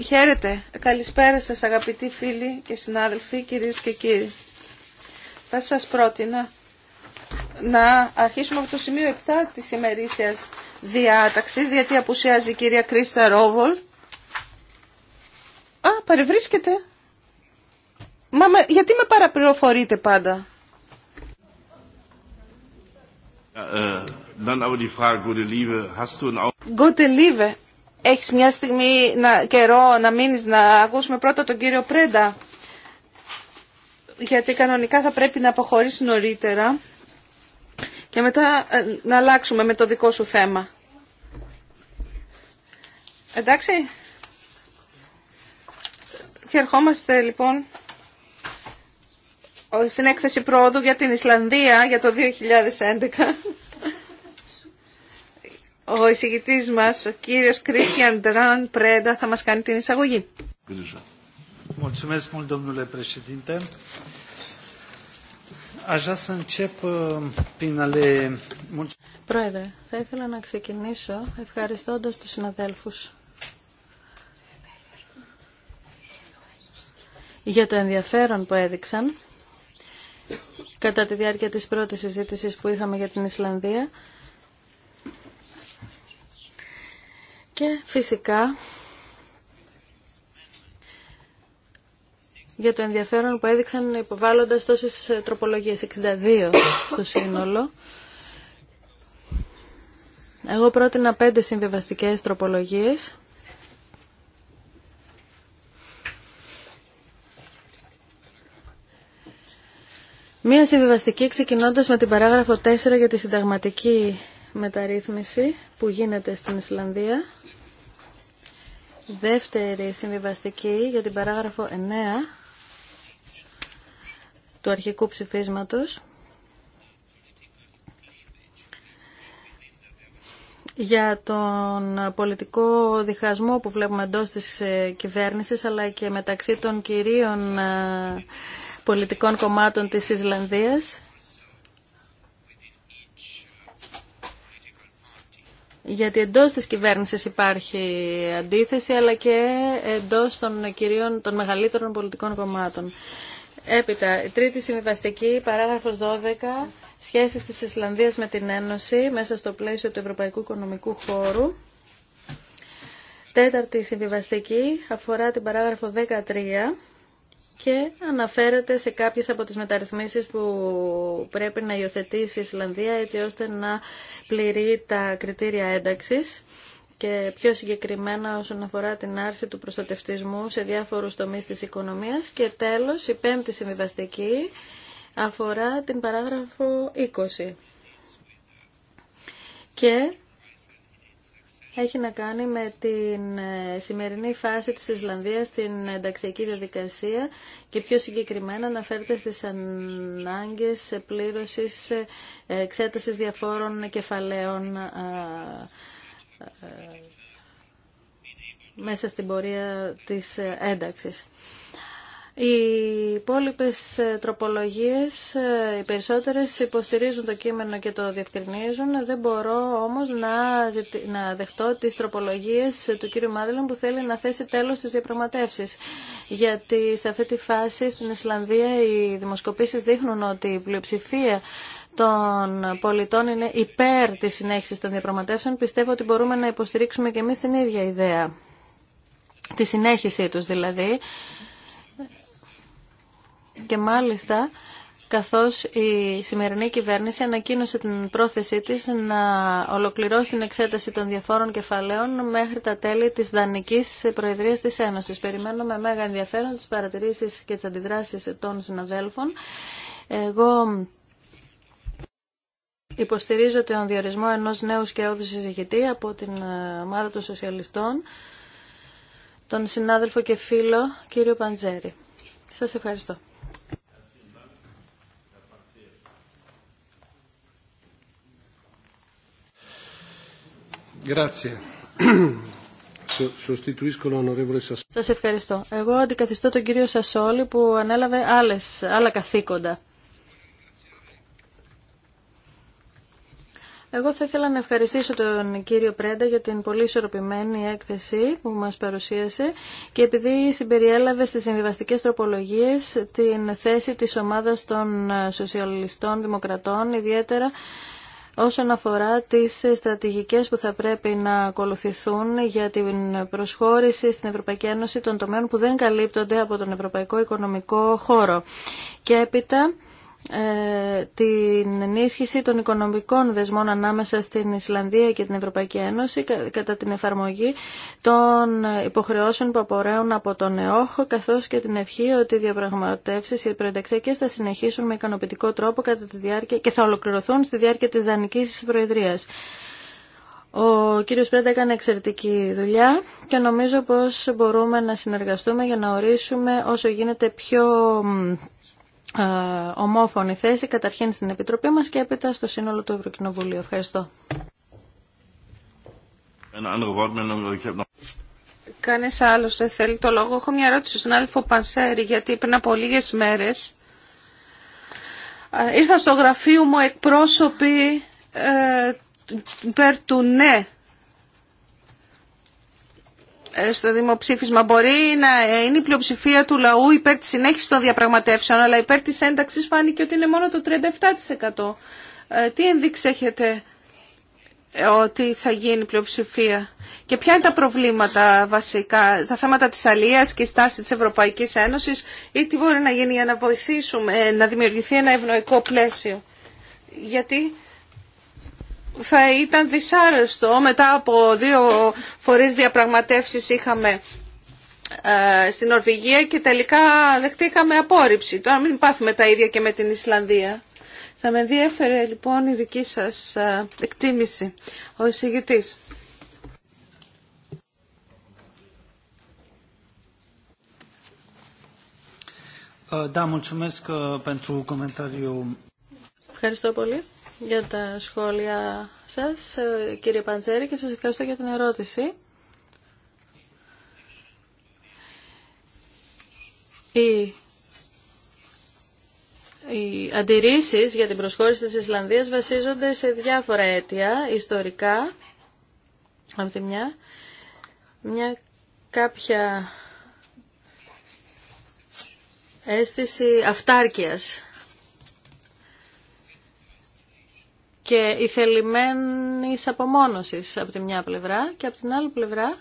Χαίρετε. Καλησπέρα σας αγαπητοί φίλοι και συνάδελφοι, κυρίες και κύριοι. Θα σας πρότεινα να αρχίσουμε από το σημείο 7 της ημερήσιας διάταξης, γιατί απουσιάζει η κυρία Κρίστα Ρόβολ. Α, παρευρίσκεται. Μα γιατί με παραπληροφορείτε πάντα. Liebe, Έχεις μια στιγμή να, καιρό να μείνεις να ακούσουμε πρώτα τον κύριο Πρέντα. Γιατί κανονικά θα πρέπει να αποχωρήσει νωρίτερα και μετά ε, να αλλάξουμε με το δικό σου θέμα. Εντάξει. Και ερχόμαστε λοιπόν στην έκθεση πρόοδου για την Ισλανδία για το 2011. Ο εισηγητή μα, ο κύριο Κρίστιαν Τραν Πρέντα, θα μα κάνει την εισαγωγή. Πρόεδρε, θα ήθελα να ξεκινήσω ευχαριστώντας τους συναδέλφους για το ενδιαφέρον που έδειξαν κατά τη διάρκεια της πρώτης συζήτησης που είχαμε για την Ισλανδία Και φυσικά για το ενδιαφέρον που έδειξαν υποβάλλοντας τόσες ε, τροπολογίες, 62 στο σύνολο. Εγώ πρότεινα πέντε συμβιβαστικές τροπολογίες. Μία συμβιβαστική ξεκινώντας με την παράγραφο 4 για τη συνταγματική μεταρρύθμιση που γίνεται στην Ισλανδία. Δεύτερη συμβιβαστική για την παράγραφο 9 του αρχικού ψηφίσματος. για τον πολιτικό διχασμό που βλέπουμε εντό της ε, κυβέρνησης αλλά και μεταξύ των κυρίων ε, πολιτικών κομμάτων της Ισλανδίας γιατί εντός της κυβέρνησης υπάρχει αντίθεση, αλλά και εντός των κυρίων των μεγαλύτερων πολιτικών κομμάτων. Έπειτα, η τρίτη συμβιβαστική, παράγραφος 12, σχέσεις της Ισλανδίας με την Ένωση μέσα στο πλαίσιο του Ευρωπαϊκού Οικονομικού Χώρου. Τέταρτη συμβιβαστική αφορά την παράγραφο 13 και αναφέρεται σε κάποιες από τις μεταρρυθμίσεις που πρέπει να υιοθετήσει η Ισλανδία έτσι ώστε να πληρεί τα κριτήρια ένταξης και πιο συγκεκριμένα όσον αφορά την άρση του προστατευτισμού σε διάφορους τομείς της οικονομίας. Και τέλος, η πέμπτη συμβιβαστική αφορά την παράγραφο 20. Και έχει να κάνει με την ε, σημερινή φάση της Ισλανδίας στην ενταξιακή διαδικασία και πιο συγκεκριμένα αναφέρεται στις ανάγκες πλήρωσης ε, εξέτασης διαφόρων κεφαλαίων μέσα στην πορεία της ε, ένταξης. Οι υπόλοιπε τροπολογίε, ε, οι περισσότερε υποστηρίζουν το κείμενο και το διευκρινίζουν. Δεν μπορώ όμω να, να δεχτώ τι τροπολογίε του κ. Μάντελον που θέλει να θέσει τέλο στι διαπραγματεύσει. Γιατί σε αυτή τη φάση στην Ισλανδία οι δημοσκοπήσεις δείχνουν ότι η πλειοψηφία των πολιτών είναι υπέρ τη συνέχιση των διαπραγματεύσεων. Πιστεύω ότι μπορούμε να υποστηρίξουμε και εμεί την ίδια ιδέα. Τη συνέχιση του δηλαδή και μάλιστα καθώς η σημερινή κυβέρνηση ανακοίνωσε την πρόθεσή της να ολοκληρώσει την εξέταση των διαφόρων κεφαλαίων μέχρι τα τέλη της Δανικής Προεδρίας της Ένωσης. Περιμένουμε μέγα ενδιαφέρον τις παρατηρήσεις και τις αντιδράσεις των συναδέλφων. Εγώ υποστηρίζω τον διορισμό ενός νέου σκεώδου συζητητή από την ε, Μάρα των Σοσιαλιστών, τον συνάδελφο και φίλο κύριο Παντζέρη. Σας ευχαριστώ. Σα ευχαριστώ. Εγώ αντικαθιστώ τον κύριο Σασόλη που ανέλαβε άλλες, άλλα καθήκοντα. Εγώ θα ήθελα να ευχαριστήσω τον κύριο Πρέντα για την πολύ ισορροπημένη έκθεση που μας παρουσίασε και επειδή συμπεριέλαβε στις συμβιβαστικέ τροπολογίες την θέση της ομάδας των σοσιαλιστών δημοκρατών, ιδιαίτερα όσον αφορά τις στρατηγικές που θα πρέπει να ακολουθηθούν για την προσχώρηση στην Ευρωπαϊκή Ένωση των τομέων που δεν καλύπτονται από τον Ευρωπαϊκό Οικονομικό Χώρο. Και έπειτα ε, την ενίσχυση των οικονομικών δεσμών ανάμεσα στην Ισλανδία και την Ευρωπαϊκή Ένωση κατά την εφαρμογή των υποχρεώσεων που απορρέουν από τον ΕΟΧ καθώς και την ευχή ότι οι διαπραγματεύσεις οι προενταξιακές θα συνεχίσουν με ικανοποιητικό τρόπο κατά τη διάρκεια και θα ολοκληρωθούν στη διάρκεια της Δανικής Προεδρίας. Ο κύριος Πρέντα έκανε εξαιρετική δουλειά και νομίζω πως μπορούμε να συνεργαστούμε για να ορίσουμε όσο γίνεται πιο ε, ομόφωνη θέση καταρχήν στην Επιτροπή μας και έπειτα στο σύνολο του Ευρωκοινοβουλίου. Ευχαριστώ. Κανεί άλλο δεν θέλει το λόγο. Έχω μια ερώτηση στον άλφο Πανσέρη, γιατί πριν από λίγε μέρε ήρθαν στο γραφείο μου εκπρόσωποι ε, του ναι ε, στο δημοψήφισμα μπορεί να ε, είναι η πλειοψηφία του λαού υπέρ της συνέχισης των διαπραγματεύσεων, αλλά υπέρ της ένταξης φάνηκε ότι είναι μόνο το 37%. Ε, τι ενδείξει έχετε ότι θα γίνει πλειοψηφία και ποια είναι τα προβλήματα βασικά, τα θέματα της αλίας και η στάση της Ευρωπαϊκής Ένωσης ή τι μπορεί να γίνει για να βοηθήσουμε να δημιουργηθεί ένα ευνοϊκό πλαίσιο. Γιατί θα ήταν δυσάρεστο. Μετά από δύο φορές διαπραγματεύσεις είχαμε ε, στην Ορβηγία και τελικά δεχτήκαμε απόρριψη. Τώρα μην πάθουμε τα ίδια και με την Ισλανδία. Θα με ενδιέφερε λοιπόν η δική σας ε, εκτίμηση, ο εισηγητής. Ε, Ευχαριστώ πολύ για τα σχόλια σας, ε, κύριε Παντζέρη, και σας ευχαριστώ για την ερώτηση. οι αντιρρήσεις για την προσχώρηση της Ισλανδίας βασίζονται σε διάφορα αίτια ιστορικά. Από μια, μια κάποια αίσθηση αυτάρκειας και η θελημένη απομόνωση από τη μια πλευρά και από την άλλη πλευρά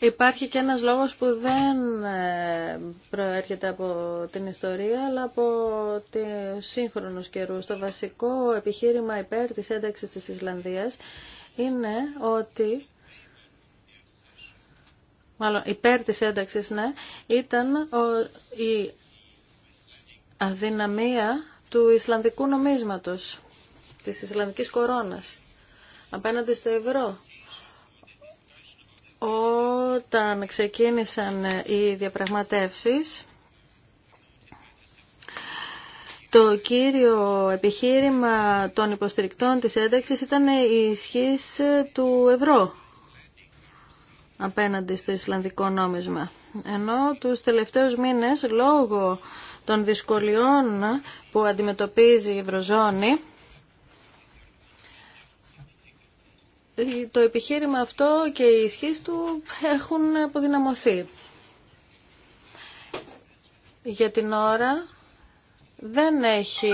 Υπάρχει και ένας λόγος που δεν ε, προέρχεται από την ιστορία, αλλά από του σύγχρονους καιρού. Το βασικό επιχείρημα υπέρ της ένταξης της Ισλανδίας είναι ότι μάλλον υπέρ της ένταξης, ναι, ήταν η αδυναμία του Ισλανδικού νομίσματος, της Ισλανδικής κορώνας, απέναντι στο ευρώ. Όταν ξεκίνησαν οι διαπραγματεύσεις, το κύριο επιχείρημα των υποστηρικτών της ένταξης ήταν η ισχύς του ευρώ απέναντι στο Ισλανδικό νόμισμα. Ενώ τους τελευταίους μήνες, λόγω των δυσκολιών που αντιμετωπίζει η Ευρωζώνη, το επιχείρημα αυτό και οι ισχύς του έχουν αποδυναμωθεί. Για την ώρα δεν έχει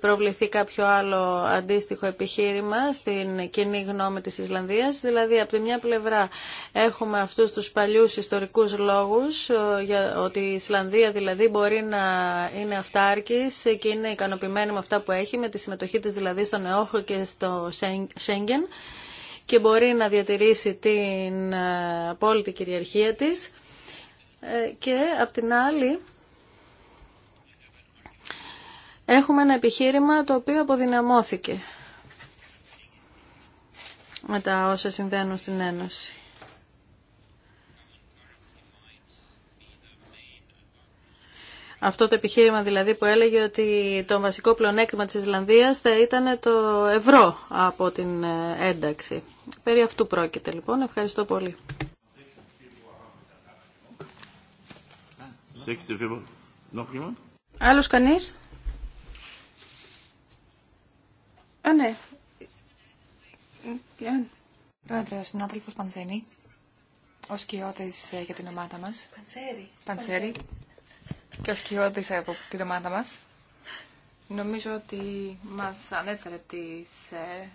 προβληθεί κάποιο άλλο αντίστοιχο επιχείρημα στην κοινή γνώμη της Ισλανδίας. Δηλαδή, από τη μια πλευρά έχουμε αυτούς τους παλιούς ιστορικούς λόγους, ε, για ότι η Ισλανδία δηλαδή μπορεί να είναι αυτάρκης και είναι ικανοποιημένη με αυτά που έχει, με τη συμμετοχή της δηλαδή στον ΕΟΧΟ και στο Σέγγεν και μπορεί να διατηρήσει την ε, απόλυτη κυριαρχία της. Ε, και από την άλλη, έχουμε ένα επιχείρημα το οποίο αποδυναμώθηκε με τα όσα συμβαίνουν στην Ένωση. Αυτό το επιχείρημα δηλαδή που έλεγε ότι το βασικό πλεονέκτημα της Ισλανδίας θα ήταν το ευρώ από την ε, ένταξη. Περί αυτού πρόκειται λοιπόν. Ευχαριστώ πολύ. Άλλος κανείς? Α, ναι. Πρόεδρε, ο συνάδελφο Παντζένη, ο σκιώτη ε, για την ομάδα μα. Παντσέρι. Παντσέρι. Και ο σκιώτη ε, από την ομάδα μα. Νομίζω ότι μας ανέφερε τι ε,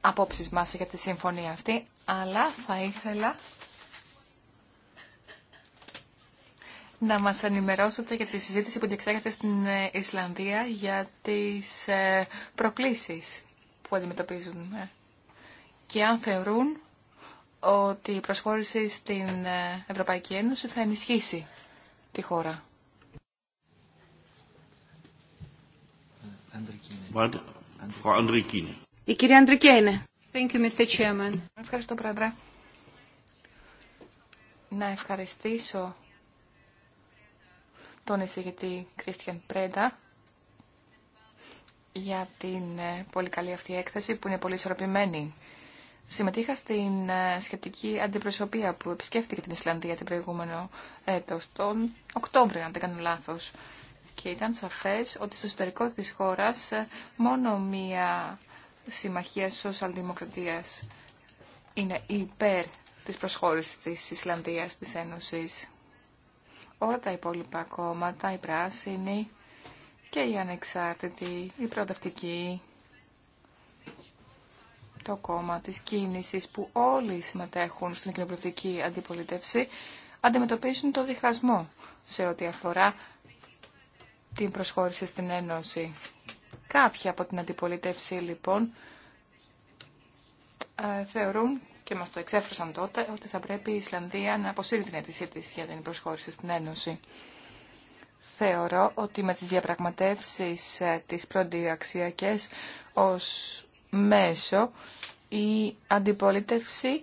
απόψεις μας για τη συμφωνία αυτή, αλλά θα ήθελα να μας ενημερώσετε για τη συζήτηση που διεξάγεται στην ε, Ισλανδία για τις ε, προκλήσεις που αντιμετωπίζουν και αν θεωρούν ότι η προσχώρηση στην ε, Ευρωπαϊκή Ένωση θα ενισχύσει τη χώρα. Η κυρία Thank Ευχαριστώ, Πρόεδρε. Να ευχαριστήσω τον εισηγητή Κρίστιαν Πρέντα για την ε, πολύ καλή αυτή έκθεση που είναι πολύ ισορροπημένη. Συμμετείχα στην ε, σχετική αντιπροσωπεία που επισκέφτηκε την Ισλανδία την προηγούμενο έτος, τον Οκτώβριο αν δεν κάνω λάθος. Και ήταν σαφές ότι στο εσωτερικό της χώρας ε, μόνο μία συμμαχία σοσιαλδημοκρατίας είναι υπέρ της προσχώρησης της Ισλανδίας της Ένωσης όλα τα υπόλοιπα κόμματα, οι πράσινοι και η ανεξάρτητοι, η προοδευτικοί, το κόμμα της κίνησης που όλοι συμμετέχουν στην κοινοβουλευτική αντιπολίτευση αντιμετωπίζουν το διχασμό σε ό,τι αφορά την προσχώρηση στην Ένωση. Κάποιοι από την αντιπολίτευση λοιπόν ε, θεωρούν και μας το εξέφρασαν τότε ότι θα πρέπει η Ισλανδία να αποσύρει την αίτησή της για την προσχώρηση στην Ένωση. Θεωρώ ότι με τις διαπραγματεύσεις ε, τις αξιακές ως μέσο η αντιπολίτευση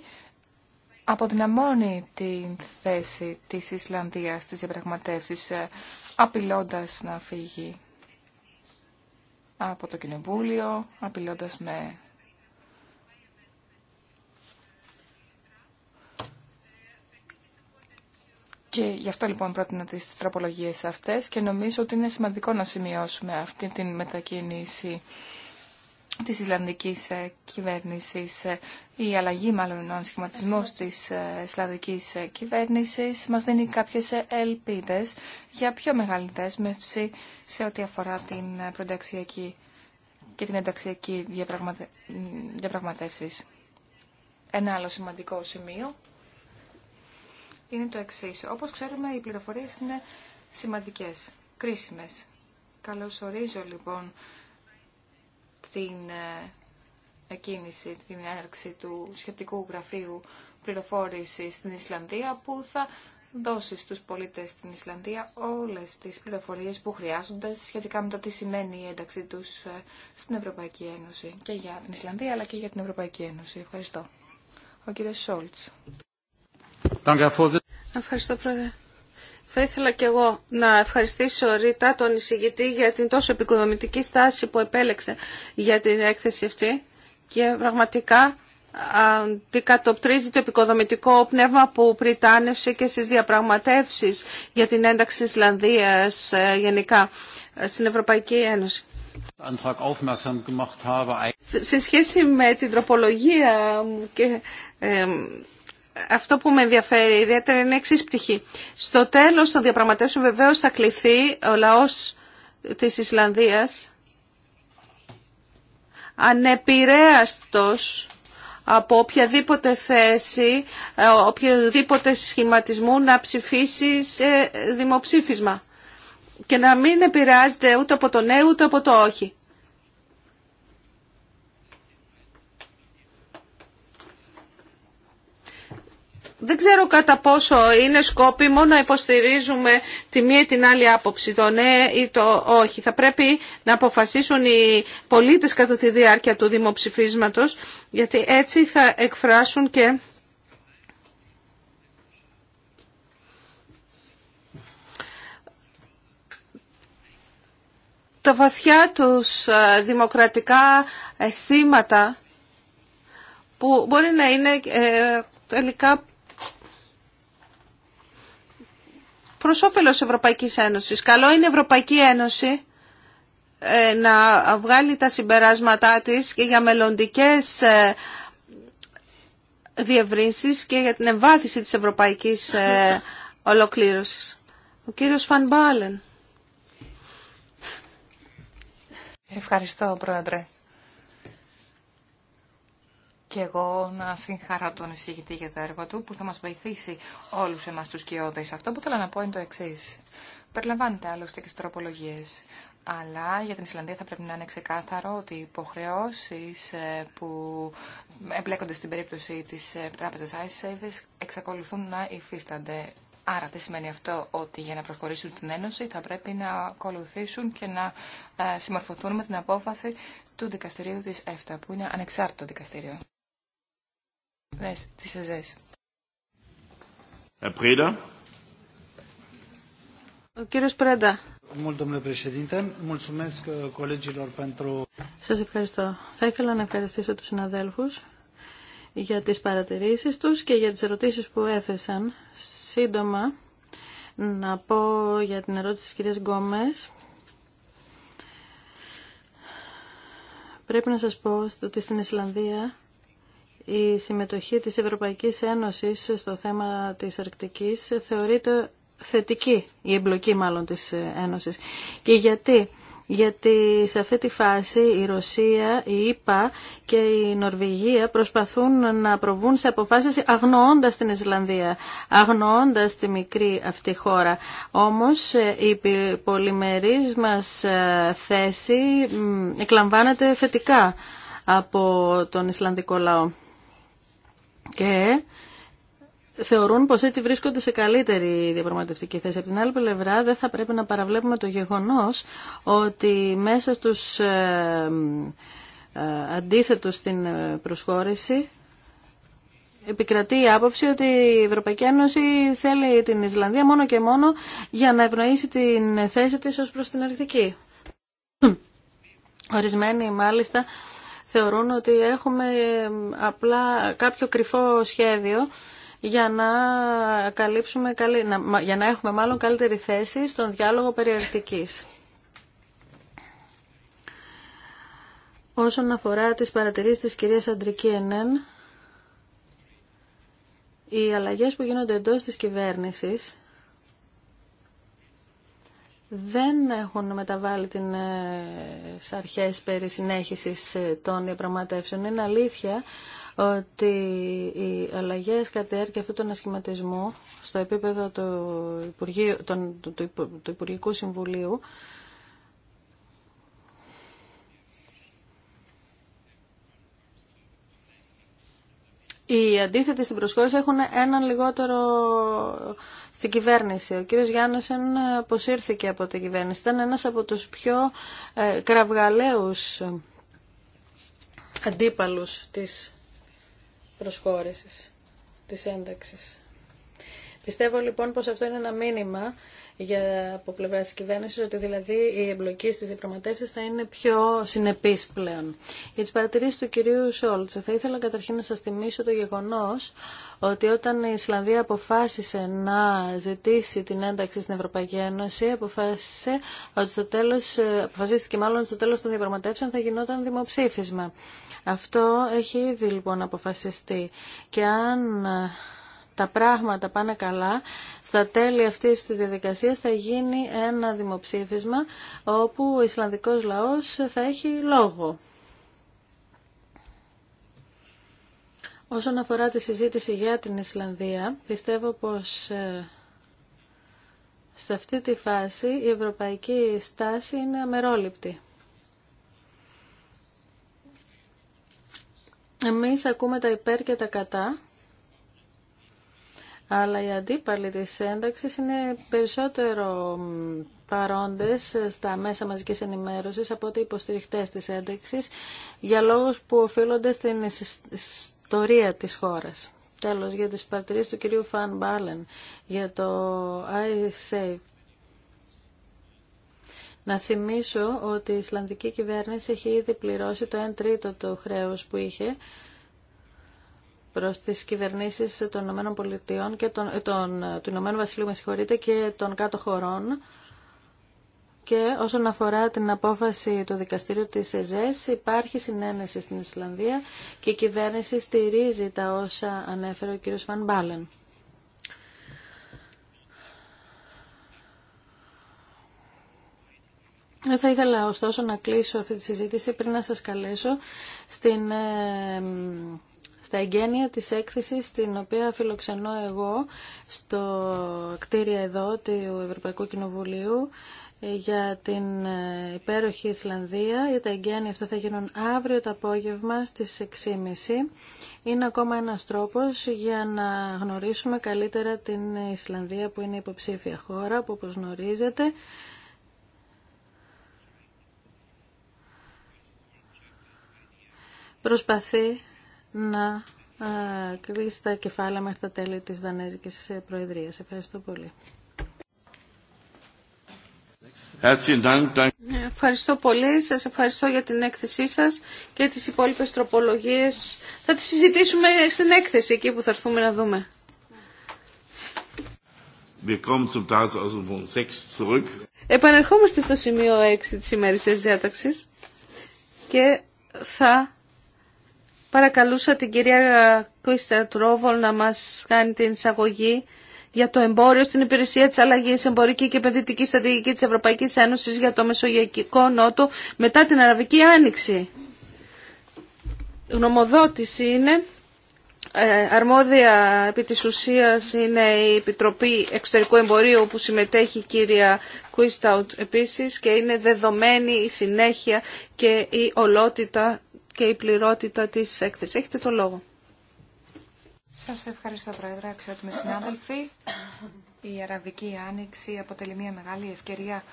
αποδυναμώνει την θέση της Ισλανδίας στις διαπραγματεύσεις ε, απειλώντας να φύγει από το Κοινοβούλιο, απειλώντας με Και γι' αυτό λοιπόν πρότεινα τις τροπολογίες αυτές και νομίζω ότι είναι σημαντικό να σημειώσουμε αυτή την μετακίνηση της Ισλανδικής ε, κυβέρνησης. Ε, η αλλαγή μάλλον ο σχηματισμός της ε, Ισλανδικής κυβέρνησης μας δίνει κάποιες ελπίδες για πιο μεγάλη δέσμευση σε ό,τι αφορά την πρωταξιακή και την ενταξιακή διαπραγματε... διαπραγματεύσεις. Ένα άλλο σημαντικό σημείο είναι το εξή. Όπω ξέρουμε, οι πληροφορίε είναι σημαντικέ, κρίσιμε. Καλωσορίζω λοιπόν την ε, εκκίνηση, την έναρξη του σχετικού γραφείου πληροφόρηση στην Ισλανδία που θα δώσει στους πολίτες στην Ισλανδία όλες τις πληροφορίες που χρειάζονται σχετικά με το τι σημαίνει η ένταξη τους ε, στην Ευρωπαϊκή Ένωση και για την Ισλανδία αλλά και για την Ευρωπαϊκή Ένωση. Ευχαριστώ. Ο κύριος Σόλτς. Ευχαριστώ, Πρόεδρε. Θα ήθελα και εγώ να ευχαριστήσω ρητά τον εισηγητή για την τόσο επικοδομητική στάση που επέλεξε για την έκθεση αυτή και πραγματικά αντικατοπτρίζει το επικοδομητικό πνεύμα που πριτάνευσε και στις διαπραγματεύσεις για την ένταξη της Ισλανδίας ε, γενικά ε, στην Ευρωπαϊκή Ένωση. Σε σχέση με την τροπολογία και ε, αυτό που με ενδιαφέρει ιδιαίτερα είναι εξή πτυχή. Στο τέλος των διαπραγματεύσεων βεβαίως θα κληθεί ο λαός της Ισλανδίας ανεπηρέαστος από οποιαδήποτε θέση, ε, οποιοδήποτε σχηματισμού να ψηφίσει σε δημοψήφισμα και να μην επηρεάζεται ούτε από το ναι ούτε από το όχι. δεν ξέρω κατά πόσο είναι σκόπιμο να υποστηρίζουμε τη μία ή την άλλη άποψη, το ναι ή το όχι. Θα πρέπει να αποφασίσουν οι πολίτες κατά τη διάρκεια του δημοψηφίσματος, γιατί έτσι θα εκφράσουν και τα βαθιά τους ε, δημοκρατικά αισθήματα που μπορεί να είναι ε, τελικά προς όφελος Ευρωπαϊκής Ένωσης. Καλό είναι η Ευρωπαϊκή Ένωση ε, να βγάλει τα συμπεράσματά της και για μελλοντικές ε, διευρύνσεις και για την εμβάθυνση της ευρωπαϊκής ε, ολοκλήρωσης. Ο κύριος Φαν Μπάλεν. Ευχαριστώ, Πρόεδρε και εγώ να συγχαρώ τον εισηγητή για το έργο του που θα μας βοηθήσει όλους εμάς τους κοιόδες. Αυτό που θέλω να πω είναι το εξή. Περιλαμβάνεται άλλωστε και στις τροπολογίε. Αλλά για την Ισλανδία θα πρέπει να είναι ξεκάθαρο ότι οι υποχρεώσει ε, που εμπλέκονται στην περίπτωση τη ε, τράπεζα ISAVES εξακολουθούν να υφίστανται. Άρα τι σημαίνει αυτό ότι για να προσχωρήσουν την Ένωση θα πρέπει να ακολουθήσουν και να ε, συμμορφωθούν με την απόφαση του δικαστηρίου της ΕΦΤΑ που είναι ανεξάρτητο δικαστήριο. Δες, Ο κύριος Πρέντα. Uh, σας ευχαριστώ. Θα ήθελα να ευχαριστήσω τους συναδέλφους για τις παρατηρήσεις τους και για τις ερωτήσεις που έθεσαν. Σύντομα, να πω για την ερώτηση της κυρίας Γκόμες. Πρέπει να σας πω ότι στην Ισλανδία η συμμετοχή της Ευρωπαϊκής Ένωσης στο θέμα της Αρκτικής θεωρείται θετική, η εμπλοκή μάλλον της Ένωσης. Και γιατί, γιατί σε αυτή τη φάση η Ρωσία, η ΙΠΑ και η Νορβηγία προσπαθούν να προβούν σε αποφάσεις αγνοώντας την Ισλανδία, αγνοώντας τη μικρή αυτή χώρα. Όμως η πολυμερής μας ε, θέση εκλαμβάνεται θετικά από τον Ισλανδικό λαό και θεωρούν πως έτσι βρίσκονται σε καλύτερη διαπραγματευτική θέση. Από την άλλη πλευρά δεν θα πρέπει να παραβλέπουμε το γεγονός ότι μέσα στους ε, ε, αντίθετους στην προσχώρηση επικρατεί η άποψη ότι η Ευρωπαϊκή Ένωση θέλει την Ισλανδία μόνο και μόνο για να ευνοήσει την θέση της ως προς την Αρκτική. Ορισμένοι μάλιστα θεωρούν ότι έχουμε απλά κάποιο κρυφό σχέδιο για να, καλύψουμε, για να έχουμε μάλλον καλύτερη θέση στον διάλογο περιεκτικής. Όσον αφορά τις παρατηρήσεις της κυρίας Αντρική Ενέν, οι αλλαγές που γίνονται εντός της κυβέρνησης δεν έχουν μεταβάλει τι ε, αρχέ περί συνέχιση ε, των διαπραγματεύσεων. Είναι αλήθεια ότι οι αλλαγέ κατά τη διάρκεια αυτού του ανασχηματισμού στο επίπεδο του, Υπουργείου, του Υπουργικού Συμβουλίου οι αντίθετοι στην προσχώρηση έχουν έναν λιγότερο στην κυβέρνηση. Ο κύριος Γιάννεσεν αποσύρθηκε από την κυβέρνηση. Ήταν ένας από τους πιο ε, κραυγαλαίους αντίπαλους της προσχώρησης, της ένταξης. Πιστεύω λοιπόν πως αυτό είναι ένα μήνυμα για, από πλευρά τη κυβέρνηση ότι δηλαδή η εμπλοκή στι διαπραγματεύσει θα είναι πιο συνεπή πλέον. Για τι παρατηρήσει του κυρίου Σόλτ, θα ήθελα καταρχήν να σα θυμίσω το γεγονό ότι όταν η Ισλανδία αποφάσισε να ζητήσει την ένταξη στην Ευρωπαϊκή Ένωση, αποφάσισε ότι στο τέλος, αποφασίστηκε μάλλον στο τέλος των διαπραγματεύσεων θα γινόταν δημοψήφισμα. Αυτό έχει ήδη λοιπόν αποφασιστεί. Και αν τα πράγματα πάνε καλά, στα τέλη αυτής της διαδικασίας θα γίνει ένα δημοψήφισμα όπου ο Ισλανδικός λαός θα έχει λόγο. Όσον αφορά τη συζήτηση για την Ισλανδία, πιστεύω πως ε, σε αυτή τη φάση η ευρωπαϊκή στάση είναι αμερόληπτη. Εμείς ακούμε τα υπέρ και τα κατά αλλά οι αντίπαλοι της ένταξης είναι περισσότερο παρόντες στα μέσα μαζικής ενημέρωσης από ότι υποστηριχτές της ένταξης για λόγους που οφείλονται στην ιστορία της χώρας. Τέλος, για τις παρατηρήσεις του κυρίου Φαν Μπάλεν για το iSafe. Να θυμίσω ότι η Ισλανδική κυβέρνηση έχει ήδη πληρώσει το 1 τρίτο του χρέους που είχε προς τις κυβερνήσεις των Ηνωμένων Πολιτειών και των, ε, των, ε, του Ηνωμένου Βασιλείου με και των κάτω χωρών. Και όσον αφορά την απόφαση του δικαστήριου της ΕΖΕΣ, υπάρχει συνένεση στην Ισλανδία και η κυβέρνηση στηρίζει τα όσα ανέφερε ο κ. Φαν Μπάλεν. Ε, θα ήθελα ωστόσο να κλείσω αυτή τη συζήτηση πριν να σας καλέσω στην στα εγγένεια της έκθεσης την οποία φιλοξενώ εγώ στο κτίριο εδώ του Ευρωπαϊκού Κοινοβουλίου ε, για την ε, υπέροχη Ισλανδία. Για τα εγγένεια αυτά θα γίνουν αύριο το απόγευμα στις 6.30. Είναι ακόμα ένας τρόπος για να γνωρίσουμε καλύτερα την Ισλανδία που είναι υποψήφια χώρα που όπως γνωρίζετε προσπαθεί να ε, κλείσει τα κεφάλαια μέχρι τα τέλη της Δανέζικης Προεδρίας. Ευχαριστώ πολύ. Ευχαριστώ πολύ. Σας ευχαριστώ για την έκθεσή σας και τις υπόλοιπες τροπολογίες. Θα τις συζητήσουμε στην έκθεση εκεί που θα έρθουμε να δούμε. Επανερχόμαστε στο σημείο 6 της σημερινής διάταξης και θα Παρακαλούσα την κυρία Κρίστα Τρόβολ να μας κάνει την εισαγωγή για το εμπόριο στην υπηρεσία της αλλαγής εμπορική και επενδυτική στρατηγική της Ευρωπαϊκής Ένωσης για το Μεσογειακό Νότο μετά την Αραβική Άνοιξη. γνωμοδότηση είναι ε, αρμόδια επί της ουσίας είναι η Επιτροπή Εξωτερικού Εμπορίου που συμμετέχει η κυρία Κουίσταουτ επίσης και είναι δεδομένη η συνέχεια και η ολότητα και η πληρότητα της έκθεσης. Έχετε το λόγο. Σας ευχαριστώ Πρόεδρε, αξιότιμοι συνάδελφοι. Η Αραβική Άνοιξη αποτελεί μια μεγάλη ευκαιρία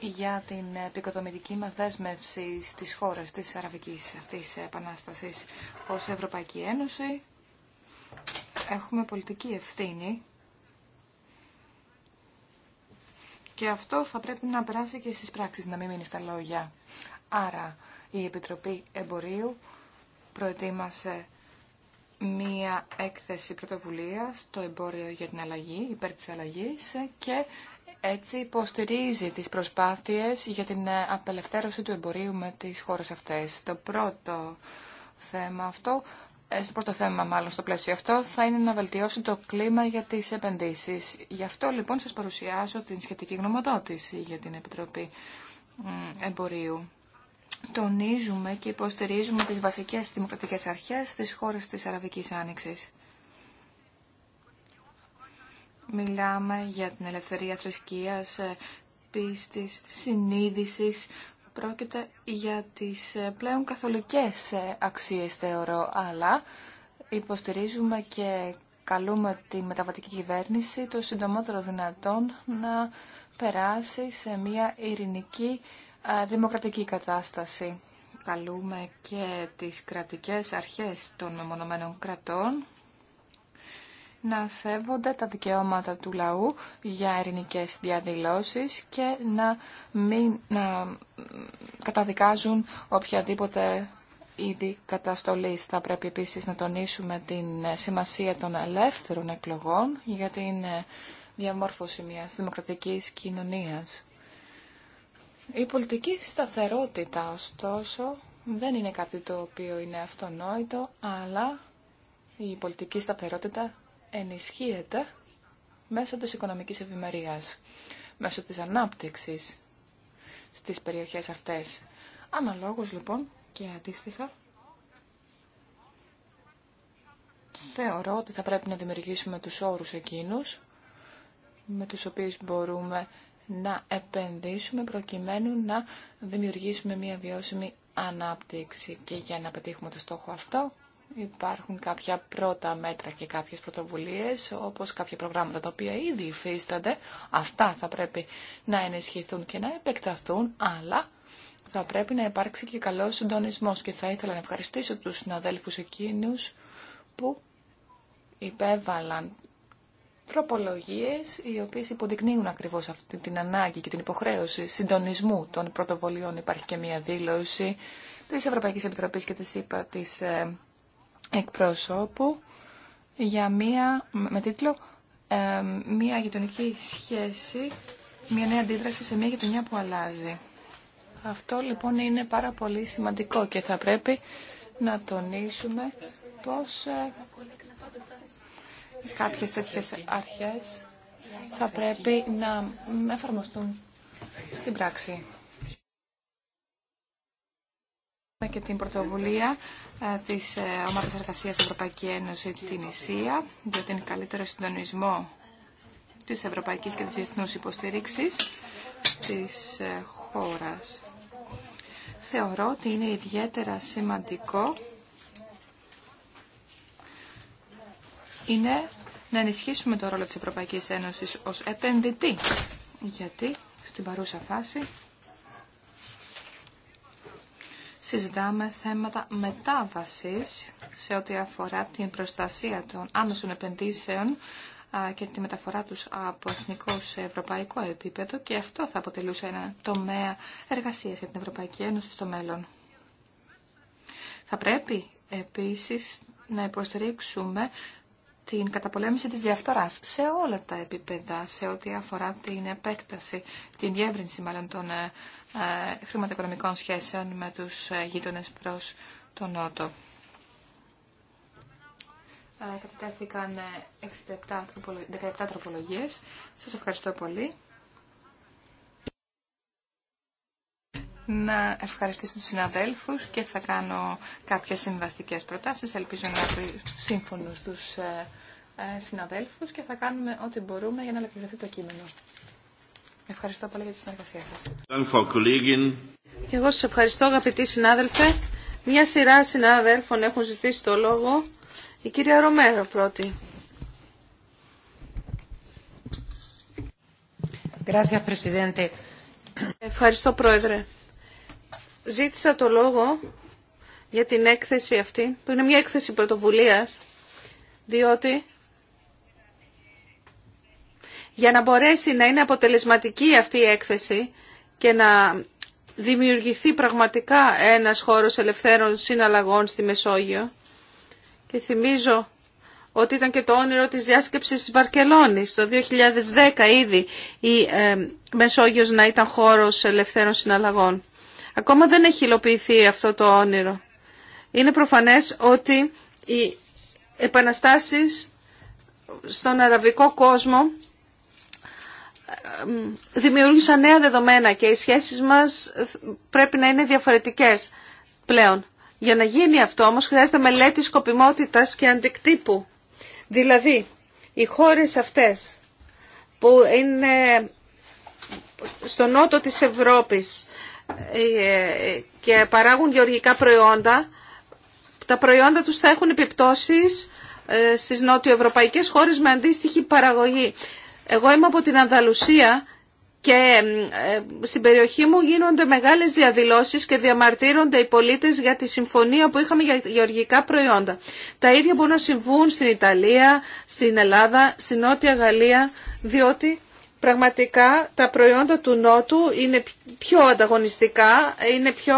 για την επικοδομητική μας δέσμευση στις χώρες της Αραβικής αυτής επανάστασης ως Ευρωπαϊκή Ένωση. Έχουμε πολιτική ευθύνη και αυτό θα πρέπει να περάσει και στις πράξεις, να μην μείνει στα λόγια. Άρα, η Επιτροπή Εμπορίου προετοίμασε μία έκθεση πρωτοβουλία στο εμπόριο για την αλλαγή, υπέρ της αλλαγής και έτσι υποστηρίζει τις προσπάθειες για την απελευθέρωση του εμπορίου με τις χώρες αυτές. Το πρώτο θέμα αυτό, ε, στο πρώτο θέμα μάλλον στο πλαίσιο αυτό, θα είναι να βελτιώσει το κλίμα για τις επενδύσεις. Γι' αυτό λοιπόν σας παρουσιάζω την σχετική γνωμοδότηση για την Επιτροπή Εμπορίου τονίζουμε και υποστηρίζουμε τις βασικές δημοκρατικές αρχές στις χώρες της Αραβικής Άνοιξης. Μιλάμε για την ελευθερία θρησκείας, ε, πίστης, συνείδησης. Πρόκειται για τις ε, πλέον καθολικές ε, αξίες, θεωρώ, αλλά υποστηρίζουμε και καλούμε τη μεταβατική κυβέρνηση το συντομότερο δυνατόν να περάσει σε μια ειρηνική δημοκρατική κατάσταση. Καλούμε και τις κρατικές αρχές των μεμονωμένων κρατών να σέβονται τα δικαιώματα του λαού για ειρηνικές διαδηλώσεις και να να καταδικάζουν οποιαδήποτε είδη καταστολής. Θα πρέπει επίσης να τονίσουμε την σημασία των ελεύθερων εκλογών για την διαμόρφωση μιας δημοκρατικής κοινωνίας. Η πολιτική σταθερότητα, ωστόσο, δεν είναι κάτι το οποίο είναι αυτονόητο, αλλά η πολιτική σταθερότητα ενισχύεται μέσω της οικονομικής ευημερίας, μέσω της ανάπτυξης στις περιοχές αυτές. Αναλόγως λοιπόν και αντίστοιχα, θεωρώ ότι θα πρέπει να δημιουργήσουμε τους όρους εκείνους με τους οποίους μπορούμε να επενδύσουμε προκειμένου να δημιουργήσουμε μια βιώσιμη ανάπτυξη. Και για να πετύχουμε το στόχο αυτό υπάρχουν κάποια πρώτα μέτρα και κάποιες πρωτοβουλίες, όπως κάποια προγράμματα τα οποία ήδη υφίστανται. Αυτά θα πρέπει να ενισχυθούν και να επεκταθούν, αλλά θα πρέπει να υπάρξει και καλός συντονισμός. Και θα ήθελα να ευχαριστήσω τους συναδέλφους εκείνους που υπέβαλαν τροπολογίες οι οποίες υποδεικνύουν ακριβώς αυτή την ανάγκη και την υποχρέωση συντονισμού των πρωτοβολιών. Υπάρχει και μια δήλωση της Ευρωπαϊκής Επιτροπής και της ΕΠΑ της ε, εκπροσώπου για μια, με τίτλο ε, μια νέα αντίδραση σε μια γειτονιά που αλλάζει». Αυτό λοιπόν είναι πάρα πολύ σημαντικό και θα πρέπει να τονίσουμε πώς ε, κάποιες τέτοιες αρχές θα πρέπει να εφαρμοστούν στην πράξη. και την πρωτοβουλία ε, της ε, Ομάδας Εργασίας Ευρωπαϊκή Ένωση την Ισία για την καλύτερο συντονισμό της Ευρωπαϊκής και της Διεθνούς Υποστήριξης της ε, χώρας. Θεωρώ ότι είναι ιδιαίτερα σημαντικό είναι να ενισχύσουμε το ρόλο της Ευρωπαϊκής Ένωσης ως επενδυτή. Γιατί στην παρούσα φάση συζητάμε θέματα μετάβασης σε ό,τι αφορά την προστασία των άμεσων επενδύσεων και τη μεταφορά τους από εθνικό σε ευρωπαϊκό επίπεδο και αυτό θα αποτελούσε ένα τομέα εργασίας για την Ευρωπαϊκή Ένωση στο μέλλον. Θα πρέπει επίσης να υποστηρίξουμε την καταπολέμηση της διαφθοράς σε όλα τα επίπεδα, σε ό,τι αφορά την επέκταση, την διεύρυνση μάλλον των ε, ε χρηματοοικονομικών σχέσεων με τους ε, γείτονες προς τον Νότο. Ε, κατατέθηκαν 67, ε, 17 τροπολογίες. Σας ευχαριστώ πολύ. να ευχαριστήσω τους συναδέλφους και θα κάνω κάποιες συμβαστικές προτάσεις. Ελπίζω να βρει σύμφωνος τους ε, ε, συναδέλφους και θα κάνουμε ό,τι μπορούμε για να ολοκληρωθεί το κείμενο. Ευχαριστώ πολύ για τη συνεργασία σας. Εγώ σας ευχαριστώ αγαπητοί συνάδελφε. Μια σειρά συνάδελφων έχουν ζητήσει το λόγο. Η κυρία Ρομέρο πρώτη. Ευχαριστώ Πρόεδρε ζήτησα το λόγο για την έκθεση αυτή, που είναι μια έκθεση πρωτοβουλίας, διότι για να μπορέσει να είναι αποτελεσματική αυτή η έκθεση και να δημιουργηθεί πραγματικά ένας χώρος ελευθέρων συναλλαγών στη Μεσόγειο. Και θυμίζω ότι ήταν και το όνειρο της διάσκεψης της Βαρκελόνης το 2010 ήδη η ε, Μεσόγειος να ήταν χώρος ελευθέρων συναλλαγών. Ακόμα δεν έχει υλοποιηθεί αυτό το όνειρο. Είναι προφανές ότι οι επαναστάσεις στον αραβικό κόσμο δημιούργησαν νέα δεδομένα και οι σχέσεις μας πρέπει να είναι διαφορετικές πλέον. Για να γίνει αυτό όμως χρειάζεται μελέτη σκοπιμότητας και αντικτύπου. Δηλαδή, οι χώρες αυτές που είναι στο νότο της Ευρώπης και παράγουν γεωργικά προϊόντα, τα προϊόντα τους θα έχουν επιπτώσεις ε, στις νότιοευρωπαϊκές χώρες με αντίστοιχη παραγωγή. Εγώ είμαι από την Ανδαλουσία και ε, στην περιοχή μου γίνονται μεγάλες διαδηλώσεις και διαμαρτύρονται οι πολίτες για τη συμφωνία που είχαμε για γεωργικά προϊόντα. Τα ίδια μπορούν να συμβούν στην Ιταλία, στην Ελλάδα, στην Νότια Γαλλία, διότι πραγματικά τα προϊόντα του Νότου είναι πιο ανταγωνιστικά, είναι πιο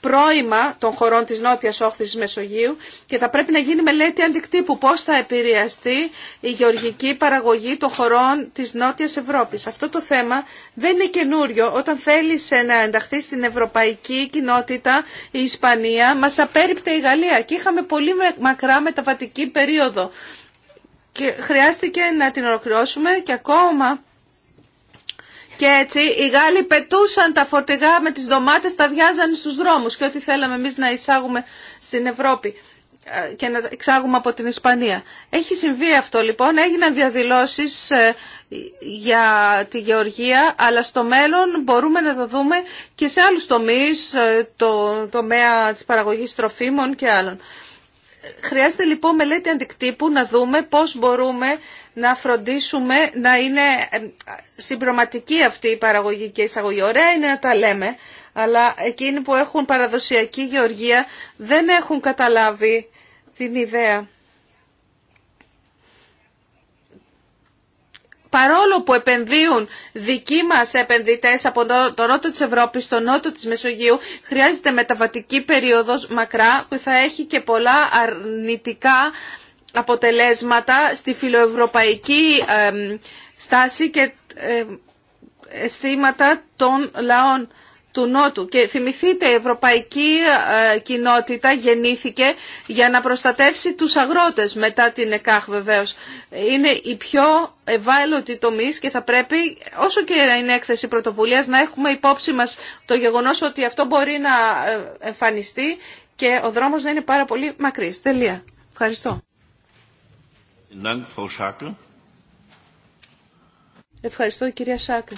πρόημα των χωρών της Νότιας Όχθης Μεσογείου και θα πρέπει να γίνει μελέτη αντικτύπου πώς θα επηρεαστεί η γεωργική παραγωγή των χωρών της Νότιας Ευρώπης. Αυτό το θέμα δεν είναι καινούριο. Όταν θέλησε να ενταχθεί στην ευρωπαϊκή κοινότητα η Ισπανία, μας απέριπτε η Γαλλία και είχαμε πολύ μακρά μεταβατική περίοδο. Και χρειάστηκε να την ολοκληρώσουμε και ακόμα και έτσι οι Γάλλοι πετούσαν τα φορτηγά με τις ντομάτες, τα βιάζαν στους δρόμους και ό,τι θέλαμε εμείς να εισάγουμε στην Ευρώπη ε, και να εξάγουμε από την Ισπανία. Έχει συμβεί αυτό λοιπόν, έγιναν διαδηλώσεις ε, για τη γεωργία, αλλά στο μέλλον μπορούμε να το δούμε και σε άλλους τομείς, ε, το τομέα της παραγωγής τροφίμων και άλλων. Χρειάζεται λοιπόν μελέτη αντικτύπου να δούμε πώς μπορούμε να φροντίσουμε να είναι ε, συμπροματική αυτή η παραγωγή και η εισαγωγή. Ωραία είναι να τα λέμε, αλλά εκείνοι που έχουν παραδοσιακή γεωργία δεν έχουν καταλάβει την ιδέα. Παρόλο που επενδύουν δικοί μας επενδυτές από το νότο της Ευρώπης στο νότο της Μεσογείου, χρειάζεται μεταβατική περίοδος μακρά που θα έχει και πολλά αρνητικά αποτελέσματα στη φιλοευρωπαϊκή στάση και αισθήματα των λαών του Νότου. Και θυμηθείτε, η ευρωπαϊκή ε, κοινότητα γεννήθηκε για να προστατεύσει τους αγρότες μετά την ΕΚΑΧ βεβαίως. Είναι η πιο ευάλωτη τομή και θα πρέπει, όσο και είναι έκθεση πρωτοβουλίας, να έχουμε υπόψη μας το γεγονός ότι αυτό μπορεί να ε, εμφανιστεί και ο δρόμος να είναι πάρα πολύ μακρύς. Τελεία. Ευχαριστώ. Ευχαριστώ κυρία Σάκε.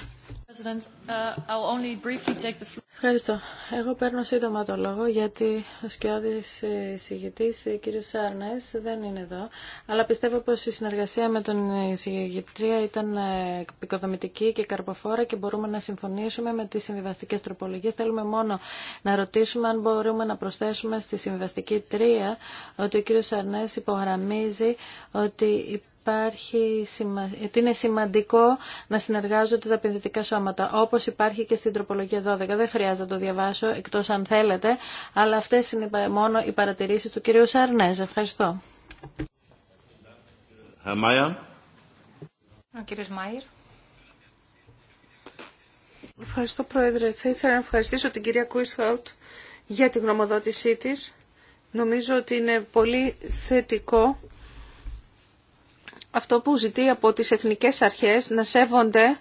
Uh, Ευχαριστώ. Εγώ παίρνω σύντομα το λόγο γιατί ο σκιώδης ε, συγγετής ο ε, κύριος Σάρνες, δεν είναι εδώ. Αλλά πιστεύω πως η συνεργασία με τον συγγετρία ήταν ε, επικοδομητική και καρποφόρα και μπορούμε να συμφωνήσουμε με τις συμβιβαστικές τροπολογίες. Θέλουμε μόνο να ρωτήσουμε αν μπορούμε να προσθέσουμε στη συμβιβαστική τρία ότι ο κύριος Σάρνες υπογραμμίζει ότι υπάρχει, ότι είναι σημαντικό να συνεργάζονται τα επενδυτικά σώματα, όπως υπάρχει και στην τροπολογία 12. Δεν χρειάζεται να το διαβάσω, εκτός αν θέλετε, αλλά αυτές είναι μόνο οι παρατηρήσεις του κυρίου Σαρνέζ. Ευχαριστώ. Ο κύριος Μάιρ. Ευχαριστώ, Πρόεδρε. Θα ήθελα να ευχαριστήσω την κυρία Κουίσχαουτ για την γνωμοδότησή της. Νομίζω ότι είναι πολύ θετικό αυτό που ζητεί από τις εθνικές αρχές να σέβονται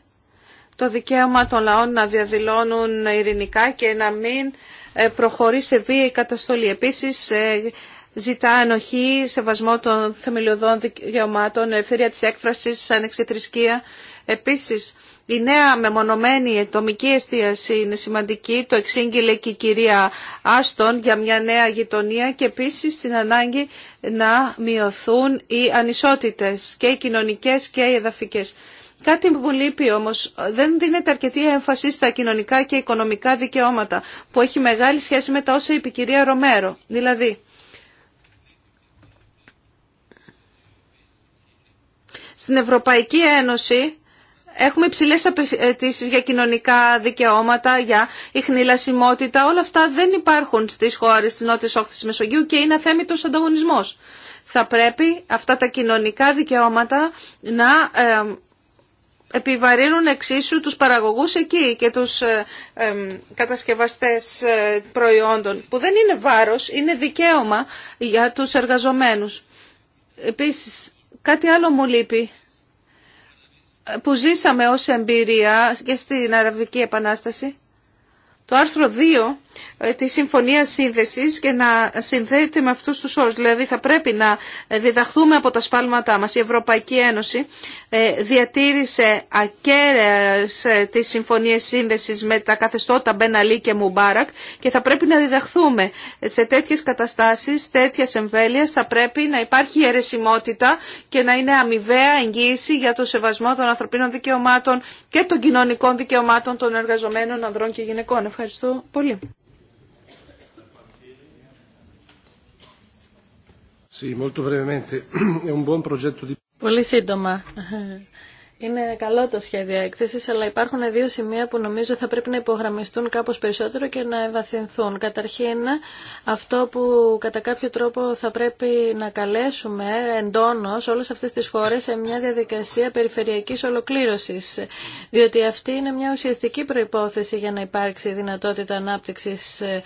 το δικαίωμα των λαών να διαδηλώνουν ειρηνικά και να μην ε, προχωρεί σε βία η καταστολή. Επίσης ε, ζητά ανοχή, σεβασμό των θεμελιωδών δικαιωμάτων, ελευθερία της έκφρασης, ανεξιτρισκεία. Επίσης η νέα μεμονωμένη ετομική εστίαση είναι σημαντική, το εξήγηλε και η κυρία Άστον για μια νέα γειτονία και επίσης την ανάγκη να μειωθούν οι ανισότητες και οι κοινωνικές και οι εδαφικές. Κάτι που λείπει όμως, δεν δίνεται αρκετή έμφαση στα κοινωνικά και οικονομικά δικαιώματα που έχει μεγάλη σχέση με τα όσα είπε η κυρία Ρομέρο. Δηλαδή, στην Ευρωπαϊκή Ένωση Έχουμε υψηλές απαιτήσει για κοινωνικά δικαιώματα, για ιχνηλασιμότητα. Όλα αυτά δεν υπάρχουν στις χώρες της Νότιας Όχθης Μεσογείου και είναι αθέμητος ανταγωνισμός. Θα πρέπει αυτά τα κοινωνικά δικαιώματα να επιβαρύνουν εξίσου τους παραγωγούς εκεί και τους ε, κατασκευαστές ε, προϊόντων, που δεν είναι βάρος, είναι δικαίωμα για τους εργαζομένους. Επίσης, κάτι άλλο μου λείπει που ζήσαμε ως εμπειρία και στην Αραβική Επανάσταση. Το άρθρο 2 ε, τη συμφωνία σύνδεση και να συνδέεται με αυτού του όρου. Δηλαδή θα πρέπει να διδαχθούμε από τα σπάλματά μα. Η Ευρωπαϊκή Ένωση ε, διατήρησε ακέραιες ε, τι συμφωνίε σύνδεση με τα καθεστώτα Μπέναλή και Μουμπάρακ και θα πρέπει να διδαχθούμε σε τέτοιε καταστάσει, τέτοιες εμβέλειες θα πρέπει να υπάρχει αιρεσιμότητα και να είναι αμοιβαία εγγύηση για το σεβασμό των ανθρωπίνων δικαιωμάτων και των κοινωνικών δικαιωμάτων των εργαζομένων ανδρών και γυναικών. Ευχαριστώ πολύ. Sì, molto brevemente è un buon progetto di Porlesedo ma είναι καλό το σχέδιο έκθεση, αλλά υπάρχουν δύο σημεία που νομίζω θα πρέπει να υπογραμμιστούν κάπω περισσότερο και να ευαθυνθούν. Καταρχήν, αυτό που κατά κάποιο τρόπο θα πρέπει να καλέσουμε εντόνω όλε αυτέ τι χώρε σε μια διαδικασία περιφερειακή ολοκλήρωση, διότι αυτή είναι μια ουσιαστική προπόθεση για να υπάρξει δυνατότητα ανάπτυξης ε,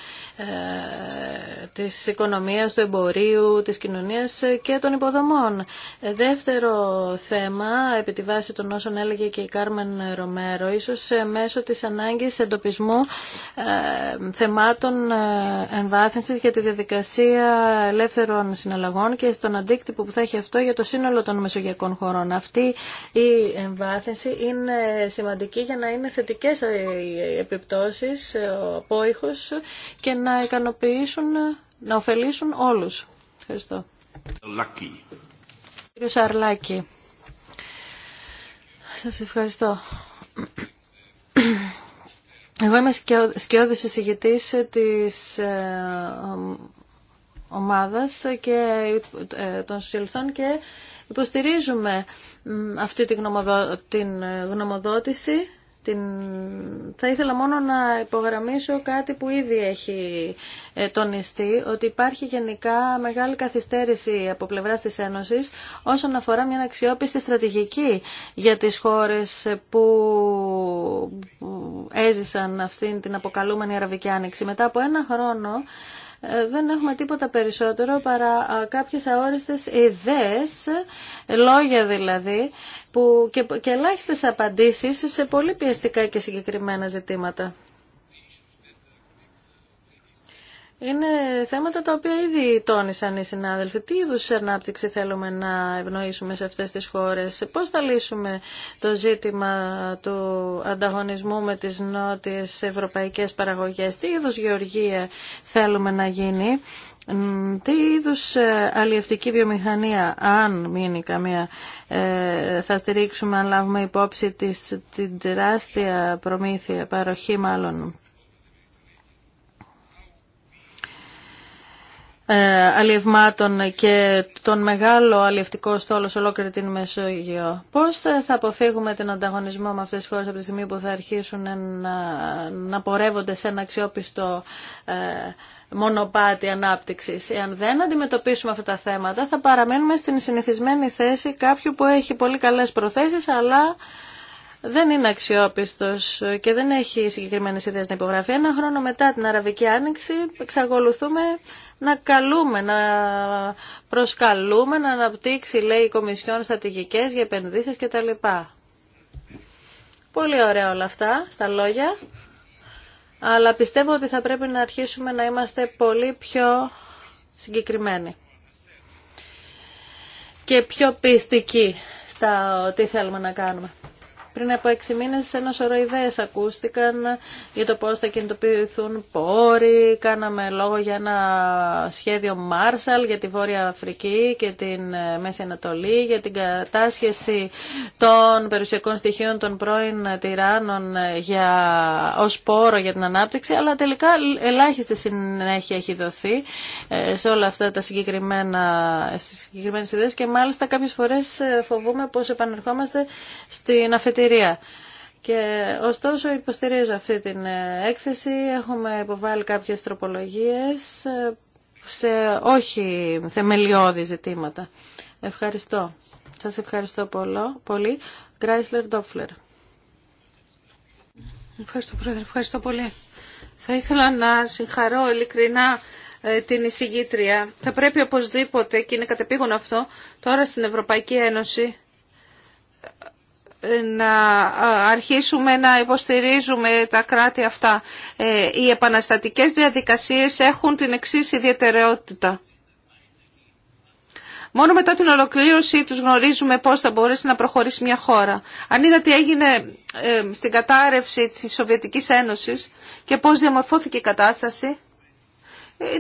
τη οικονομία, του εμπορίου, τη κοινωνία και των υποδομών. Δεύτερο θέμα, επί τη των όσων έλεγε και η Κάρμεν Ρομέρο, ίσως ε, μέσω της ανάγκης εντοπισμού ε, θεμάτων ε, εμβάθυνσης για τη διαδικασία ελεύθερων συναλλαγών και στον αντίκτυπο που θα έχει αυτό για το σύνολο των μεσογειακών χωρών. Αυτή η εμβάθυνση είναι σημαντική για να είναι θετικές οι επιπτώσεις, ο απόίχο και να ικανοποιήσουν, να ωφελήσουν όλους. Ευχαριστώ. Lucky. Σαρλάκη. Σας ευχαριστώ. Εγώ είμαι σκιώδης εισηγητής της ε, ομάδας και ε, των σοσιαλιστών και υποστηρίζουμε αυτή την ε, γνωμοδότηση θα ήθελα μόνο να υπογραμμίσω κάτι που ήδη έχει ε, τονιστεί, ότι υπάρχει γενικά μεγάλη καθυστέρηση από πλευρά της Ένωσης όσον αφορά μια αξιόπιστη στρατηγική για τις χώρες που έζησαν αυτήν την αποκαλούμενη Αραβική Άνοιξη. Μετά από ένα χρόνο δεν έχουμε τίποτα περισσότερο παρά κάποιες αόριστες ιδέες, λόγια δηλαδή, που και, και ελάχιστες απαντήσεις σε πολύ πιεστικά και συγκεκριμένα ζητήματα. Είναι θέματα τα οποία ήδη τόνισαν οι συνάδελφοι. Τι είδου ανάπτυξη θέλουμε να ευνοήσουμε σε αυτές τις χώρες. πώ θα λύσουμε το ζήτημα του ανταγωνισμού με τις νότιε ευρωπαϊκές παραγωγές. Τι είδου γεωργία θέλουμε να γίνει. Τι είδου ε, αλλιευτική βιομηχανία, αν μείνει καμία, ε, θα στηρίξουμε αν λάβουμε υπόψη την τεράστια προμήθεια, παροχή μάλλον Ε, αλλιευμάτων και τον μεγάλο αλλιευτικό στόλο σε ολόκληρη την Μεσόγειο. Πώς θα αποφύγουμε τον ανταγωνισμό με αυτές τις χώρες από τη στιγμή που θα αρχίσουν να, να πορεύονται σε ένα αξιόπιστο ε, μονοπάτι ανάπτυξης. Εάν δεν αντιμετωπίσουμε αυτά τα θέματα θα παραμένουμε στην συνηθισμένη θέση κάποιου που έχει πολύ καλές προθέσεις αλλά δεν είναι αξιόπιστος και δεν έχει συγκεκριμένες ιδέες να υπογραφεί. Ένα χρόνο μετά την Αραβική Άνοιξη εξακολουθούμε να καλούμε, να προσκαλούμε, να αναπτύξει, λέει, η Κομισιόν στρατηγικές για επενδύσεις κτλ. Πολύ ωραία όλα αυτά στα λόγια, αλλά πιστεύω ότι θα πρέπει να αρχίσουμε να είμαστε πολύ πιο συγκεκριμένοι και πιο πιστικοί στα τι θέλουμε να κάνουμε. Πριν από έξι μήνες ένα σωρό ιδέες ακούστηκαν για το πώς θα κινητοποιηθούν πόροι, κάναμε λόγο για ένα σχέδιο Marshall για τη Βόρεια Αφρική και την ε, Μέση Ανατολή, για την κατάσχεση των περιουσιακών στοιχείων των πρώην τυράννων ε, για, ως πόρο για την ανάπτυξη, αλλά τελικά ελάχιστη συνέχεια έχει δοθεί ε, σε όλα αυτά τα συγκεκριμένα, ιδέες και μάλιστα κάποιες φορές φοβούμε πως επανερχόμαστε στην αφετηρία και ωστόσο υποστηρίζω αυτή την ε, έκθεση. Έχουμε υποβάλει κάποιες τροπολογίες ε, σε όχι θεμελιώδη ζητήματα. Ευχαριστώ. Σας ευχαριστώ πολύ. Γκράισλερ Ντόφλερ. Ευχαριστώ πρόεδρε. Ευχαριστώ πολύ. Θα ήθελα να συγχαρώ ειλικρινά ε, την εισηγήτρια. Θα πρέπει οπωσδήποτε, και είναι κατεπήγον αυτό, τώρα στην Ευρωπαϊκή Ένωση να αρχίσουμε να υποστηρίζουμε τα κράτη αυτά. Ε, οι επαναστατικές διαδικασίες έχουν την εξής ιδιαιτερότητα. Μόνο μετά την ολοκλήρωσή τους γνωρίζουμε πώς θα μπορέσει να προχωρήσει μια χώρα. Αν είδα τι έγινε ε, στην κατάρρευση της Σοβιετικής Ένωσης και πώς διαμορφώθηκε η κατάσταση,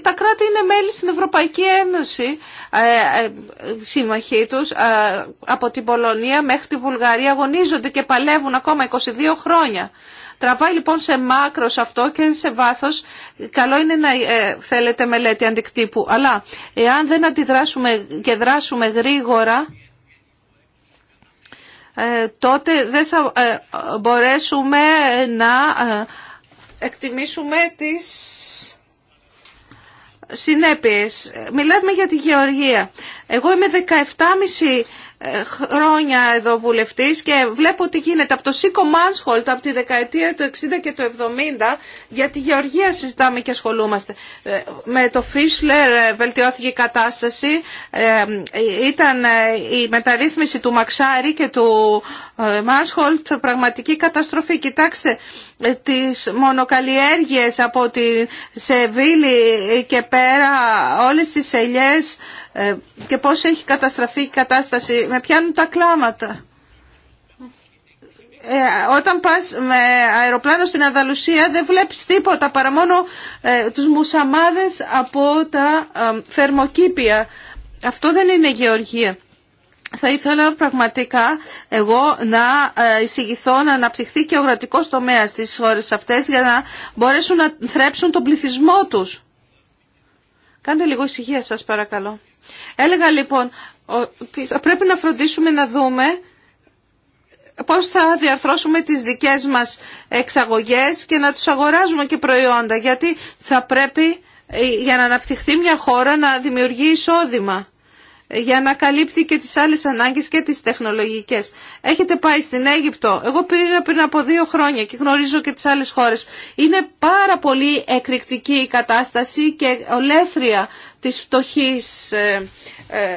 τα κράτη είναι μέλη στην Ευρωπαϊκή Ένωση, ε, ε, σύμμαχοί τους, ε, από την Πολωνία μέχρι τη Βουλγαρία αγωνίζονται και παλεύουν ακόμα 22 χρόνια. Τραβάει λοιπόν σε μάκρος αυτό και σε βάθος. Καλό είναι να θέλετε μελέτη αντικτύπου, αλλά εάν δεν αντιδράσουμε και δράσουμε γρήγορα, τότε δεν θα μπορέσουμε να εκτιμήσουμε τις συνέπειες. Μιλάμε για τη γεωργία. Εγώ είμαι 17,5 ε, χρόνια εδώ βουλευτής και βλέπω ότι γίνεται. Από το Σίκο Μάνσχολτ από τη δεκαετία του 60 και του 70 για τη γεωργία συζητάμε και ασχολούμαστε. Ε, με το Φίσλερ ε, βελτιώθηκε η κατάσταση. Ήταν η μεταρρύθμιση του Μαξάρη και του Μάνσχολτ πραγματική καταστροφή. Κοιτάξτε τις μονοκαλλιέργειες από τη Σεβίλη και πέρα όλες τις ελιές ε, και πώς έχει καταστραφεί η κατάσταση. Με πιάνουν τα κλάματα. Ε, όταν πας με αεροπλάνο στην Αδαλουσία δεν βλέπεις τίποτα παρά μόνο ε, τους μουσαμάδες από τα ε, θερμοκήπια. Αυτό δεν είναι γεωργία. Θα ήθελα πραγματικά εγώ να εισηγηθώ να αναπτυχθεί και ο κρατικός τομέας στις χώρες αυτές για να μπορέσουν να θρέψουν τον πληθυσμό τους. Κάντε λίγο ησυχία σας παρακαλώ. Έλεγα λοιπόν ότι θα πρέπει να φροντίσουμε να δούμε πώς θα διαρθρώσουμε τις δικές μας εξαγωγές και να τους αγοράζουμε και προϊόντα, γιατί θα πρέπει ε, για να αναπτυχθεί μια χώρα να δημιουργεί εισόδημα για να καλύπτει και τις άλλες ανάγκες και τις τεχνολογικές. Έχετε πάει στην Αίγυπτο. Εγώ πήγα πριν από δύο χρόνια και γνωρίζω και τις άλλες χώρες. Είναι πάρα πολύ εκρηκτική η κατάσταση και ολέθρια της φτωχής ε, ε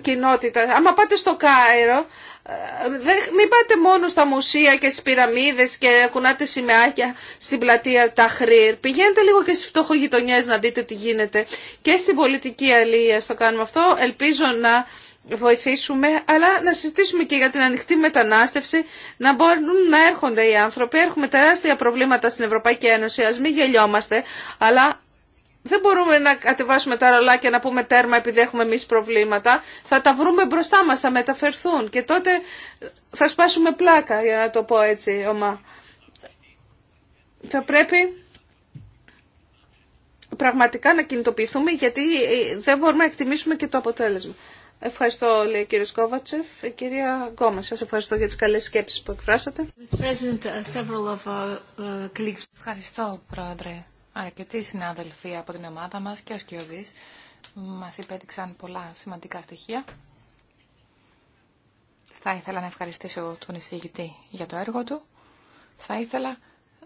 κοινότητα. Άμα πάτε στο Κάιρο μην πάτε μόνο στα μουσεία και στις πυραμίδες και κουνάτε σημαίακια στην πλατεία Ταχρήρ. Πηγαίνετε λίγο και στις φτωχογειτονιές να δείτε τι γίνεται. Και στην πολιτική αλληλεία στο κάνουμε αυτό. Ελπίζω να βοηθήσουμε, αλλά να συζητήσουμε και για την ανοιχτή μετανάστευση, να μπορούν να έρχονται οι άνθρωποι. Έχουμε τεράστια προβλήματα στην Ευρωπαϊκή Ένωση, ας μην γελιόμαστε, αλλά δεν μπορούμε να κατεβάσουμε τα ρολάκια να πούμε τέρμα επειδή έχουμε εμεί προβλήματα. Θα τα βρούμε μπροστά μας, θα μεταφερθούν και τότε θα σπάσουμε πλάκα, για να το πω έτσι, ομά. Θα πρέπει πραγματικά να κινητοποιηθούμε γιατί δεν μπορούμε να εκτιμήσουμε και το αποτέλεσμα. Ευχαριστώ, λέει ο κύριος ε, κυρία Γκόμα, σας ευχαριστώ για τις καλές σκέψεις που εκφράσατε. Uh, uh, ευχαριστώ, Πρόεδρε αρκετοί συνάδελφοι από την ομάδα μας και ο Σκιωδής μας υπέτυξαν πολλά σημαντικά στοιχεία. Θα ήθελα να ευχαριστήσω τον εισηγητή για το έργο του. Θα ήθελα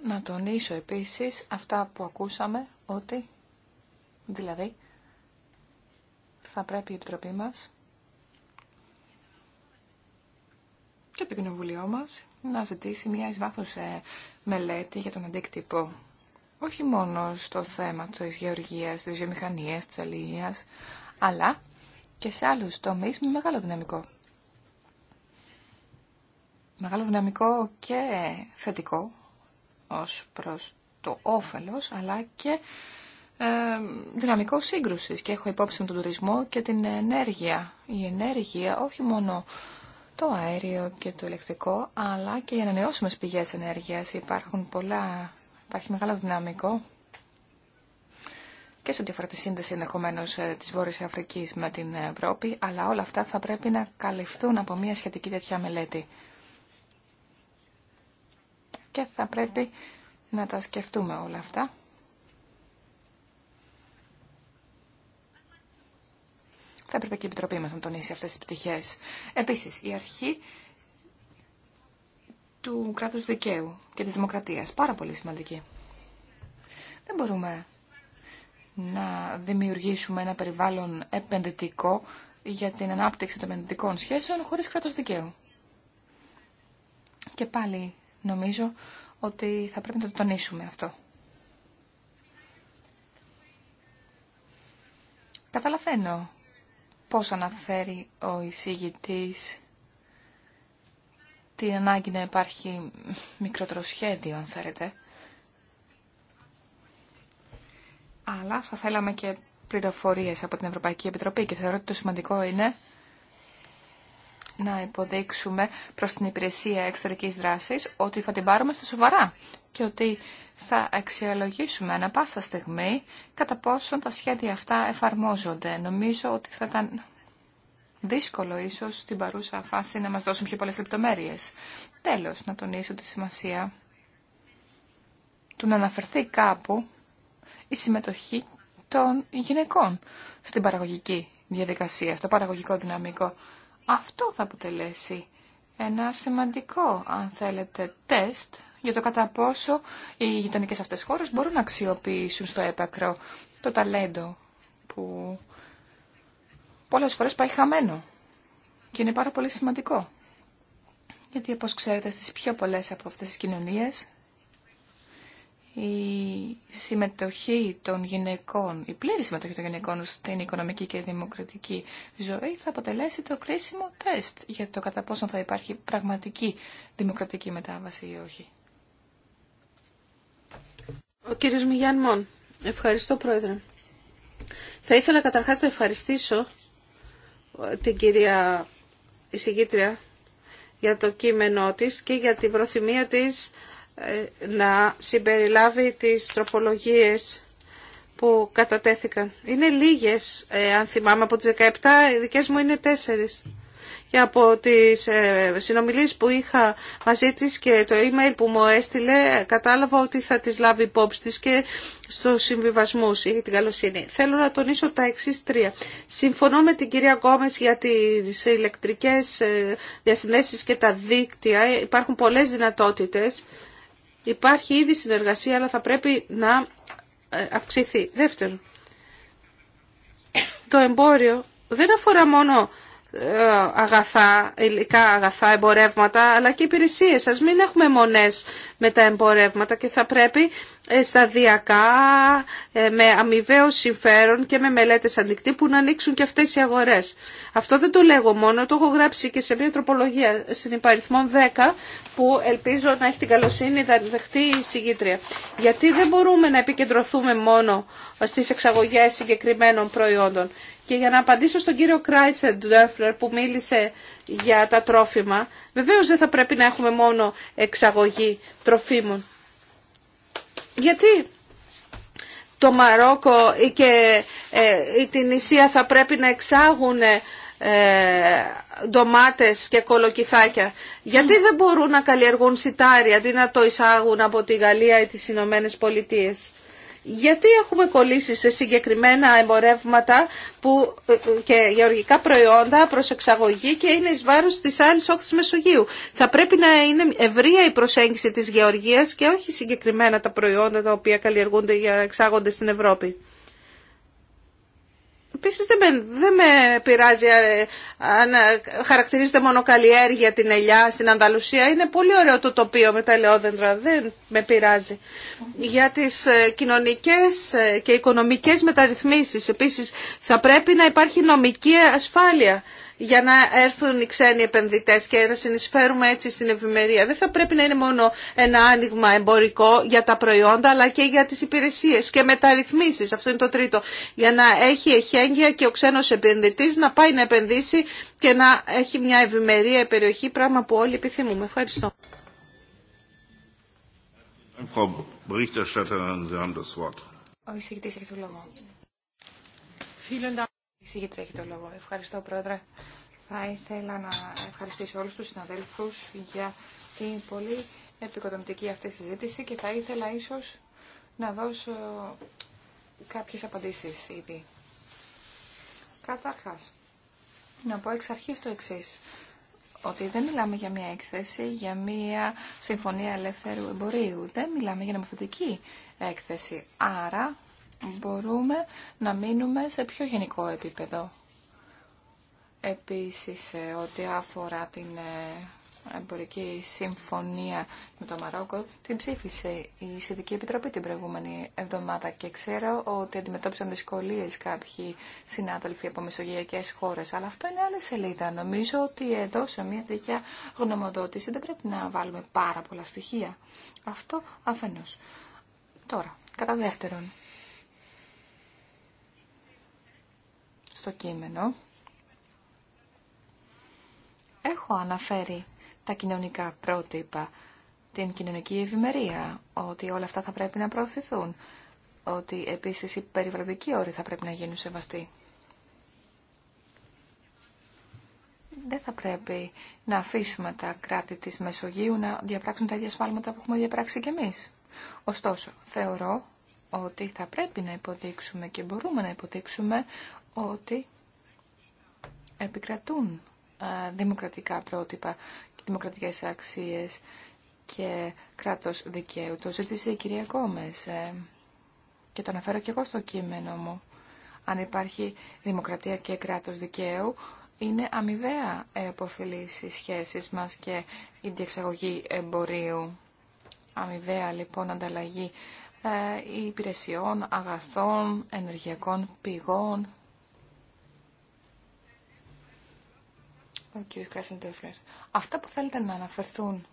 να τονίσω επίσης αυτά που ακούσαμε, ότι δηλαδή θα πρέπει η Επιτροπή μας και το Κοινοβουλίο μας να ζητήσει μια εις ε, μελέτη για τον αντίκτυπο όχι μόνο στο θέμα της γεωργίας, της βιομηχανίας, της αλληλείας, αλλά και σε άλλους τομείς με μεγάλο δυναμικό. Μεγάλο δυναμικό και θετικό ως προς το όφελος, αλλά και ε, δυναμικό σύγκρουσης. Και έχω υπόψη με τον τουρισμό και την ενέργεια. Η ενέργεια όχι μόνο το αέριο και το ηλεκτρικό, αλλά και οι ανανεώσιμες πηγές ενέργειας. Υπάρχουν πολλά Υπάρχει μεγάλο δυναμικό και σε ό,τι αφορά τη σύνδεση ενδεχομένω ε, τη Βόρεια Αφρική με την Ευρώπη, αλλά όλα αυτά θα πρέπει να καλυφθούν από μια σχετική τέτοια μελέτη. Και θα πρέπει να τα σκεφτούμε όλα αυτά. Θα έπρεπε και η Επιτροπή μας να τονίσει αυτές τις πτυχές. Επίσης, η αρχή του κράτους δικαίου και της δημοκρατίας. Πάρα πολύ σημαντική. Δεν μπορούμε να δημιουργήσουμε ένα περιβάλλον επενδυτικό για την ανάπτυξη των επενδυτικών σχέσεων χωρίς κράτος δικαίου. Και πάλι νομίζω ότι θα πρέπει να το τονίσουμε αυτό. Καταλαβαίνω πώς αναφέρει ο εισηγητής την ανάγκη να υπάρχει μικρότερο σχέδιο, αν θέλετε. Αλλά θα θέλαμε και πληροφορίες από την Ευρωπαϊκή Επιτροπή και θεωρώ ότι το σημαντικό είναι να υποδείξουμε προς την υπηρεσία εξωτερικής δράσης ότι θα την πάρουμε στα σοβαρά και ότι θα αξιολογήσουμε ανα πάσα στιγμή κατά πόσον τα σχέδια αυτά εφαρμόζονται. Νομίζω ότι θα ήταν δύσκολο ίσως στην παρούσα φάση να μας δώσουν πιο πολλέ λεπτομέρειες. Τέλος, να τονίσω τη σημασία του να αναφερθεί κάπου η συμμετοχή των γυναικών στην παραγωγική διαδικασία, στο παραγωγικό δυναμικό. Αυτό θα αποτελέσει ένα σημαντικό, αν θέλετε, τεστ για το κατά πόσο οι γειτονικέ αυτές χώρες μπορούν να αξιοποιήσουν στο έπακρο το ταλέντο που πολλές φορές πάει χαμένο. Και είναι πάρα πολύ σημαντικό. Γιατί όπως ξέρετε στις πιο πολλές από αυτές τις κοινωνίες η συμμετοχή των γυναικών, η πλήρη συμμετοχή των γυναικών στην οικονομική και δημοκρατική ζωή θα αποτελέσει το κρίσιμο τεστ για το κατά πόσο θα υπάρχει πραγματική δημοκρατική μετάβαση ή όχι. Ο κύριος Μιγιάν Μον. Ευχαριστώ Πρόεδρε. Θα ήθελα καταρχάς να ευχαριστήσω την κυρία εισηγήτρια για το κείμενό της και για την προθυμία της ε, να συμπεριλάβει τις τροπολογίες που κατατέθηκαν. Είναι λίγες, ε, αν θυμάμαι, από τις 17, οι δικές μου είναι τέσσερις και από τις ε, συνομιλίες που είχα μαζί της και το email που μου έστειλε κατάλαβα ότι θα τις λάβει υπόψη της και στους συμβιβασμού για την καλοσύνη. Θέλω να τονίσω τα εξή τρία. Συμφωνώ με την κυρία Γκόμες για τις ηλεκτρικές ε, διασυνδέσεις και τα δίκτυα. Υπάρχουν πολλές δυνατότητες. Υπάρχει ήδη συνεργασία αλλά θα πρέπει να ε, αυξηθεί. δεύτερο το εμπόριο δεν αφορά μόνο ε, αγαθά, υλικά αγαθά, εμπορεύματα, αλλά και υπηρεσίες. Ας μην έχουμε μονές με τα εμπορεύματα και θα πρέπει ε, σταδιακά, ε, με αμοιβαίο συμφέρον και με μελέτες αντικτύπου να ανοίξουν και αυτές οι αγορές. Αυτό δεν το λέγω μόνο, το έχω γράψει και σε μια τροπολογία στην υπαριθμόν 10 που ελπίζω να έχει την καλοσύνη να δεχτεί η συγκήτρια. Γιατί δεν μπορούμε να επικεντρωθούμε μόνο στις εξαγωγές συγκεκριμένων προϊόντων. Και για να απαντήσω στον κύριο Κράισερ που μίλησε για τα τρόφιμα, βεβαίως δεν θα πρέπει να έχουμε μόνο εξαγωγή τροφίμων. Γιατί το Μαρόκο και ε, την Ισία θα πρέπει να εξάγουν ε, ντομάτες και κολοκυθάκια. Γιατί δεν μπορούν να καλλιεργούν σιτάρι αντί να το εισάγουν από τη Γαλλία ή τις Ηνωμένε Πολιτείες. Γιατί έχουμε κολλήσει σε συγκεκριμένα εμπορεύματα που, ε, ε, και γεωργικά προϊόντα προς εξαγωγή και είναι εις βάρος της άλλης όχθης Μεσογείου. Θα πρέπει να είναι ευρεία η προσέγγιση της γεωργίας και όχι συγκεκριμένα τα προϊόντα τα οποία καλλιεργούνται για εξάγονται στην Ευρώπη. Επίσης δεν με, με πειράζει ε, αν ε, χαρακτηρίζεται μόνο καλλιέργεια την ελιά στην Ανδαλουσία. Είναι πολύ ωραίο το τοπίο με τα ελαιόδεντρα, δεν με πειράζει. Για τις ε, κοινωνικές και οικονομικές μεταρρυθμίσεις επίσης θα πρέπει να υπάρχει νομική ασφάλεια για να έρθουν οι ξένοι επενδυτές και να συνεισφέρουμε έτσι στην ευημερία. Δεν θα πρέπει να είναι μόνο ένα άνοιγμα εμπορικό για τα προϊόντα αλλά και για τις υπηρεσίες και μεταρρυθμίσεις, αυτό είναι το τρίτο, για να έχει εχέγγυα και ο ξένος επενδυτής να πάει να επενδύσει και να έχει μια ευημερία η περιοχή, πράγμα που όλοι επιθυμούμε. Ευχαριστώ. Συγγήτρια έχει το λόγο. Ευχαριστώ, Πρόεδρε. Θα ήθελα να ευχαριστήσω όλους τους συναδέλφους για την πολύ επικοδομητική αυτή συζήτηση και θα ήθελα ίσως να δώσω κάποιες απαντήσεις ήδη. Κατάρχά να πω εξ αρχής το εξής, ότι δεν μιλάμε για μια έκθεση, για μια συμφωνία ελεύθερου εμπορίου, δεν μιλάμε για νομοθετική έκθεση. Άρα, μπορούμε να μείνουμε σε πιο γενικό επίπεδο. Επίσης, ό,τι αφορά την ε, εμπορική συμφωνία με το Μαρόκο, την ψήφισε η Σχετική Επιτροπή την προηγούμενη εβδομάδα και ξέρω ότι αντιμετώπισαν δυσκολίες κάποιοι συνάδελφοι από μεσογειακές χώρες, αλλά αυτό είναι άλλη σελίδα. Νομίζω ότι εδώ σε μια τέτοια γνωμοδότηση δεν πρέπει να βάλουμε πάρα πολλά στοιχεία. Αυτό αφενός. Τώρα, κατά δεύτερον, στο κείμενο έχω αναφέρει τα κοινωνικά πρότυπα, την κοινωνική ευημερία, ότι όλα αυτά θα πρέπει να προωθηθούν, ότι επίσης οι περιβαλλοντικοί όροι θα πρέπει να γίνουν σεβαστοί. Δεν θα πρέπει να αφήσουμε τα κράτη της Μεσογείου να διαπράξουν τα ίδια σφάλματα που έχουμε διαπράξει κι εμείς. Ωστόσο, θεωρώ ότι θα πρέπει να υποδείξουμε και μπορούμε να υποδείξουμε ότι επικρατούν ε, δημοκρατικά πρότυπα και δημοκρατικές αξίες και κράτος δικαίου. Το ζήτησε η κυρία Κόμες ε, και το αναφέρω και εγώ στο κείμενο μου. Αν υπάρχει δημοκρατία και κράτος δικαίου, είναι αμοιβαία επωφελής οι σχέσεις μας και η διεξαγωγή εμπορίου. Αμοιβαία λοιπόν ανταλλαγή ε, υπηρεσιών, αγαθών, ενεργειακών πηγών. Ο Αυτά που θέλετε να αναφερθούν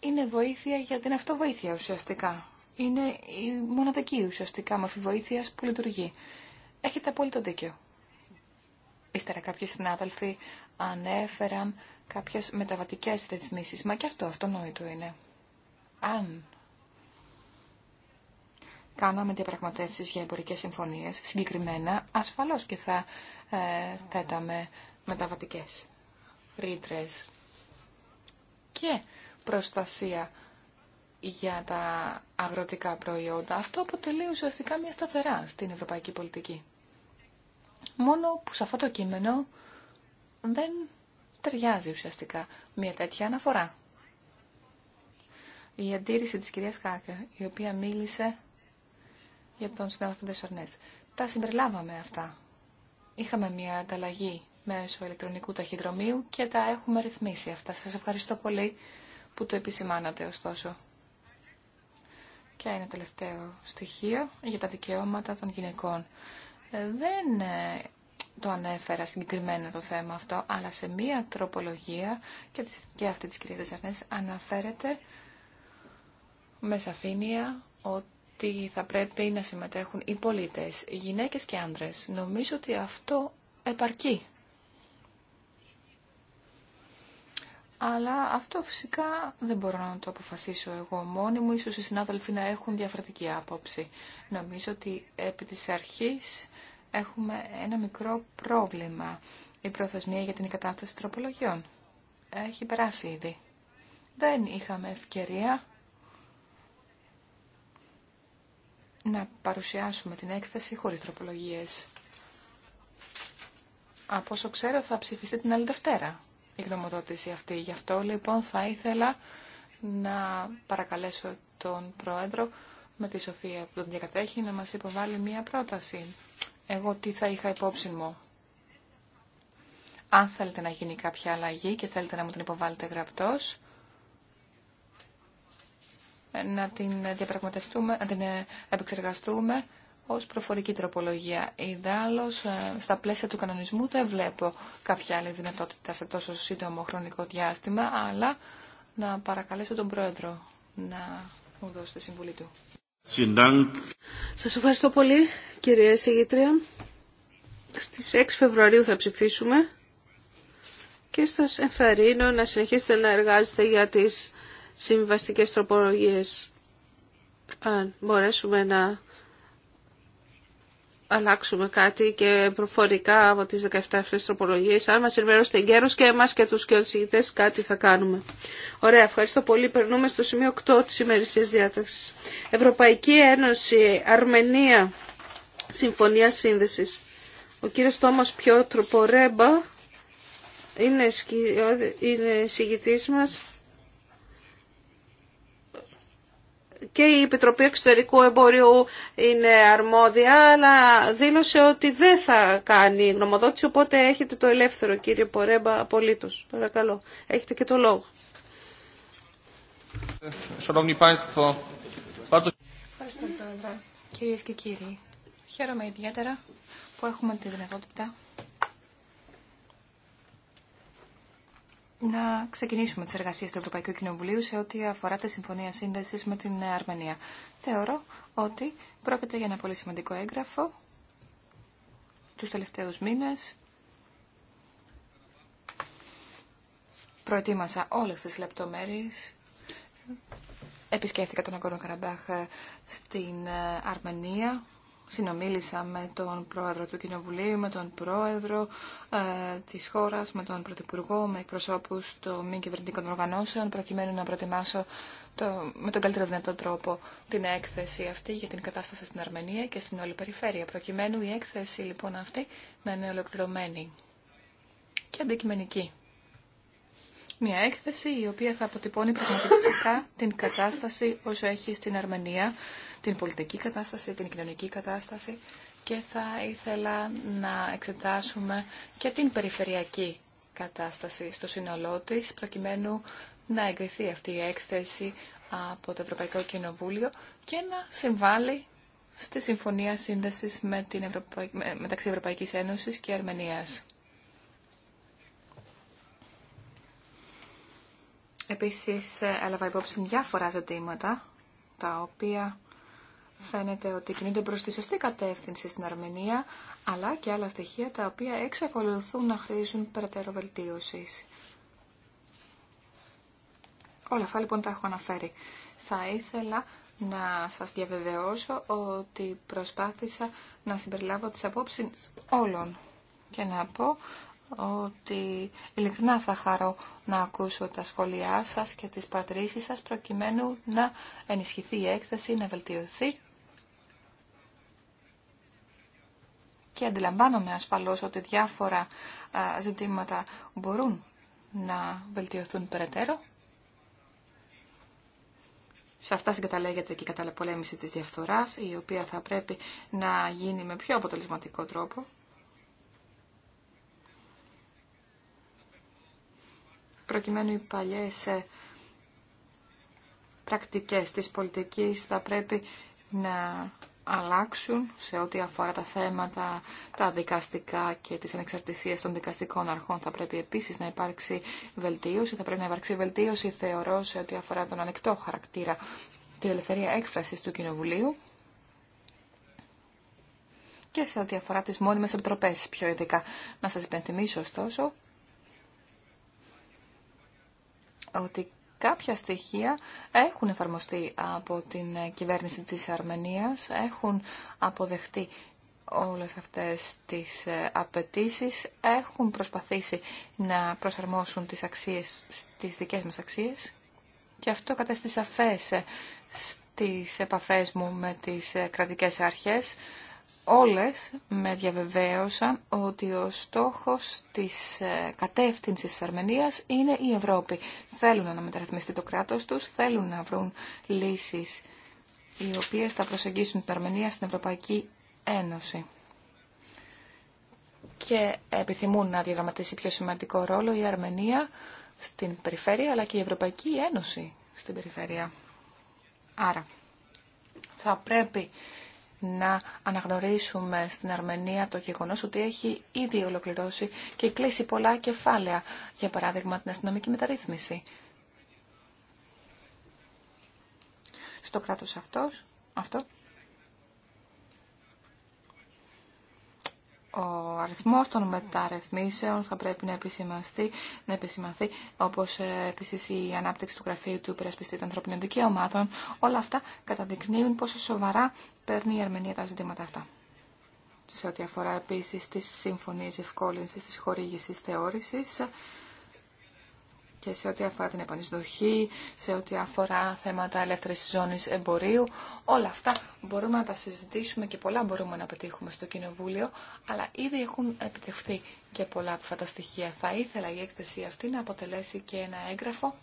είναι βοήθεια για την αυτοβοήθεια ουσιαστικά. Είναι η μοναδική ουσιαστικά μορφή βοήθεια που λειτουργεί. Έχετε απόλυτο δίκιο. Ύστερα κάποιοι συνάδελφοι ανέφεραν κάποιες μεταβατικές ρυθμίσεις, μα και αυτό αυτονόητο είναι. Αν κάναμε διαπραγματεύσεις για εμπορικές συμφωνίες συγκεκριμένα, ασφαλώς και θα ε, θέταμε μεταβατικές ρήτρε και προστασία για τα αγροτικά προϊόντα. Αυτό αποτελεί ουσιαστικά μια σταθερά στην ευρωπαϊκή πολιτική. Μόνο που σε αυτό το κείμενο δεν ταιριάζει ουσιαστικά μια τέτοια αναφορά. Η αντίρρηση της κυρίας Κάκα, η οποία μίλησε για τον συνάδελφο Τα συμπεριλάβαμε αυτά. Είχαμε μια ανταλλαγή μέσω ηλεκτρονικού ταχυδρομείου και τα έχουμε ρυθμίσει αυτά. Σας ευχαριστώ πολύ που το επισημάνατε ωστόσο. Και ένα τελευταίο στοιχείο για τα δικαιώματα των γυναικών. Ε, δεν ε, το ανέφερα συγκεκριμένα το θέμα αυτό, αλλά σε μία τροπολογία και, και αυτή της κυρίας Δεσσαρνές αναφέρεται με σαφήνεια ότι ότι θα πρέπει να συμμετέχουν οι πολίτες, οι γυναίκες και άνδρες. Νομίζω ότι αυτό επαρκεί. Αλλά αυτό φυσικά δεν μπορώ να το αποφασίσω εγώ μόνη μου, ίσως οι συνάδελφοι να έχουν διαφορετική άποψη. Νομίζω ότι επί της αρχής έχουμε ένα μικρό πρόβλημα. Η προθεσμία για την κατάσταση τροπολογιών έχει περάσει ήδη. Δεν είχαμε ευκαιρία να παρουσιάσουμε την έκθεση χωρίς τροπολογίες. Από όσο ξέρω θα ψηφιστεί την άλλη Δευτέρα η γνωμοδότηση αυτή. Γι' αυτό λοιπόν θα ήθελα να παρακαλέσω τον Πρόεδρο με τη Σοφία που τον διακατέχει να μας υποβάλει μία πρόταση. Εγώ τι θα είχα υπόψη μου. Αν θέλετε να γίνει κάποια αλλαγή και θέλετε να μου την υποβάλλετε γραπτός, να την διαπραγματευτούμε, να την ε, επεξεργαστούμε ως προφορική τροπολογία. Ιδάλλως, ε, στα πλαίσια του κανονισμού δεν βλέπω κάποια άλλη δυνατότητα σε τόσο σύντομο χρονικό διάστημα, αλλά να παρακαλέσω τον Πρόεδρο να μου δώσει τη συμβουλή του. Σας ευχαριστώ πολύ, κυρία Συγγήτρια. Στις 6 Φεβρουαρίου θα ψηφίσουμε και σας ενθαρρύνω να συνεχίσετε να εργάζεστε για τις συμβαστικές τροπολογίες αν μπορέσουμε να αλλάξουμε κάτι και προφορικά από τις 17 αυτές τροπολογίες. Αν μας ενημερώσετε γέρος και εμάς και τους και κάτι θα κάνουμε. Ωραία, ευχαριστώ πολύ. Περνούμε στο σημείο 8 της ημερησίας διάταξης. Ευρωπαϊκή Ένωση, Αρμενία, Συμφωνία Σύνδεσης. Ο κύριος Τόμας Πιότρο Πορέμπα είναι, είναι συγητής μας. και η Επιτροπή Εξωτερικού Εμπορίου είναι αρμόδια, αλλά δήλωσε ότι δεν θα κάνει γνωμοδότηση, οπότε έχετε το ελεύθερο κύριε Πορέμπα απολύτω. Παρακαλώ, έχετε και το λόγο. Κυρίες και κύριοι, χαίρομαι ιδιαίτερα που έχουμε τη δυνατότητα να ξεκινήσουμε τι εργασίε του Ευρωπαϊκού Κοινοβουλίου σε ό,τι αφορά τη Συμφωνία Σύνδεσης με την Αρμενία. Θεωρώ ότι πρόκειται για ένα πολύ σημαντικό έγγραφο του τελευταίου μήνε. Προετοίμασα όλες τις λεπτομέρειες. Επισκέφθηκα τον Αγκόνο Καραμπάχ στην Αρμενία συνομίλησα με τον πρόεδρο του Κοινοβουλίου, με τον πρόεδρο ε, της χώρας, με τον πρωθυπουργό, με εκπροσώπους των μη κυβερνητικών οργανώσεων, προκειμένου να προετοιμάσω το, με τον καλύτερο δυνατό τρόπο την έκθεση αυτή για την κατάσταση στην Αρμενία και στην όλη περιφέρεια. Προκειμένου η έκθεση λοιπόν αυτή να είναι ολοκληρωμένη και αντικειμενική. Μια έκθεση η οποία θα αποτυπώνει πραγματικά την κατάσταση όσο έχει στην Αρμενία την πολιτική κατάσταση, την κοινωνική κατάσταση και θα ήθελα να εξετάσουμε και την περιφερειακή κατάσταση στο σύνολό τη, προκειμένου να εγκριθεί αυτή η έκθεση από το Ευρωπαϊκό Κοινοβούλιο και να συμβάλλει στη Συμφωνία Σύνδεσης με την Ευρωπαϊ... μεταξύ Ευρωπαϊκής Ένωσης και Αρμενίας. Επίσης, ε, έλαβα υπόψη διάφορα ζητήματα, τα οποία Φαίνεται ότι κινούνται προς τη σωστή κατεύθυνση στην Αρμενία, αλλά και άλλα στοιχεία τα οποία εξακολουθούν να χρήζουν περαιτέρω βελτίωση. Όλα αυτά λοιπόν τα έχω αναφέρει. Θα ήθελα να σας διαβεβαιώσω ότι προσπάθησα να συμπεριλάβω τις απόψεις όλων και να πω ότι ειλικρινά θα χαρώ να ακούσω τα σχόλιά σας και τις παρατηρήσεις σας προκειμένου να ενισχυθεί η έκθεση, να βελτιωθεί Και αντιλαμβάνομαι ασφαλώς ότι διάφορα ζητήματα μπορούν να βελτιωθούν περαιτέρω. Σε αυτά συγκαταλέγεται και η καταπολέμηση της διαφθοράς, η οποία θα πρέπει να γίνει με πιο αποτελεσματικό τρόπο. Προκειμένου οι παλιές ε, πρακτικές της πολιτικής θα πρέπει να αλλάξουν σε ό,τι αφορά τα θέματα, τα δικαστικά και τις ανεξαρτησίες των δικαστικών αρχών. Θα πρέπει επίσης να υπάρξει βελτίωση, θα πρέπει να υπάρξει βελτίωση θεωρώ σε ό,τι αφορά τον ανοιχτό χαρακτήρα την ελευθερία έκφρασης του Κοινοβουλίου και σε ό,τι αφορά τις μόνιμες επιτροπές πιο ειδικά. Να σας υπενθυμίσω ωστόσο ότι κάποια στοιχεία έχουν εφαρμοστεί από την κυβέρνηση της Αρμενίας, έχουν αποδεχτεί όλες αυτές τις ε, απαιτήσει έχουν προσπαθήσει να προσαρμόσουν τις αξίες στις δικές μας αξίες και αυτό κατέστησε σαφές ε, στις επαφές μου με τις ε, κρατικές αρχές όλες με διαβεβαίωσαν ότι ο στόχος της ε, κατεύθυνσης της Αρμενίας είναι η Ευρώπη. Θέλουν να μεταρρυθμιστεί το κράτος τους, θέλουν να βρουν λύσεις οι οποίες θα προσεγγίσουν την Αρμενία στην Ευρωπαϊκή Ένωση. Και επιθυμούν να διαδραματίσει πιο σημαντικό ρόλο η Αρμενία στην περιφέρεια, αλλά και η Ευρωπαϊκή Ένωση στην περιφέρεια. Άρα, θα πρέπει να αναγνωρίσουμε στην Αρμενία το γεγονός ότι έχει ήδη ολοκληρώσει και κλείσει πολλά κεφάλαια, για παράδειγμα την αστυνομική μεταρρύθμιση. Στο κράτος αυτός, αυτό ο αριθμός των μεταρρυθμίσεων θα πρέπει να επισημανθεί, να επισημανθεί όπως ε, επίσης η ανάπτυξη του γραφείου του υπερασπιστή των ανθρωπίνων δικαιωμάτων. Όλα αυτά καταδεικνύουν πόσο σοβαρά παίρνει η Αρμενία τα ζητήματα αυτά. Σε ό,τι αφορά επίσης τις συμφωνίες ευκόλυνσης της χορήγησης θεώρησης, και σε ό,τι αφορά την επανεισδοχή, σε ό,τι αφορά θέματα ελεύθερης ζώνης εμπορίου. Όλα αυτά μπορούμε να τα συζητήσουμε και πολλά μπορούμε να πετύχουμε στο Κοινοβούλιο, αλλά ήδη έχουν επιτευχθεί και πολλά από αυτά τα στοιχεία. Θα ήθελα η έκθεση αυτή να αποτελέσει και ένα έγγραφο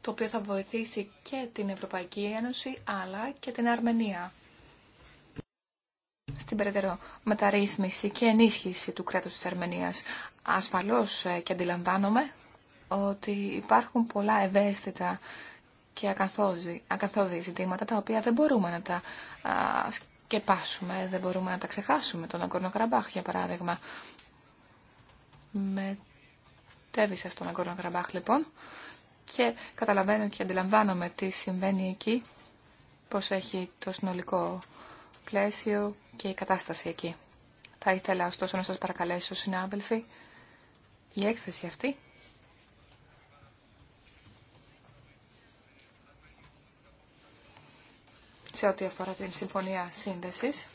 το οποίο θα βοηθήσει και την Ευρωπαϊκή Ένωση αλλά και την Αρμενία στην περαιτέρω μεταρρύθμιση και ενίσχυση του κράτους της Αρμενίας. Ασφαλώς ε, και αντιλαμβάνομαι ότι υπάρχουν πολλά ευαίσθητα και ακαθόδη ζητήματα τα οποία δεν μπορούμε να τα α, σκεπάσουμε, δεν μπορούμε να τα ξεχάσουμε. Τον Αγκόρνο Καραμπάχ, για παράδειγμα. Μετέβησα στον Αγκόρνο Καραμπάχ, λοιπόν, και καταλαβαίνω και αντιλαμβάνομαι τι συμβαίνει εκεί, πώς έχει το συνολικό πλαίσιο και η κατάσταση εκεί. Θα ήθελα ωστόσο να σας παρακαλέσω, συνάδελφοι, η έκθεση αυτή σε ό,τι αφορά την Συμφωνία Σύνδεσης.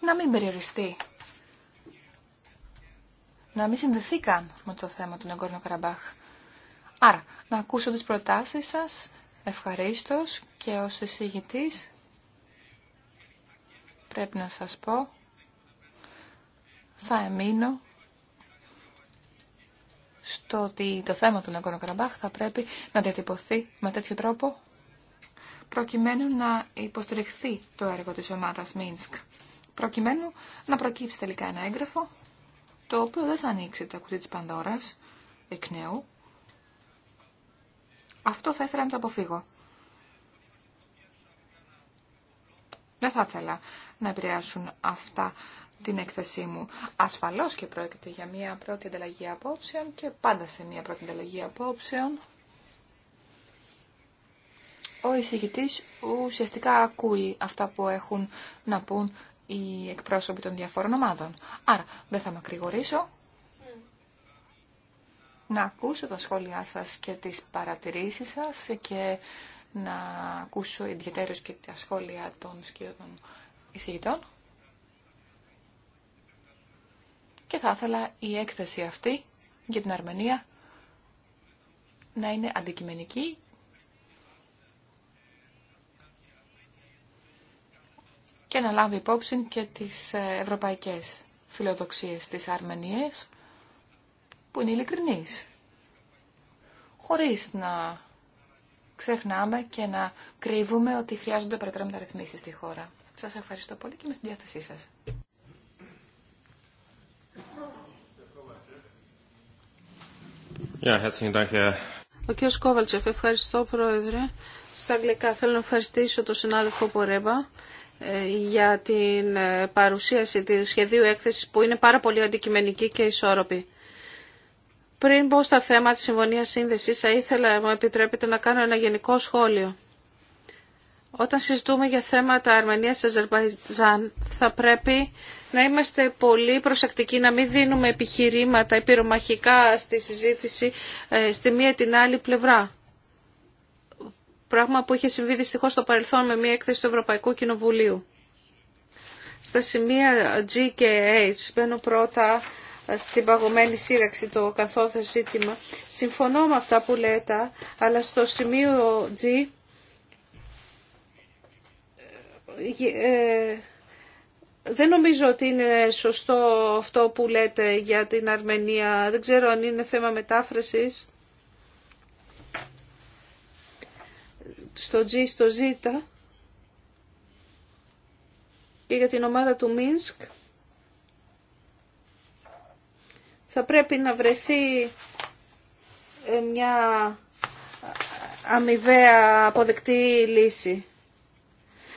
Να μην περιοριστεί. Να μην συνδεθεί καν με το θέμα του Νεγκόρνου Καραμπάχ. Άρα, να ακούσω τις προτάσεις σας, ευχαριστώ και ως εισηγητής πρέπει να σας πω, θα εμείνω στο ότι το θέμα του Ναγκόνο Καραμπάχ θα πρέπει να διατυπωθεί με τέτοιο τρόπο προκειμένου να υποστηριχθεί το έργο της ομάδας Μίνσκ. Προκειμένου να προκύψει τελικά ένα έγγραφο το οποίο δεν θα ανοίξει τα κουτί της Πανδώρας εκ νέου. Αυτό θα ήθελα να το αποφύγω. Δεν θα ήθελα να επηρεάσουν αυτά την έκθεσή μου. Ασφαλώς και πρόκειται για μια πρώτη ανταλλαγή απόψεων και πάντα σε μια πρώτη ανταλλαγή απόψεων ο εισηγητής ουσιαστικά ακούει αυτά που έχουν να πούν οι εκπρόσωποι των διαφόρων ομάδων. Άρα δεν θα μακρηγορήσω. Να ακούσω τα σχόλιά σας και τις παρατηρήσεις σας και να ακούσω ιδιαίτερως και τα σχόλια των σκιωδών εισηγητών. και θα ήθελα η έκθεση αυτή για την Αρμενία να είναι αντικειμενική και να λάβει υπόψη και τις ε, ευρωπαϊκές φιλοδοξίες της Αρμενίας που είναι ειλικρινής χωρίς να ξεχνάμε και να κρύβουμε ότι χρειάζονται περαιτέρω μεταρρυθμίσεις στη χώρα. Σας ευχαριστώ πολύ και είμαι στη διάθεσή σας. Ο κ. Κόβαλτσεφ, ευχαριστώ Πρόεδρε. Στα αγγλικά θέλω να ευχαριστήσω τον συνάδελφο Πορέμπα ε, για την ε, παρουσίαση του σχεδίου έκθεσης που είναι πάρα πολύ αντικειμενική και ισόρροπη. Πριν μπω στα θέματα της Συμφωνίας Σύνδεσης, θα ήθελα, μου επιτρέπετε, να κάνω ένα γενικό σχόλιο. Όταν συζητούμε για θέματα Αρμενίας Αζερβαϊτζάν θα πρέπει να είμαστε πολύ προσεκτικοί, να μην δίνουμε επιχειρήματα επιρομαχικά στη συζήτηση ε, στη μία την άλλη πλευρά. Πράγμα που είχε συμβεί δυστυχώς στο παρελθόν με μία έκθεση του Ευρωπαϊκού Κοινοβουλίου. Στα σημεία G και H μπαίνω πρώτα στην παγωμένη σύραξη το καθόθε ζήτημα. Συμφωνώ με αυτά που λέτε, αλλά στο σημείο G ε, δεν νομίζω ότι είναι σωστό αυτό που λέτε για την Αρμενία. Δεν ξέρω αν είναι θέμα μετάφρασης. Στο G, στο Z και για την ομάδα του Μίνσκ. Θα πρέπει να βρεθεί ε, μια αμοιβαία αποδεκτή λύση.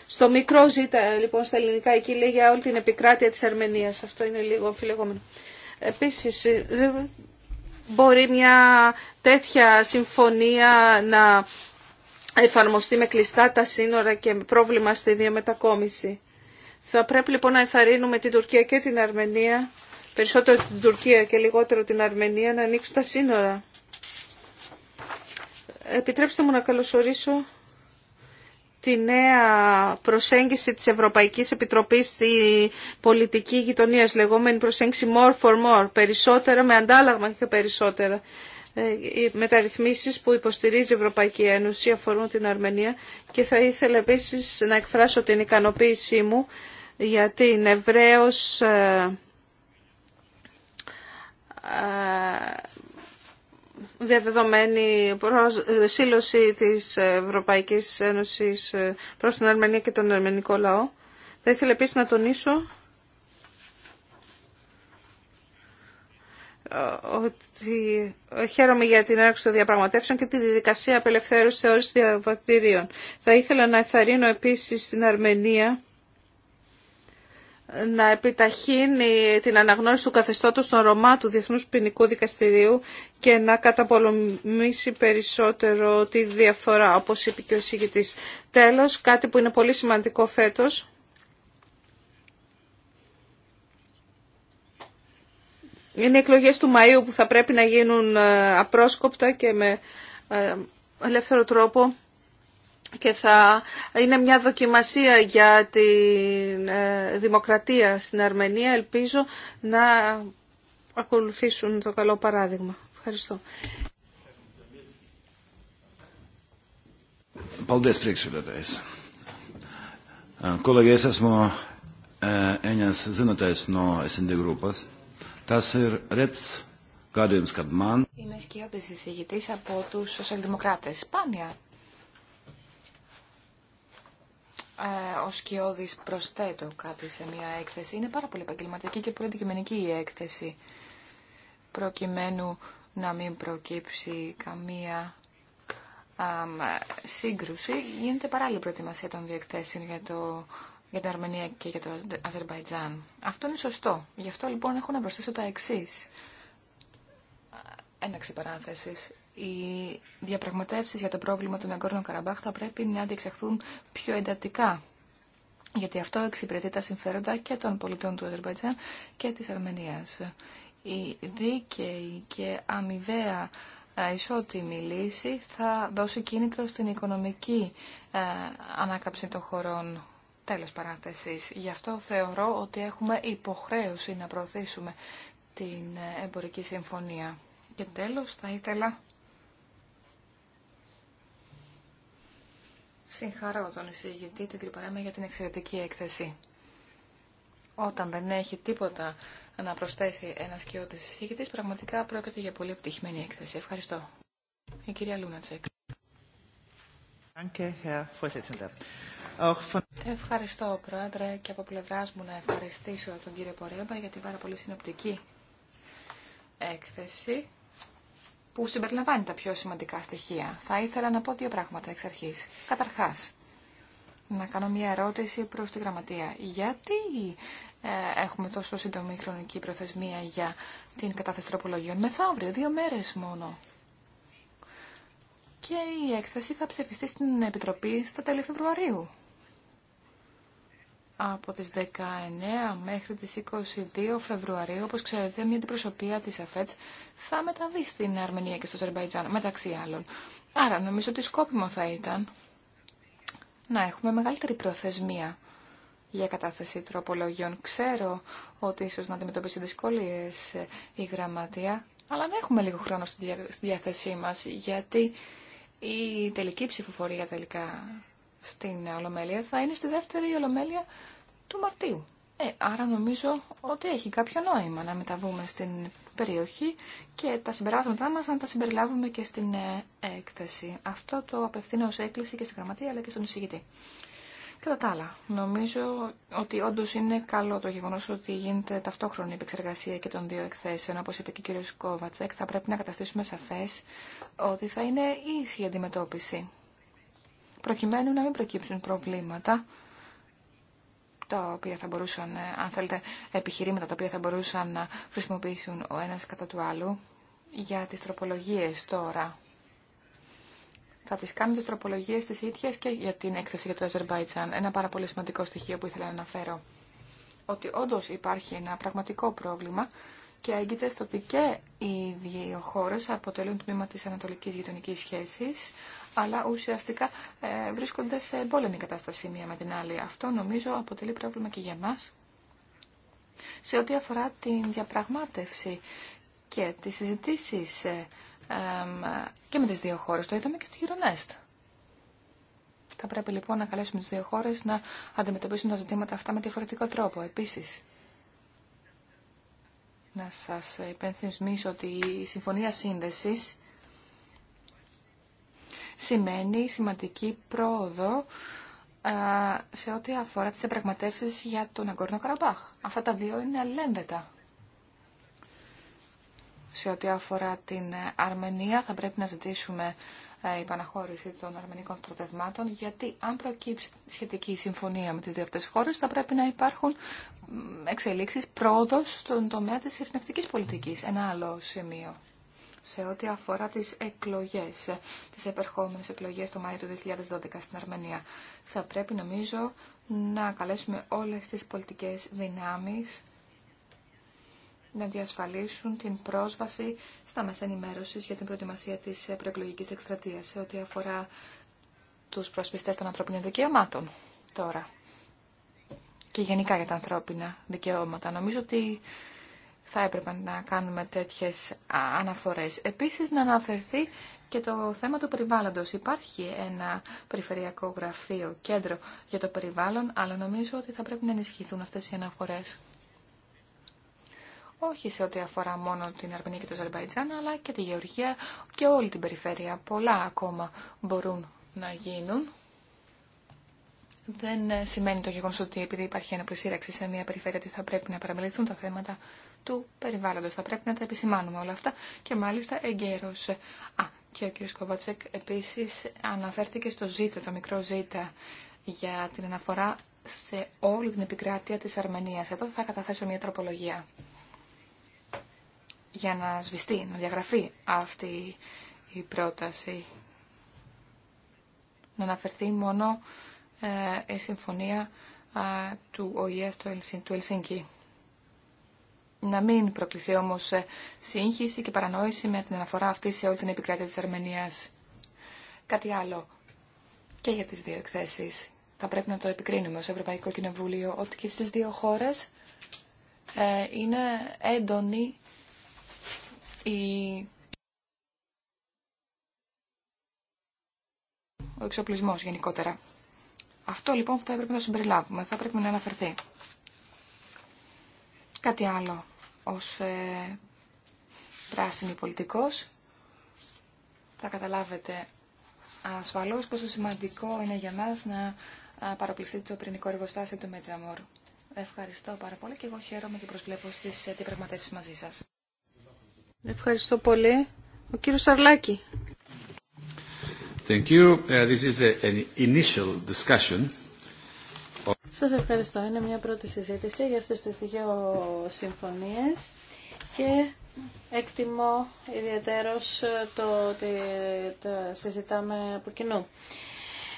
Στο μικρό ζήτα, λοιπόν, στα ελληνικά, εκεί λέει για όλη την επικράτεια της Αρμενίας. Αυτό είναι λίγο αμφιλεγόμενο. Επίσης, ε, μπορεί μια τέτοια συμφωνία να εφαρμοστεί με κλειστά τα σύνορα και πρόβλημα στη διαμετακόμιση. Θα πρέπει λοιπόν να ενθαρρύνουμε την Τουρκία και την Αρμενία, περισσότερο την Τουρκία και λιγότερο την Αρμενία, να ανοίξουν τα σύνορα. Επιτρέψτε μου να καλωσορίσω τη νέα προσέγγιση της Ευρωπαϊκής Επιτροπής στη πολιτική γειτονία, λεγόμενη προσέγγιση more for more, περισσότερα με αντάλλαγμα και περισσότερα. Ε, οι μεταρρυθμίσεις που υποστηρίζει η Ευρωπαϊκή Ένωση αφορούν την Αρμενία και θα ήθελα επίσης να εκφράσω την ικανοποίησή μου για την ε, ε, διαδεδομένη σύλλωση της Ευρωπαϊκής Ένωσης ε, προς την Αρμενία και τον αρμενικό λαό. Θα ήθελα επίσης να τονίσω ε, ότι χαίρομαι για την έναρξη των διαπραγματεύσεων και τη διαδικασία απελευθέρωση θεώρηση διαβατηρίων. Θα ήθελα να εθαρρύνω επίσης την Αρμενία να επιταχύνει την αναγνώριση του καθεστώτος στον Ρωμά του Διεθνούς Ποινικού Δικαστηρίου και να καταπολεμήσει περισσότερο τη διαφορά, όπως είπε και ο Τέλος, κάτι που είναι πολύ σημαντικό φέτος, είναι οι εκλογές του Μαΐου που θα πρέπει να γίνουν ε, απρόσκοπτα και με ε, ελεύθερο τρόπο και θα είναι μια δοκιμασία για τη ε, δημοκρατία στην Αρμενία. Ελπίζω να ακολουθήσουν το καλό παράδειγμα. Ευχαριστώ. Είμαι σκιώδης εισηγητής από τους σοσιαλδημοκράτες. Σπάνια ε, ο σκιώδη προσθέτω κάτι σε μια έκθεση. Είναι πάρα πολύ επαγγελματική και πολύ αντικειμενική η έκθεση προκειμένου να μην προκύψει καμία σύγκρουση. Γίνεται παράλληλη προετοιμασία των διεκθέσεων για, το, για την Αρμενία και για το Αζερβαϊτζάν. Αυτό είναι σωστό. Γι' αυτό λοιπόν έχω να προσθέσω τα εξή. Ε, Έναξη παράθεσης οι διαπραγματεύσεις για το πρόβλημα των Αγκόρνων Καραμπάχ θα πρέπει να διεξαχθούν πιο εντατικά. Γιατί αυτό εξυπηρετεί τα συμφέροντα και των πολιτών του Αζερβαϊτζάν και της Αρμενίας. Η δίκαιη και αμοιβαία ε, ισότιμη λύση θα δώσει κίνητρο στην οικονομική ε, ανάκαψη των χωρών. Τέλος παράθεσης. Γι' αυτό θεωρώ ότι έχουμε υποχρέωση να προωθήσουμε την ε, εμπορική συμφωνία. Και τέλος θα ήθελα συγχαρώ τον εισηγητή, τον κύριο Παρέμα για την εξαιρετική έκθεση. Όταν δεν έχει τίποτα να προσθέσει ένας σκιώτης εισηγητής, πραγματικά πρόκειται για πολύ επιτυχημένη έκθεση. Ευχαριστώ. Η κυρία Λούνατσεκ. Ευχαριστώ, Πρόεδρε, και από πλευρά μου να ευχαριστήσω τον κύριο Πορέμπα για την πάρα πολύ συνοπτική έκθεση που συμπεριλαμβάνει τα πιο σημαντικά στοιχεία. Θα ήθελα να πω δύο πράγματα εξ αρχής. Καταρχάς, να κάνω μια ερώτηση προς τη γραμματεία. Γιατί ε, έχουμε τόσο σύντομη χρονική προθεσμία για την κατάθεση τροπολογιών. Μεθαύριο, δύο μέρε μόνο. Και η έκθεση θα ψηφιστεί στην Επιτροπή στα τέλη Φεβρουαρίου από τις 19 μέχρι τις 22 Φεβρουαρίου, όπως ξέρετε, μια αντιπροσωπεία της ΑΦΕΤ θα μεταβεί στην Αρμενία και στο Αζερμπαϊτζάν, μεταξύ άλλων. Άρα νομίζω ότι σκόπιμο θα ήταν να έχουμε μεγαλύτερη προθεσμία για κατάθεση τροπολογιών. Ξέρω ότι ίσως να αντιμετωπίσει δυσκολίες ε, η γραμματεία, αλλά να έχουμε λίγο χρόνο στη διάθεσή μας, γιατί η τελική ψηφοφορία τελικά στην Ολομέλεια θα είναι στη δεύτερη Ολομέλεια του Μαρτίου. Ε, άρα νομίζω ότι έχει κάποιο νόημα να μεταβούμε στην περιοχή και τα συμπεράσματά μας να τα συμπεριλάβουμε και στην ε, έκθεση. Αυτό το απευθύνω ως έκκληση και στην γραμματεία αλλά και στον εισηγητή. Κατά τα άλλα, νομίζω ότι όντω είναι καλό το γεγονό ότι γίνεται ταυτόχρονη επεξεργασία και των δύο εκθέσεων. Όπω είπε και ο κ. Κόβατσεκ, θα πρέπει να καταστήσουμε σαφέ ότι θα είναι ίση η αντιμετώπιση προκειμένου να μην προκύψουν προβλήματα τα οποία θα μπορούσαν, αν θέλετε, επιχειρήματα τα οποία θα μπορούσαν να χρησιμοποιήσουν ο ένας κατά του άλλου για τις τροπολογίες τώρα. Θα τις κάνουν τις τροπολογίες τις ίδιες και για την έκθεση για το Αζερμπάιτσαν. Ένα πάρα πολύ σημαντικό στοιχείο που ήθελα να αναφέρω. Ότι όντως υπάρχει ένα πραγματικό πρόβλημα και έγκυται στο ότι και οι δύο χώρες αποτελούν τμήμα της ανατολικής γειτονικής σχέσης, αλλά ουσιαστικά ε, βρίσκονται σε πόλεμη κατάσταση μία με την άλλη. Αυτό νομίζω αποτελεί πρόβλημα και για μας σε ό,τι αφορά την διαπραγμάτευση και τις συζητήσεις ε, και με τις δύο χώρες. Το είδαμε και στη Γυρονέστ. Θα πρέπει λοιπόν να καλέσουμε τις δύο χώρες να αντιμετωπίσουν τα ζητήματα αυτά με διαφορετικό τρόπο. Επίσης, να σας υπενθυμίσω ότι η Συμφωνία Σύνδεσης σημαίνει σημαντική πρόοδο σε ό,τι αφορά τις διαπραγματεύσεις για τον Αγκόρνο Καραμπάχ. Αυτά τα δύο είναι αλληλένδετα. Σε ό,τι αφορά την Αρμενία θα πρέπει να ζητήσουμε ε, η παναχώρηση των αρμενικών στρατευμάτων, γιατί αν προκύψει σχετική συμφωνία με τις δύο αυτές χώρες, θα πρέπει να υπάρχουν εξελίξεις πρόοδος στον τομέα της ειρηνευτικής πολιτικής. Ένα άλλο σημείο σε ό,τι αφορά τις εκλογές, τις επερχόμενες εκλογές το Μάιο του 2012 στην Αρμενία. Θα πρέπει νομίζω να καλέσουμε όλες τις πολιτικές δυνάμεις να διασφαλίσουν την πρόσβαση στα μέσα για την προετοιμασία της προεκλογικής εκστρατείας σε ό,τι αφορά τους προσπιστές των ανθρωπίνων δικαιωμάτων τώρα και γενικά για τα ανθρώπινα δικαιώματα. Νομίζω ότι θα έπρεπε να κάνουμε τέτοιες αναφορές. Επίσης, να αναφερθεί και το θέμα του περιβάλλοντος. Υπάρχει ένα περιφερειακό γραφείο, κέντρο για το περιβάλλον, αλλά νομίζω ότι θα πρέπει να ενισχυθούν αυτές οι αναφορές. Όχι σε ό,τι αφορά μόνο την Αρμενία και το Ζαρμπαϊτζάν, αλλά και τη Γεωργία και όλη την περιφέρεια. Πολλά ακόμα μπορούν να γίνουν. Δεν σημαίνει το γεγονό ότι επειδή υπάρχει ένα πλησίραξη σε μια περιφέρεια ότι θα πρέπει να παραμεληθούν τα θέματα του περιβάλλοντος. Θα πρέπει να τα επισημάνουμε όλα αυτά και μάλιστα εγκαίρως. Α, και ο κ. Κοβατσέκ επίσης αναφέρθηκε στο ζήτα, το μικρό ζήτα, για την αναφορά σε όλη την επικράτεια της Αρμενίας. Εδώ θα καταθέσω μια τροπολογία για να σβηστεί, να διαγραφεί αυτή η πρόταση. Να αναφερθεί μόνο ε, η συμφωνία του ΟΗΕ του Ελσίνκη να μην προκληθεί όμω ε, σύγχυση και παρανόηση με την αναφορά αυτή σε όλη την επικράτεια της Αρμενίας. Κάτι άλλο και για τις δύο εκθέσει. Θα πρέπει να το επικρίνουμε ως Ευρωπαϊκό Κοινοβούλιο ότι και στις δύο χώρες ε, είναι έντονη η... ο εξοπλισμός γενικότερα. Αυτό λοιπόν θα έπρεπε να συμπεριλάβουμε, θα πρέπει να αναφερθεί. Κάτι άλλο ως ε, πράσινη πολιτικός. Θα καταλάβετε ασφαλώς πόσο σημαντικό είναι για μας να παραπληστεί το πυρηνικό εργοστάσιο του Μετζαμόρ. Ευχαριστώ πάρα πολύ και εγώ χαίρομαι και προσβλέπω στις αντιπραγματεύσεις μαζί σας. Ευχαριστώ πολύ. Ο κύριος Σαρλάκη. Thank you. Uh, this is an initial discussion. Σας ευχαριστώ. Είναι μια πρώτη συζήτηση για αυτές τις δύο συμφωνίε και εκτιμώ ιδιαίτερω το ότι τα συζητάμε από κοινού.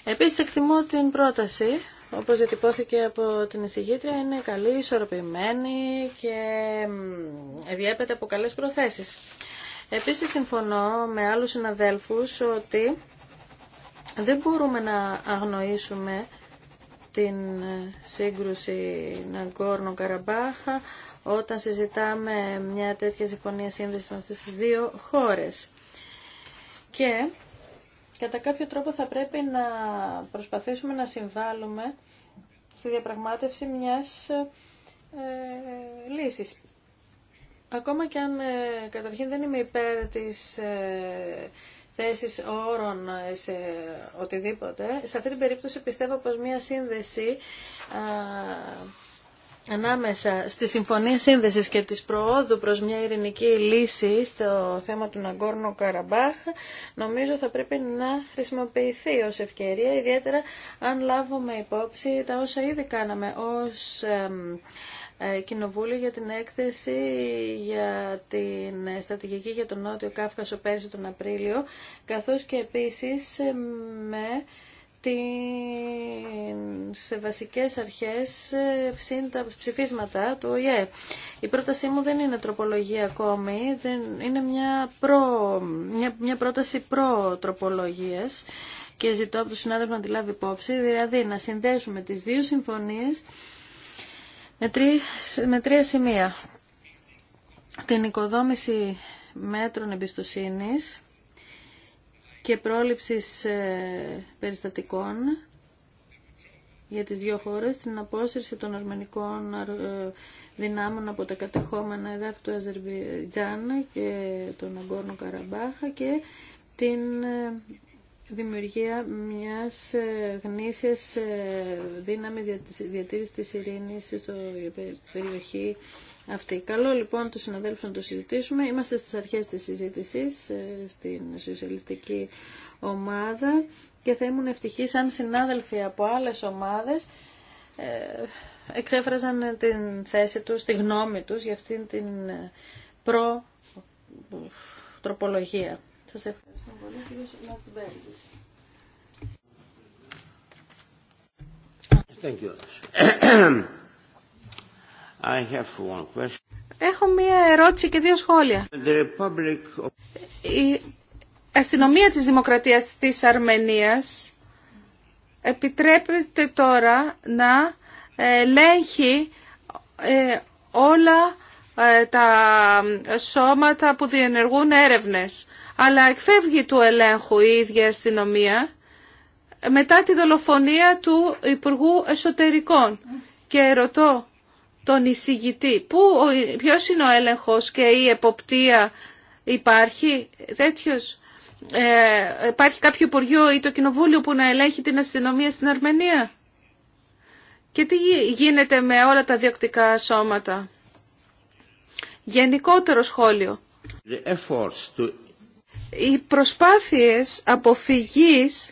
Επίσης εκτιμώ την πρόταση όπως διατυπώθηκε από την εισηγήτρια, είναι καλή, ισορροπημένη και διέπεται από καλές προθέσεις. Επίσης συμφωνώ με άλλους συναδέλφους ότι δεν μπορούμε να αγνοήσουμε την ε, σύγκρουση Ναγκόρνο Καραμπάχα όταν συζητάμε μια τέτοια συμφωνία σύνδεση με αυτές τις δύο χώρες. Και κατά κάποιο τρόπο θα πρέπει να προσπαθήσουμε να συμβάλλουμε στη διαπραγμάτευση μιας ε, λύσης. Ακόμα και αν ε, καταρχήν δεν είμαι υπέρ της ε, θέσεις όρων σε οτιδήποτε, σε αυτή την περίπτωση πιστεύω πως μία σύνδεση ανάμεσα στη Συμφωνία Σύνδεσης και της προόδου προς μια ειρηνική λύση στο θέμα του Ναγκόρνου Καραμπάχ νομίζω θα πρέπει να χρησιμοποιηθεί ως ευκαιρία ιδιαίτερα αν λάβουμε υπόψη τα όσα ήδη κάναμε ως ε, κοινοβούλιο για την έκθεση για την στρατηγική για τον Νότιο Κάφκασο πέρσι τον Απρίλιο, καθώς και επίσης ε, με σε βασικές αρχές ε, ψήν ψηφίσματα του ΟΙΕ. Η πρότασή μου δεν είναι τροπολογία ακόμη, δεν, είναι μια, προ, πρόταση προ-τροπολογίας και ζητώ από τον συνάδελφο να τη λάβει υπόψη, δηλαδή να συνδέσουμε τις δύο συμφωνίες με, τρεις, με τρία σημεία. Την οικοδόμηση μέτρων εμπιστοσύνης και πρόληψης ε, περιστατικών για τις δύο χώρες, την απόσυρση των αρμενικών ε, δυνάμων από τα κατεχόμενα εδάφη του Αζερβιτζάν και των Αγκόρνο Καραμπάχα και την ε, δημιουργία μιας ε, γνήσιας ε, δύναμης διατήρηση της ειρήνης στο ε, περιοχή αυτή. Καλό λοιπόν τους συναδέλφους να το συζητήσουμε. Είμαστε στις αρχές της συζήτησης στην σοσιαλιστική ομάδα και θα ήμουν ευτυχής αν συνάδελφοι από άλλες ομάδες εξέφραζαν την θέση τους, τη γνώμη τους για αυτήν την προ τροπολογία. Σα ευχαριστώ πολύ, Έχω μία ερώτηση και δύο σχόλια. Η αστυνομία της Δημοκρατίας της Αρμενίας επιτρέπεται τώρα να ελέγχει ε, όλα ε, τα σώματα που διενεργούν έρευνες αλλά εκφεύγει του ελέγχου η ίδια αστυνομία μετά τη δολοφονία του Υπουργού Εσωτερικών. Και ρωτώ τον εισηγητή, πού, ποιος είναι ο έλεγχος και η εποπτεία υπάρχει τέτοιος, ε, υπάρχει κάποιο υπουργείο ή το κοινοβούλιο που να ελέγχει την αστυνομία στην Αρμενία. Και τι γίνεται με όλα τα διοκτικά σώματα. Γενικότερο σχόλιο. to οι προσπάθειες αποφυγής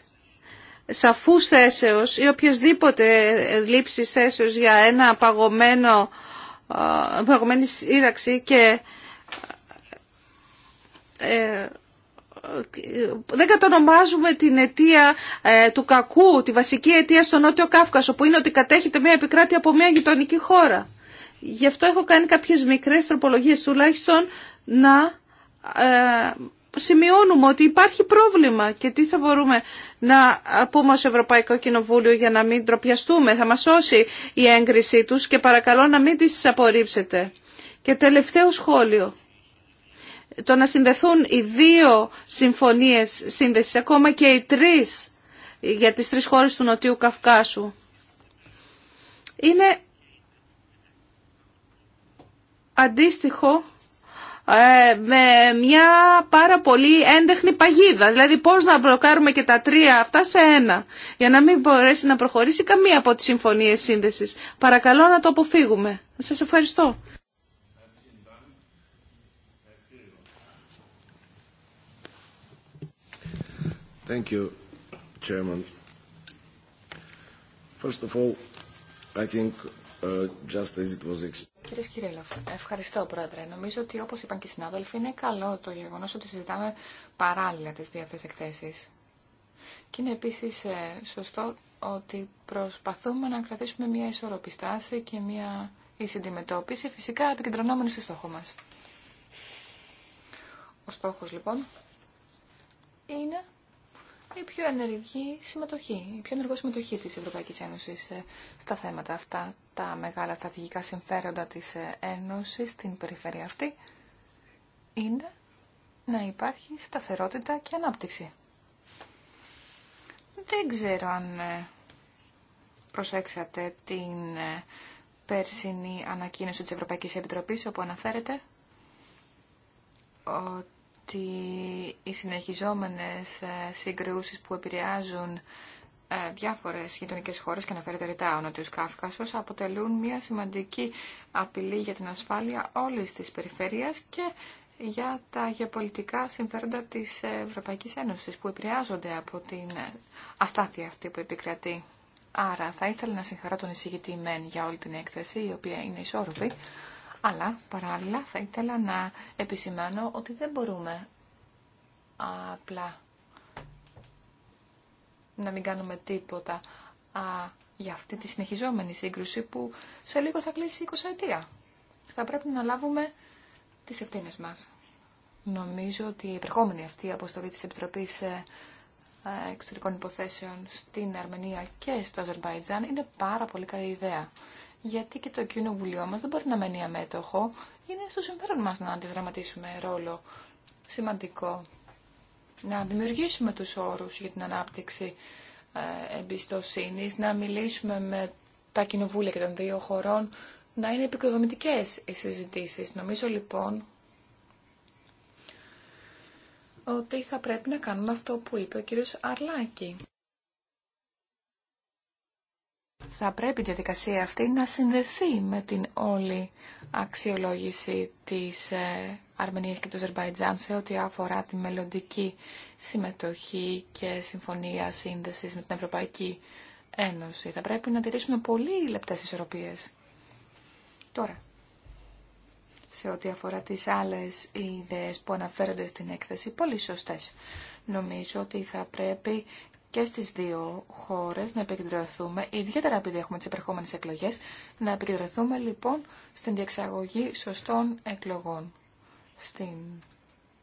σαφούς θέσεως ή οποιασδήποτε λήψης θέσεως για ένα παγωμένο, παγωμένη σύραξη και ε, δεν κατανομάζουμε την αιτία ε, του κακού, τη βασική αιτία στο Νότιο Κάφκασο που είναι ότι κατέχεται μια επικράτεια από μια γειτονική χώρα. Γι' αυτό έχω κάνει κάποιες μικρές τροπολογίες τουλάχιστον να ε, σημειώνουμε ότι υπάρχει πρόβλημα και τι θα μπορούμε να πούμε ως Ευρωπαϊκό Κοινοβούλιο για να μην ντροπιαστούμε. Θα μας σώσει η έγκρισή τους και παρακαλώ να μην τις απορρίψετε. Και τελευταίο σχόλιο. Το να συνδεθούν οι δύο συμφωνίες σύνδεσης, ακόμα και οι τρεις για τις τρεις χώρες του Νοτιού Καυκάσου, είναι αντίστοιχο ε, με μια πάρα πολύ έντεχνη παγίδα. Δηλαδή πώς να μπλοκάρουμε και τα τρία αυτά σε ένα για να μην μπορέσει να προχωρήσει καμία από τις συμφωνίες σύνδεσης. Παρακαλώ να το αποφύγουμε. Σας ευχαριστώ. Thank you, Chairman. First Uh, just as it was Κύριε Σκυρίλοφ, ευχαριστώ πρόεδρε. Νομίζω ότι όπως είπαν και οι συνάδελφοι είναι καλό το γεγονός ότι συζητάμε παράλληλα τις δύο αυτές εκθέσεις. Και είναι επίσης ε, σωστό ότι προσπαθούμε να κρατήσουμε μια ισορροπή και μια ίση αντιμετώπιση, φυσικά επικεντρωνόμενη στο στόχο μας. Ο στόχος λοιπόν είναι η πιο ενεργή συμμετοχή, η πιο ενεργό συμμετοχή της Ευρωπαϊκής Ένωσης ε, στα θέματα αυτά τα μεγάλα στρατηγικά συμφέροντα της ε, Ένωσης στην περιφέρεια αυτή είναι να υπάρχει σταθερότητα και ανάπτυξη. Δεν ξέρω αν ε, προσέξατε την ε, πέρσινη ανακοίνωση της Ευρωπαϊκής Επιτροπής όπου αναφέρεται ότι οι συνεχιζόμενες συγκρούσεις που επηρεάζουν ε, διάφορες γειτονικέ χώρες και αναφέρεται ρητά ο Νότιο Κάφκασο, αποτελούν μια σημαντική απειλή για την ασφάλεια όλη της περιφερεια και για τα γεωπολιτικά συμφέροντα της Ευρωπαϊκής Ένωσης που επηρεάζονται από την αστάθεια αυτή που επικρατεί. Άρα θα ήθελα να συγχαρώ τον εισηγητή Μεν για όλη την έκθεση η οποία είναι ισόρροπη αλλά παράλληλα θα ήθελα να επισημάνω ότι δεν μπορούμε απλά να μην κάνουμε τίποτα α, για αυτή τη συνεχιζόμενη σύγκρουση που σε λίγο θα κλείσει 20 ετία. Θα πρέπει να λάβουμε τις ευθύνες μας. Νομίζω ότι η επερχόμενη αυτή αποστολή της Επιτροπής ε, ε, Εξωτερικών Υποθέσεων στην Αρμενία και στο Αζερβαϊτζάν είναι πάρα πολύ καλή ιδέα. Γιατί και το κοινοβουλίο μας δεν μπορεί να μένει αμέτωχο. Είναι στο συμφέρον μας να αντιδραματίσουμε ρόλο σημαντικό να δημιουργήσουμε τους όρους για την ανάπτυξη ε, εμπιστοσύνης, να μιλήσουμε με τα κοινοβούλια και των δύο χωρών, να είναι επικοδομητικές οι συζητήσεις. Νομίζω λοιπόν ότι θα πρέπει να κάνουμε αυτό που είπε ο κύριος Αρλάκη. Θα πρέπει η διαδικασία αυτή να συνδεθεί με την όλη αξιολόγηση της ε, Αρμενίας και του Ζερβαϊτζάν σε ό,τι αφορά τη μελλοντική συμμετοχή και συμφωνία σύνδεσης με την Ευρωπαϊκή Ένωση. Θα πρέπει να τηρήσουμε πολύ λεπτές ισορροπίες. Τώρα, σε ό,τι αφορά τις άλλες ιδέες που αναφέρονται στην έκθεση, πολύ σωστές. Νομίζω ότι θα πρέπει και στις δύο χώρες να επικεντρωθούμε, ιδιαίτερα επειδή έχουμε τις επερχόμενες εκλογές, να επικεντρωθούμε λοιπόν στην διεξαγωγή σωστών εκλογών στην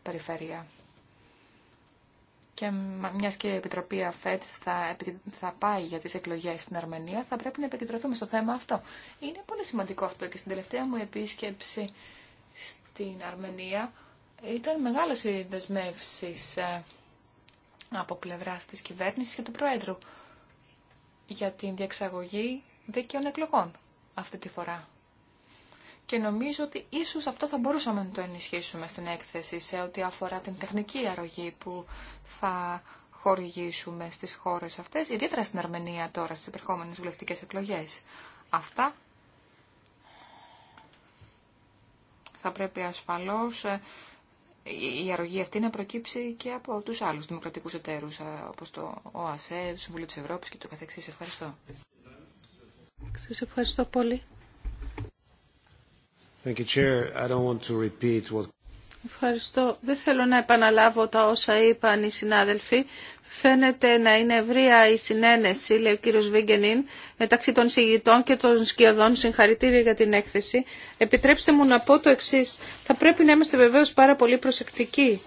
περιφέρεια. Και μια και η Επιτροπή ΑΦΕΤ θα, θα πάει για τι εκλογέ στην Αρμενία, θα πρέπει να επικεντρωθούμε στο θέμα αυτό. Είναι πολύ σημαντικό αυτό και στην τελευταία μου επίσκεψη στην Αρμενία ήταν μεγάλε οι δεσμεύσει. Ε, από πλευρά τη κυβέρνηση και του Προέδρου για την διεξαγωγή δίκαιων εκλογών αυτή τη φορά. Και νομίζω ότι ίσως αυτό θα μπορούσαμε να το ενισχύσουμε στην έκθεση σε ό,τι αφορά την τεχνική αρρωγή που θα χορηγήσουμε στις χώρες αυτές, ιδιαίτερα στην Αρμενία τώρα στις επερχόμενες βουλευτικέ εκλογές. Αυτά θα πρέπει ασφαλώς ε, η αρρωγή αυτή να προκύψει και από τους άλλους δημοκρατικούς εταίρους, όπως το ΟΑΣΕ, το Συμβούλιο της Ευρώπης και το καθεξής. Ευχαριστώ. Σας ευχαριστώ πολύ. Thank you, Chair. I don't want to repeat what... Ευχαριστώ. Δεν θέλω να επαναλάβω τα όσα είπαν οι συνάδελφοι. Φαίνεται να είναι ευρία η συνένεση, λέει ο κύριο Βίγκενιν, μεταξύ των συγητών και των σκιωδών. Συγχαρητήρια για την έκθεση. Επιτρέψτε μου να πω το εξή. Θα πρέπει να είμαστε βεβαίω πάρα πολύ προσεκτικοί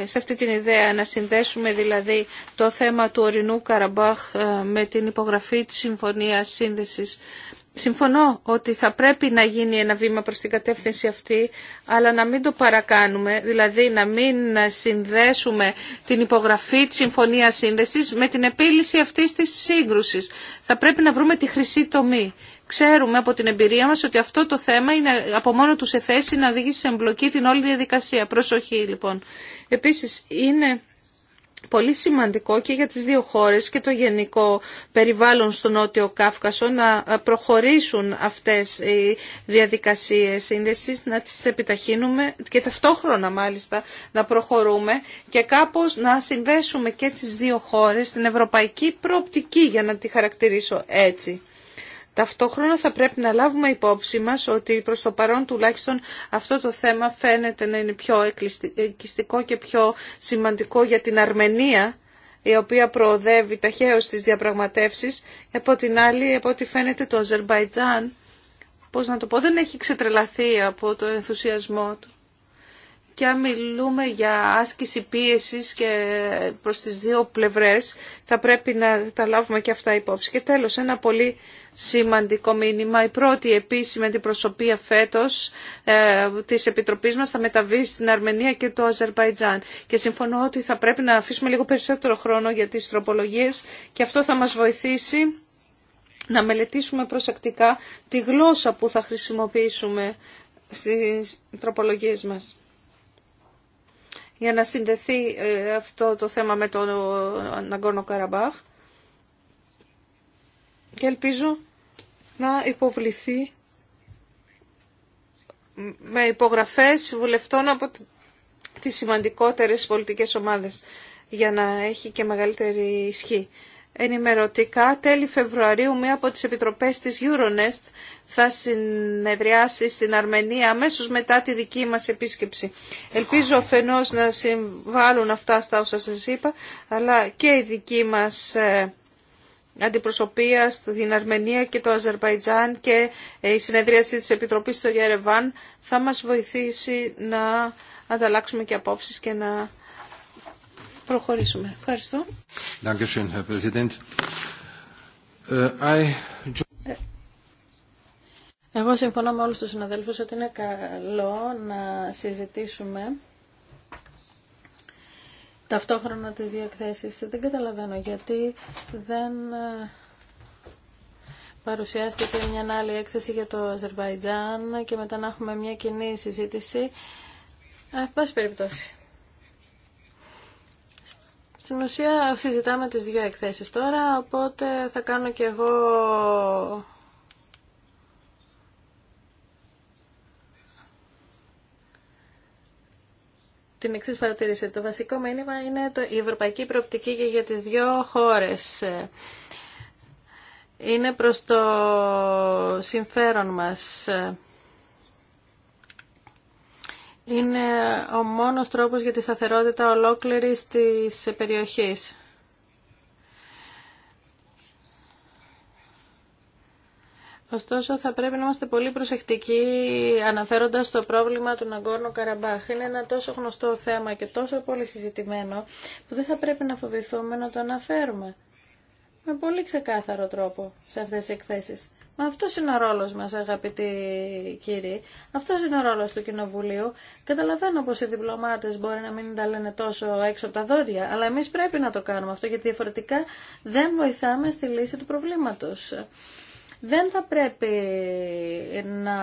ε, σε αυτή την ιδέα, να συνδέσουμε δηλαδή το θέμα του ορεινού Καραμπάχ ε, με την υπογραφή της Συμφωνίας Σύνδεσης Συμφωνώ ότι θα πρέπει να γίνει ένα βήμα προς την κατεύθυνση αυτή, αλλά να μην το παρακάνουμε, δηλαδή να μην συνδέσουμε την υπογραφή της Συμφωνίας Σύνδεσης με την επίλυση αυτής της σύγκρουσης. Θα πρέπει να βρούμε τη χρυσή τομή. Ξέρουμε από την εμπειρία μας ότι αυτό το θέμα είναι από μόνο του σε θέση να οδηγήσει σε εμπλοκή την όλη διαδικασία. Προσοχή λοιπόν. Επίσης είναι πολύ σημαντικό και για τις δύο χώρες και το γενικό περιβάλλον στο Νότιο Κάφκασο να προχωρήσουν αυτές οι διαδικασίες σύνδεσης, να τις επιταχύνουμε και ταυτόχρονα μάλιστα να προχωρούμε και κάπως να συνδέσουμε και τις δύο χώρες στην ευρωπαϊκή προοπτική για να τη χαρακτηρίσω έτσι. Ταυτόχρονα θα πρέπει να λάβουμε υπόψη μας ότι προς το παρόν τουλάχιστον αυτό το θέμα φαίνεται να είναι πιο εκκληστικό και πιο σημαντικό για την Αρμενία η οποία προοδεύει ταχαίως τις διαπραγματεύσεις. Από την άλλη, από ό,τι φαίνεται το Αζερμπαϊτζάν, πώς να το πω, δεν έχει ξετρελαθεί από το ενθουσιασμό του και αν μιλούμε για άσκηση πίεσης και προς τις δύο πλευρές θα πρέπει να τα λάβουμε και αυτά υπόψη. Και τέλος ένα πολύ σημαντικό μήνυμα. Η πρώτη επίσημη αντιπροσωπεία φέτος ε, της Επιτροπής μας θα μεταβεί στην Αρμενία και το Αζερβαϊτζάν. Και συμφωνώ ότι θα πρέπει να αφήσουμε λίγο περισσότερο χρόνο για τις τροπολογίες και αυτό θα μας βοηθήσει να μελετήσουμε προσεκτικά τη γλώσσα που θα χρησιμοποιήσουμε στις τροπολογίες μας για να συνδεθεί ε, αυτό το θέμα με τον ε, Ναγκόρνο Καραμπάχ και ελπίζω να υποβληθεί με υπογραφές βουλευτών από τις σημαντικότερες πολιτικές ομάδες για να έχει και μεγαλύτερη ισχύ. Ενημερωτικά, τέλη Φεβρουαρίου, μία από τις επιτροπές της Euronest θα συνεδριάσει στην Αρμενία αμέσω μετά τη δική μας επίσκεψη. Ελπίζω αφενός να συμβάλλουν αυτά στα όσα σας είπα, αλλά και η δική μας ε, αντιπροσωπεία στην Αρμενία και το Αζερβαϊτζάν και ε, η συνεδρίαση της Επιτροπής στο Γερεβάν θα μας βοηθήσει να ανταλλάξουμε και απόψεις και να προχωρήσουμε. Ευχαριστώ. Εγώ συμφωνώ με όλους τους συναδέλφους ότι είναι καλό να συζητήσουμε ταυτόχρονα τις δύο εκθέσεις. Δεν καταλαβαίνω γιατί δεν ε, παρουσιάστηκε μια άλλη έκθεση για το Αζερβαϊτζάν και μετά να έχουμε μια κοινή συζήτηση. Ε, πάση περιπτώσει. Στην ουσία συζητάμε τις δύο εκθέσεις τώρα, οπότε θα κάνω και εγώ την εξή παρατήρηση. Το βασικό μήνυμα είναι το, η ευρωπαϊκή προοπτική και για τις δύο χώρες. Είναι προς το συμφέρον μας. Είναι ο μόνος τρόπος για τη σταθερότητα ολόκληρης της περιοχής. Ωστόσο, θα πρέπει να είμαστε πολύ προσεκτικοί αναφέροντας το πρόβλημα του Ναγκόρνου Καραμπάχ. Είναι ένα τόσο γνωστό θέμα και τόσο πολύ συζητημένο που δεν θα πρέπει να φοβηθούμε να το αναφέρουμε. Με πολύ ξεκάθαρο τρόπο σε αυτές τις εκθέσεις. Μα αυτό είναι ο ρόλο μα, αγαπητοί κύριοι. Αυτό είναι ο ρόλο του Κοινοβουλίου. Καταλαβαίνω πω οι διπλωμάτε μπορεί να μην τα λένε τόσο έξω από τα δόντια, αλλά εμεί πρέπει να το κάνουμε αυτό, γιατί διαφορετικά δεν βοηθάμε στη λύση του προβλήματο δεν θα πρέπει να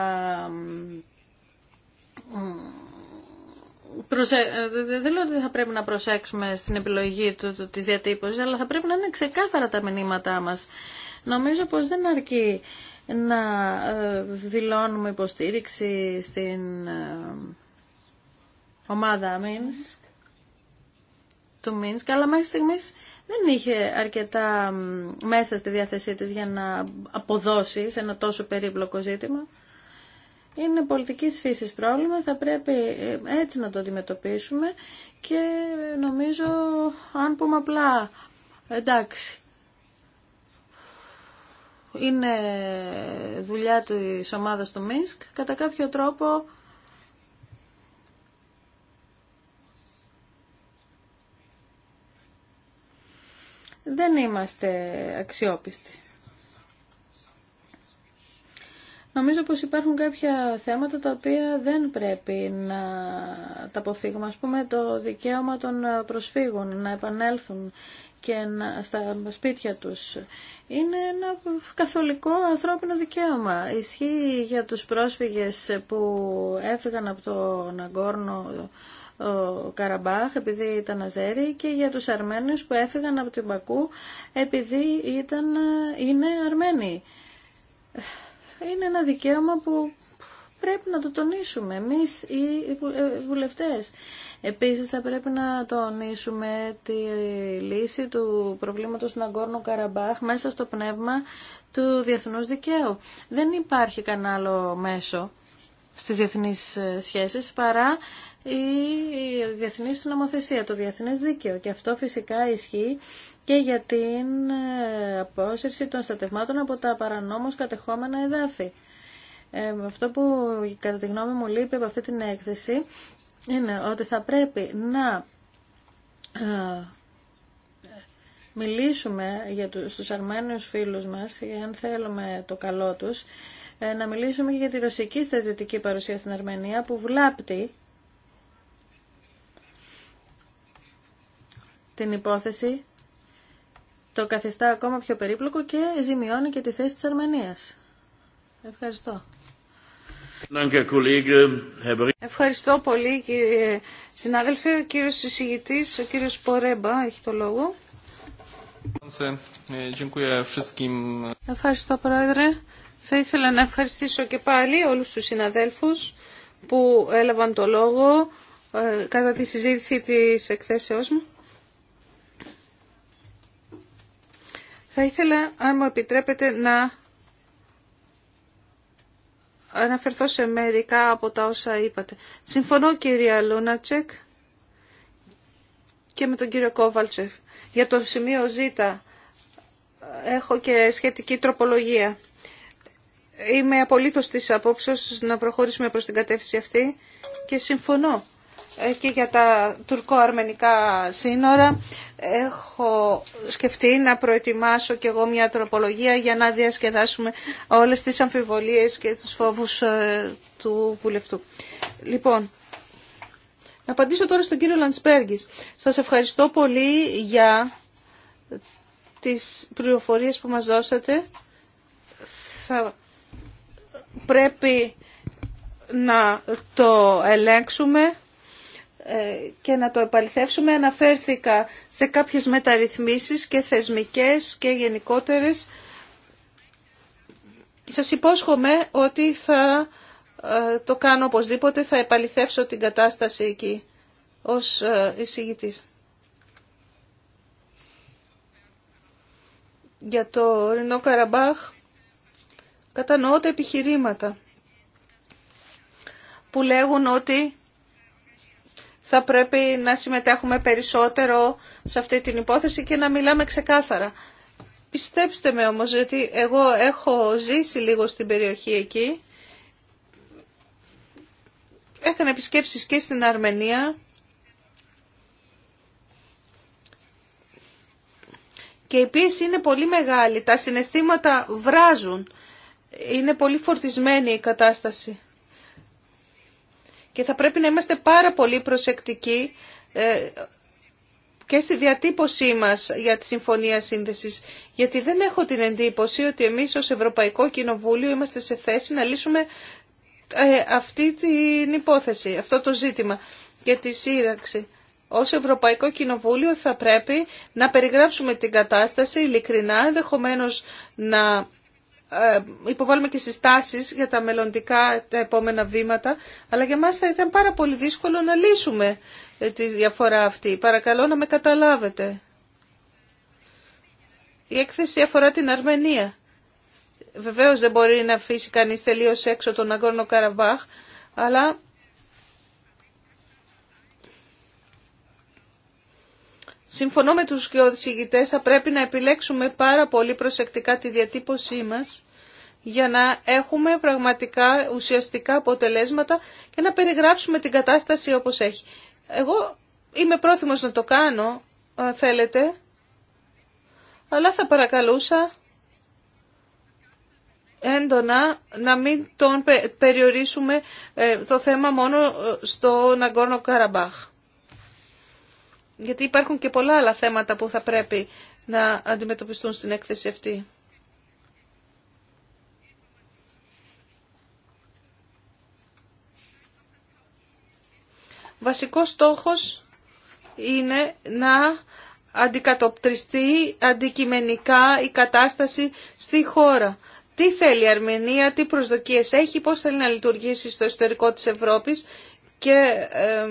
Προσε... Δεν θα πρέπει να προσέξουμε στην επιλογή του, του, της διατύπωσης, αλλά θα πρέπει να είναι ξεκάθαρα τα μηνύματά μας. Νομίζω πως δεν αρκεί να ε, δηλώνουμε υποστήριξη στην ε, ομάδα Μίνσκ, του Μίνσκ, αλλά μέχρι στιγμής δεν είχε αρκετά μέσα στη διάθεσή της για να αποδώσει σε ένα τόσο περίπλοκο ζήτημα. Είναι πολιτικής φύσης πρόβλημα, θα πρέπει ε, έτσι να το αντιμετωπίσουμε και νομίζω αν πούμε απλά εντάξει είναι δουλειά της ομάδας του ΜΙΣΚ κατά κάποιο τρόπο δεν είμαστε αξιόπιστοι. Νομίζω πως υπάρχουν κάποια θέματα τα οποία δεν πρέπει να τα αποφύγουμε. Ας πούμε το δικαίωμα των προσφύγων να επανέλθουν και στα σπίτια τους. Είναι ένα καθολικό ανθρώπινο δικαίωμα. Ισχύει για τους πρόσφυγες που έφυγαν από το Ναγκόρνο ο Καραμπάχ επειδή ήταν Αζέρι και για τους Αρμένους που έφυγαν από την Πακού επειδή ήταν, είναι Αρμένοι. Είναι ένα δικαίωμα που πρέπει να το τονίσουμε εμείς οι ε, βουλευτές. Επίσης θα πρέπει να τονίσουμε τη λύση του προβλήματος του Ναγκόρνου Καραμπάχ μέσα στο πνεύμα του διεθνούς δικαίου. Δεν υπάρχει κανένα άλλο μέσο στις διεθνείς ε, σχέσεις παρά η διεθνή νομοθεσία, το διεθνέ δίκαιο. Και αυτό φυσικά ισχύει και για την ε, απόσυρση των στατευμάτων από τα παρανόμως κατεχόμενα εδάφη. Ε, αυτό που κατά τη γνώμη μου λείπει από αυτή την έκθεση είναι ότι θα πρέπει να ε, μιλήσουμε για τους, στους αρμένιους φίλους μας, αν θέλουμε το καλό τους, ε, να μιλήσουμε και για τη ρωσική στρατιωτική παρουσία στην Αρμενία που βλάπτει την υπόθεση, το καθιστά ακόμα πιο περίπλοκο και ζημιώνει και τη θέση της Αρμενίας. Ευχαριστώ. Ευχαριστώ πολύ κύριε συνάδελφε. Ο κύριος συζητητής, ο κύριος Πορέμπα έχει το λόγο. Ευχαριστώ πρόεδρε. Θα ήθελα να ευχαριστήσω και πάλι όλους τους συναδέλφους που έλαβαν το λόγο ε, κατά τη συζήτηση της εκθέσεώς μου. Θα ήθελα, αν μου επιτρέπετε, να αναφερθώ σε μερικά από τα όσα είπατε. Συμφωνώ, κυρία Λούνατσεκ, και με τον κύριο Κόβαλτσεφ. Για το σημείο Ζ έχω και σχετική τροπολογία. Είμαι απολύτως της απόψεως να προχωρήσουμε προς την κατεύθυνση αυτή και συμφωνώ ε, και για τα τουρκο-αρμενικά σύνορα έχω σκεφτεί να προετοιμάσω και εγώ μια τροπολογία για να διασκεδάσουμε όλες τις αμφιβολίες και τους φόβους ε, του βουλευτού. Λοιπόν, να απαντήσω τώρα στον κύριο Λαντσπέργης. Σας ευχαριστώ πολύ για τις πληροφορίες που μας δώσατε. Θα πρέπει να το ελέγξουμε ε, και να το επαληθεύσουμε. Αναφέρθηκα σε κάποιες μεταρρυθμίσεις και θεσμικές και γενικότερες. Σας υπόσχομαι ότι θα ε, το κάνω οπωσδήποτε, θα επαληθεύσω την κατάσταση εκεί ως ε, εισηγητής. Για το Ρινό Καραμπάχ κατανοώ τα επιχειρήματα που λέγουν ότι θα πρέπει να συμμετέχουμε περισσότερο σε αυτή την υπόθεση και να μιλάμε ξεκάθαρα. Πιστέψτε με όμως, γιατί εγώ έχω ζήσει λίγο στην περιοχή εκεί. Έκανα επισκέψεις και στην Αρμενία. Και η είναι πολύ μεγάλη. Τα συναισθήματα βράζουν. Είναι πολύ φορτισμένη η κατάσταση και θα πρέπει να είμαστε πάρα πολύ προσεκτικοί ε, και στη διατύπωσή μας για τη Συμφωνία Σύνδεσης, γιατί δεν έχω την εντύπωση ότι εμείς ως Ευρωπαϊκό Κοινοβούλιο είμαστε σε θέση να λύσουμε ε, αυτή την υπόθεση, αυτό το ζήτημα και τη σύραξη. Ως Ευρωπαϊκό Κοινοβούλιο θα πρέπει να περιγράψουμε την κατάσταση ειλικρινά, ενδεχομένω να ε, υποβάλουμε και συστάσει για τα μελλοντικά, τα επόμενα βήματα, αλλά για μας θα ήταν πάρα πολύ δύσκολο να λύσουμε ε, τη διαφορά αυτή. Παρακαλώ να με καταλάβετε. Η έκθεση αφορά την Αρμενία. Βεβαίως δεν μπορεί να αφήσει κανείς τελείως έξω τον Αγκόρνο Καραμπάχ, αλλά Συμφωνώ με τους ηγητές, θα πρέπει να επιλέξουμε πάρα πολύ προσεκτικά τη διατύπωσή μας για να έχουμε πραγματικά ουσιαστικά αποτελέσματα και να περιγράψουμε την κατάσταση όπως έχει. Εγώ είμαι πρόθυμος να το κάνω, αν θέλετε, αλλά θα παρακαλούσα έντονα να μην τον περιορίσουμε ε, το θέμα μόνο ε, στο Ναγκόρνο Καραμπάχ. Γιατί υπάρχουν και πολλά άλλα θέματα που θα πρέπει να αντιμετωπιστούν στην έκθεση αυτή. Βασικός στόχος είναι να αντικατοπτριστεί αντικειμενικά η κατάσταση στη χώρα. Τι θέλει η Αρμενία, τι προσδοκίες έχει, πώς θέλει να λειτουργήσει στο εσωτερικό της Ευρώπης και ε,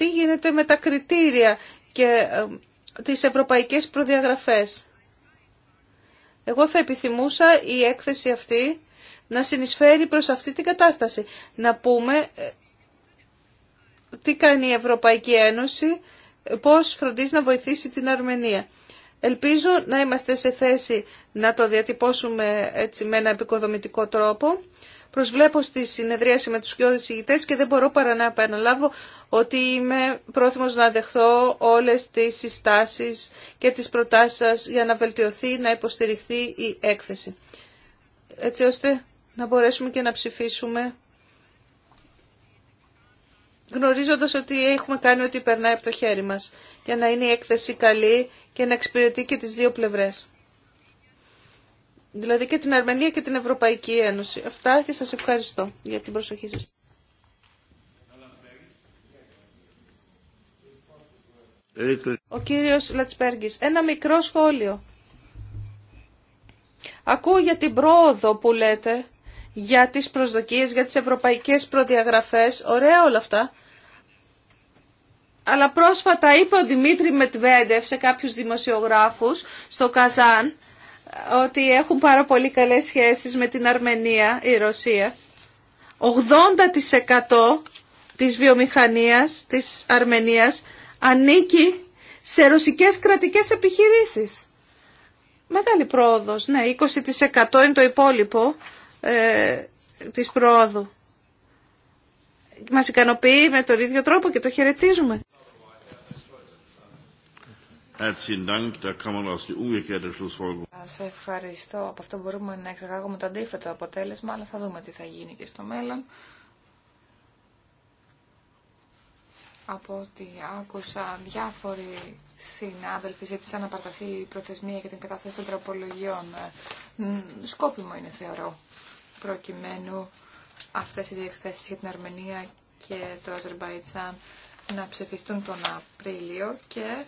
τι γίνεται με τα κριτήρια και ε, τις ευρωπαϊκές προδιαγραφές. Εγώ θα επιθυμούσα η έκθεση αυτή να συνεισφέρει προς αυτή την κατάσταση. Να πούμε ε, τι κάνει η Ευρωπαϊκή Ένωση, ε, πώς φροντίζει να βοηθήσει την Αρμενία. Ελπίζω να είμαστε σε θέση να το διατυπώσουμε έτσι με ένα επικοδομητικό τρόπο Προσβλέπω στη συνεδρίαση με τους κοιόδης ηγητές και δεν μπορώ παρά να επαναλάβω ότι είμαι πρόθυμος να δεχθώ όλες τις συστάσεις και τις προτάσεις σας για να βελτιωθεί, να υποστηριχθεί η έκθεση. Έτσι ώστε να μπορέσουμε και να ψηφίσουμε γνωρίζοντας ότι έχουμε κάνει ό,τι περνάει από το χέρι μας για να είναι η έκθεση καλή και να εξυπηρετεί και τις δύο πλευρές δηλαδή και την Αρμενία και την Ευρωπαϊκή Ένωση. Αυτά και σας ευχαριστώ για την προσοχή σας. Ο κύριος Λατσπέργης, ένα μικρό σχόλιο. Ακούω για την πρόοδο που λέτε, για τις προσδοκίες, για τις ευρωπαϊκές προδιαγραφές, ωραία όλα αυτά. Αλλά πρόσφατα είπε ο Δημήτρη Μετβέντεφ σε κάποιους δημοσιογράφους στο Καζάν ότι έχουν πάρα πολύ καλές σχέσεις με την Αρμενία, η Ρωσία. 80% της βιομηχανίας της Αρμενίας ανήκει σε ρωσικές κρατικές επιχειρήσεις. Μεγάλη πρόοδος, ναι, 20% είναι το υπόλοιπο ε, της πρόοδου. Μας ικανοποιεί με τον ίδιο τρόπο και το χαιρετίζουμε. Σε ευχαριστώ. Από αυτό μπορούμε να εξεγάγουμε το αντίθετο αποτέλεσμα, αλλά θα δούμε τι θα γίνει και στο μέλλον. Από ό,τι άκουσα, διάφοροι συνάδελφοι ζήτησαν να παραταθεί η προθεσμία για την κατάθεση των τροπολογιών. Ε, σκόπιμο είναι, θεωρώ, προκειμένου αυτές οι διεκθέσεις για την Αρμενία και το Αζερμπαϊτζάν να ψηφιστούν τον Απρίλιο και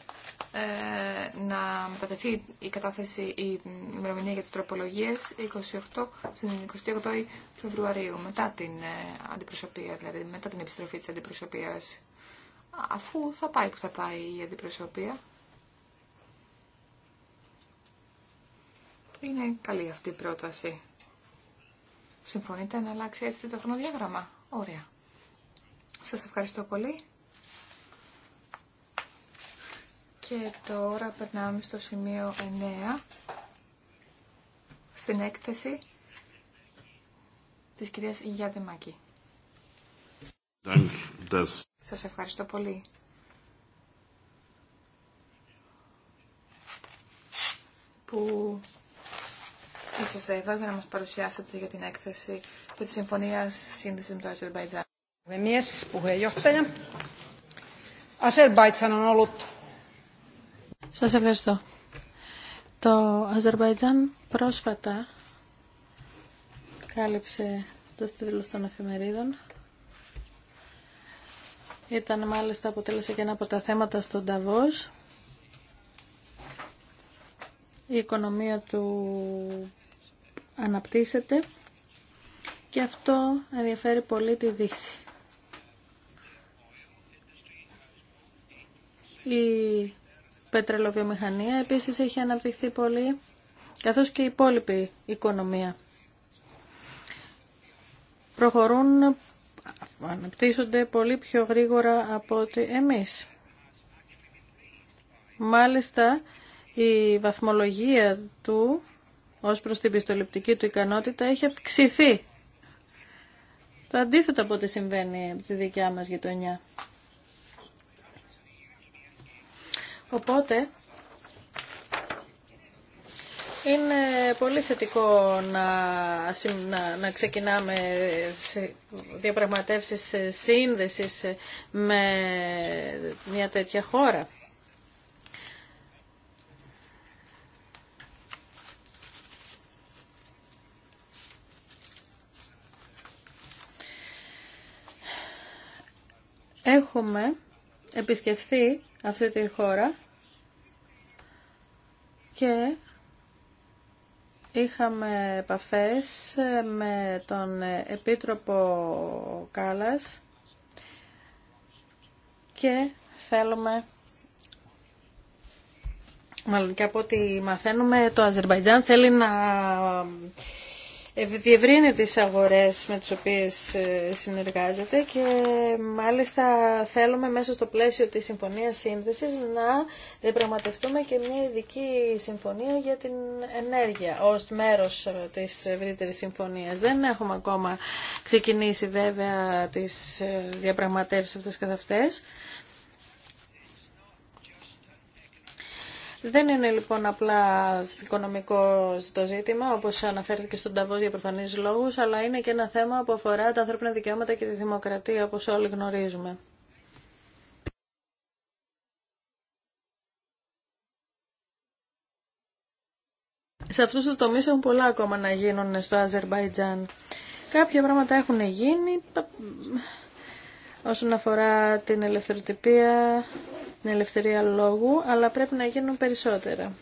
ε, να μετατεθεί η κατάθεση, η ημερομηνία για τις τροπολογίες 28 στην 28 Φεβρουαρίου, μετά την ε, αντιπροσωπεία, δηλαδή μετά την επιστροφή της αντιπροσωπείας. Αφού θα πάει που θα πάει η αντιπροσωπεία. Είναι καλή αυτή η πρόταση. Συμφωνείτε να αλλάξει έτσι το χρονοδιάγραμμα. Ωραία. Σας ευχαριστώ πολύ. Και τώρα περνάμε στο σημείο 9, στην έκθεση της κυρίας Γιάντεμακη. Σας ευχαριστώ πολύ. που είσαστε εδώ για να μας παρουσιάσετε για την έκθεση και τη Συμφωνία Σύνδεσης με το Αζερβαϊτζάν. Μιες, σας ευχαριστώ. Το Αζερβαϊτζάν πρόσφατα κάλυψε το στήλος των εφημερίδων. Ήταν μάλιστα αποτέλεσε και ένα από τα θέματα στο Νταβός. Η οικονομία του αναπτύσσεται και αυτό ενδιαφέρει πολύ τη Δύση. Η πετρελοβιομηχανία επίσης έχει αναπτυχθεί πολύ, καθώς και η υπόλοιπη οικονομία. Προχωρούν, αναπτύσσονται πολύ πιο γρήγορα από ότι εμείς. Μάλιστα, η βαθμολογία του ως προς την πιστοληπτική του ικανότητα έχει αυξηθεί. Το αντίθετο από ό,τι συμβαίνει από τη δικιά μας γειτονιά. Οπότε είναι πολύ θετικό να, να, ξεκινάμε διαπραγματεύσεις σύνδεσης με μια τέτοια χώρα. Έχουμε επισκεφθεί αυτή τη χώρα και είχαμε επαφές με τον Επίτροπο Κάλας και θέλουμε Μάλλον και από ό,τι μαθαίνουμε, το Αζερβαϊτζάν θέλει να διευρύνει τις αγορές με τις οποίες ε, συνεργάζεται και μάλιστα θέλουμε μέσα στο πλαίσιο της Συμφωνίας Σύνδεσης να διαπραγματευτούμε και μια ειδική συμφωνία για την ενέργεια ως μέρος ε, της ευρύτερης συμφωνίας. Δεν έχουμε ακόμα ξεκινήσει βέβαια τις ε, διαπραγματεύσεις αυτές καθ' αυτές. Δεν είναι λοιπόν απλά οικονομικό το ζήτημα, όπως αναφέρθηκε στον Ταβό για προφανείς λόγους, αλλά είναι και ένα θέμα που αφορά τα ανθρώπινα δικαιώματα και τη δημοκρατία, όπω όλοι γνωρίζουμε. Σε αυτούς τους τομείς έχουν πολλά ακόμα να γίνουν στο Αζερβαϊτζάν. Κάποια πράγματα έχουν γίνει όσον αφορά την ελευθεροτυπία, την ελευθερία λόγου, αλλά πρέπει να γίνουν περισσότερα.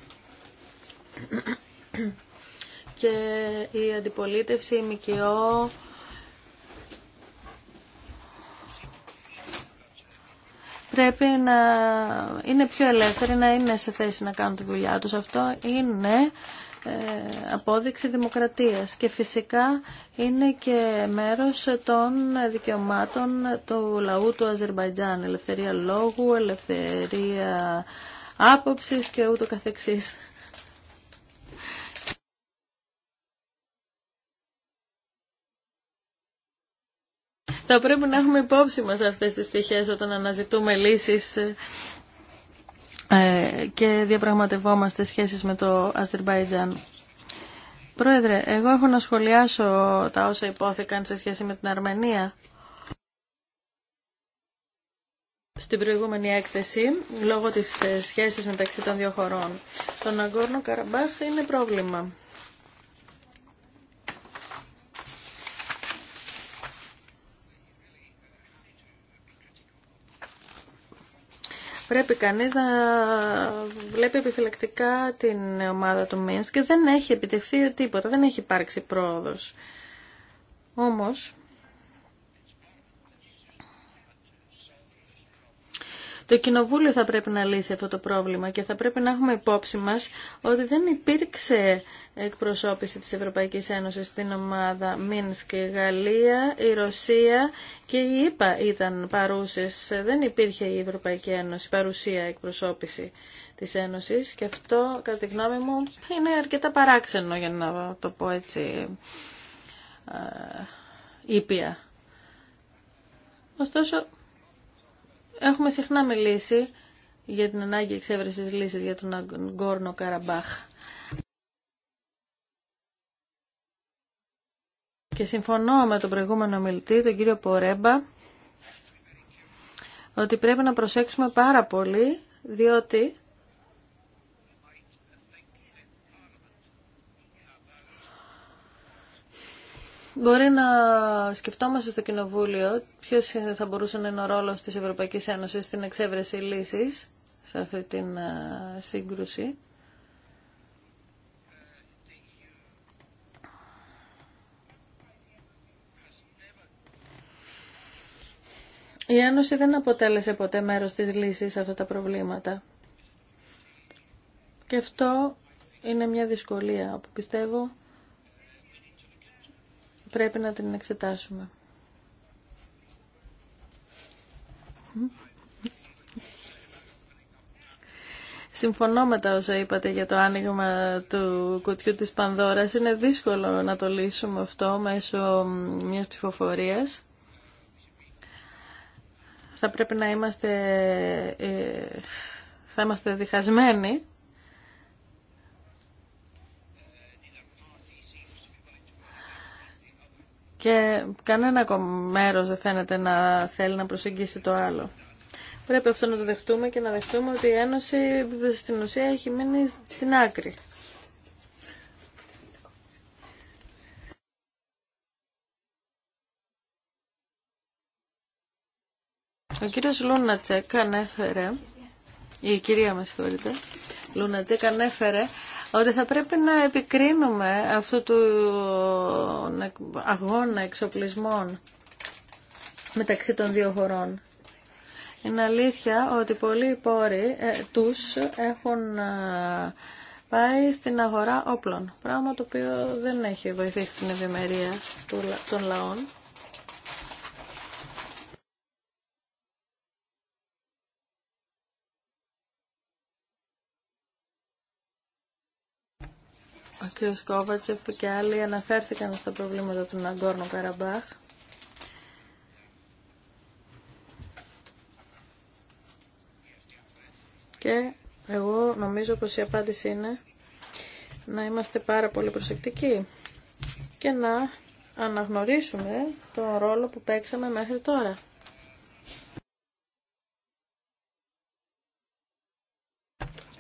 Και η αντιπολίτευση, η ΜΚΟ, πρέπει να είναι πιο ελεύθεροι, να είναι σε θέση να κάνουν τη δουλειά τους. Αυτό είναι ε, απόδειξη δημοκρατίας και φυσικά είναι και μέρος των δικαιωμάτων του λαού του Αζερβαϊτζάν, ελευθερία λόγου, ελευθερία άποψης και ούτω καθεξής. Θα πρέπει να έχουμε υπόψη μας αυτές τις πτυχές όταν αναζητούμε λύσεις ε, και διαπραγματευόμαστε σχέσεις με το Αζερβαϊτζάν. Πρόεδρε, εγώ έχω να σχολιάσω τα όσα υπόθηκαν σε σχέση με την Αρμενία. Στην προηγούμενη έκθεση, λόγω της ε, σχέσης μεταξύ των δύο χωρών, το Ναγκόρνο Καραμπάχ είναι πρόβλημα. πρέπει κανείς να βλέπει επιφυλακτικά την ομάδα του μίνς και δεν έχει επιτευχθεί τίποτα, δεν έχει υπάρξει πρόοδος. Όμως, Το Κοινοβούλιο θα πρέπει να λύσει αυτό το πρόβλημα και θα πρέπει να έχουμε υπόψη μας ότι δεν υπήρξε εκπροσώπηση της Ευρωπαϊκής Ένωσης στην ομάδα Μίνσκ και Γαλλία, η Ρωσία και η ΕΠΑ ήταν παρούσες. Δεν υπήρχε η Ευρωπαϊκή Ένωση παρουσία εκπροσώπηση της Ένωσης και αυτό κατά τη γνώμη μου είναι αρκετά παράξενο για να το πω έτσι ήπια. Ωστόσο, έχουμε συχνά μιλήσει για την ανάγκη εξέβρεσης λύσης για τον Αγκόρνο Καραμπάχ. και συμφωνώ με τον προηγούμενο μιλητή, τον κύριο Πορέμπα, ότι πρέπει να προσέξουμε πάρα πολύ, διότι Μπορεί να σκεφτόμαστε στο Κοινοβούλιο ποιος θα μπορούσε να είναι ο ρόλο τη Ευρωπαϊκή Ένωση στην εξέβρεση λύση σε αυτή την ε, σύγκρουση. Η Ένωση δεν αποτέλεσε ποτέ μέρος της λύσης σε αυτά τα προβλήματα. Και αυτό είναι μια δυσκολία που πιστεύω πρέπει να την εξετάσουμε. Συμφωνώ με τα όσα είπατε για το άνοιγμα του κουτιού της Πανδώρας. Είναι δύσκολο να το λύσουμε αυτό μέσω μιας ψηφοφορίας θα πρέπει να είμαστε, ε, θα είμαστε διχασμένοι. Και κανένα μέρος δεν φαίνεται να θέλει να προσεγγίσει το άλλο. Πρέπει αυτό να το δεχτούμε και να δεχτούμε ότι η Ένωση στην ουσία έχει μείνει στην άκρη. Ο κύριος Λούνατσεκ ανέφερε, η κυρία με συγχωρείτε, Λούνατσεκ ανέφερε ότι θα πρέπει να επικρίνουμε αυτού του αγώνα εξοπλισμών μεταξύ των δύο χωρών. Είναι αλήθεια ότι πολλοί πόροι ε, τους έχουν ε, πάει στην αγορά όπλων, πράγμα το οποίο δεν έχει βοηθήσει την ευημερία των λαών. Ο κ. Κόβατσεφ και άλλοι αναφέρθηκαν στα προβλήματα του Ναγκόρνου Καραμπάχ. Και εγώ νομίζω πως η απάντηση είναι να είμαστε πάρα πολύ προσεκτικοί και να αναγνωρίσουμε τον ρόλο που παίξαμε μέχρι τώρα.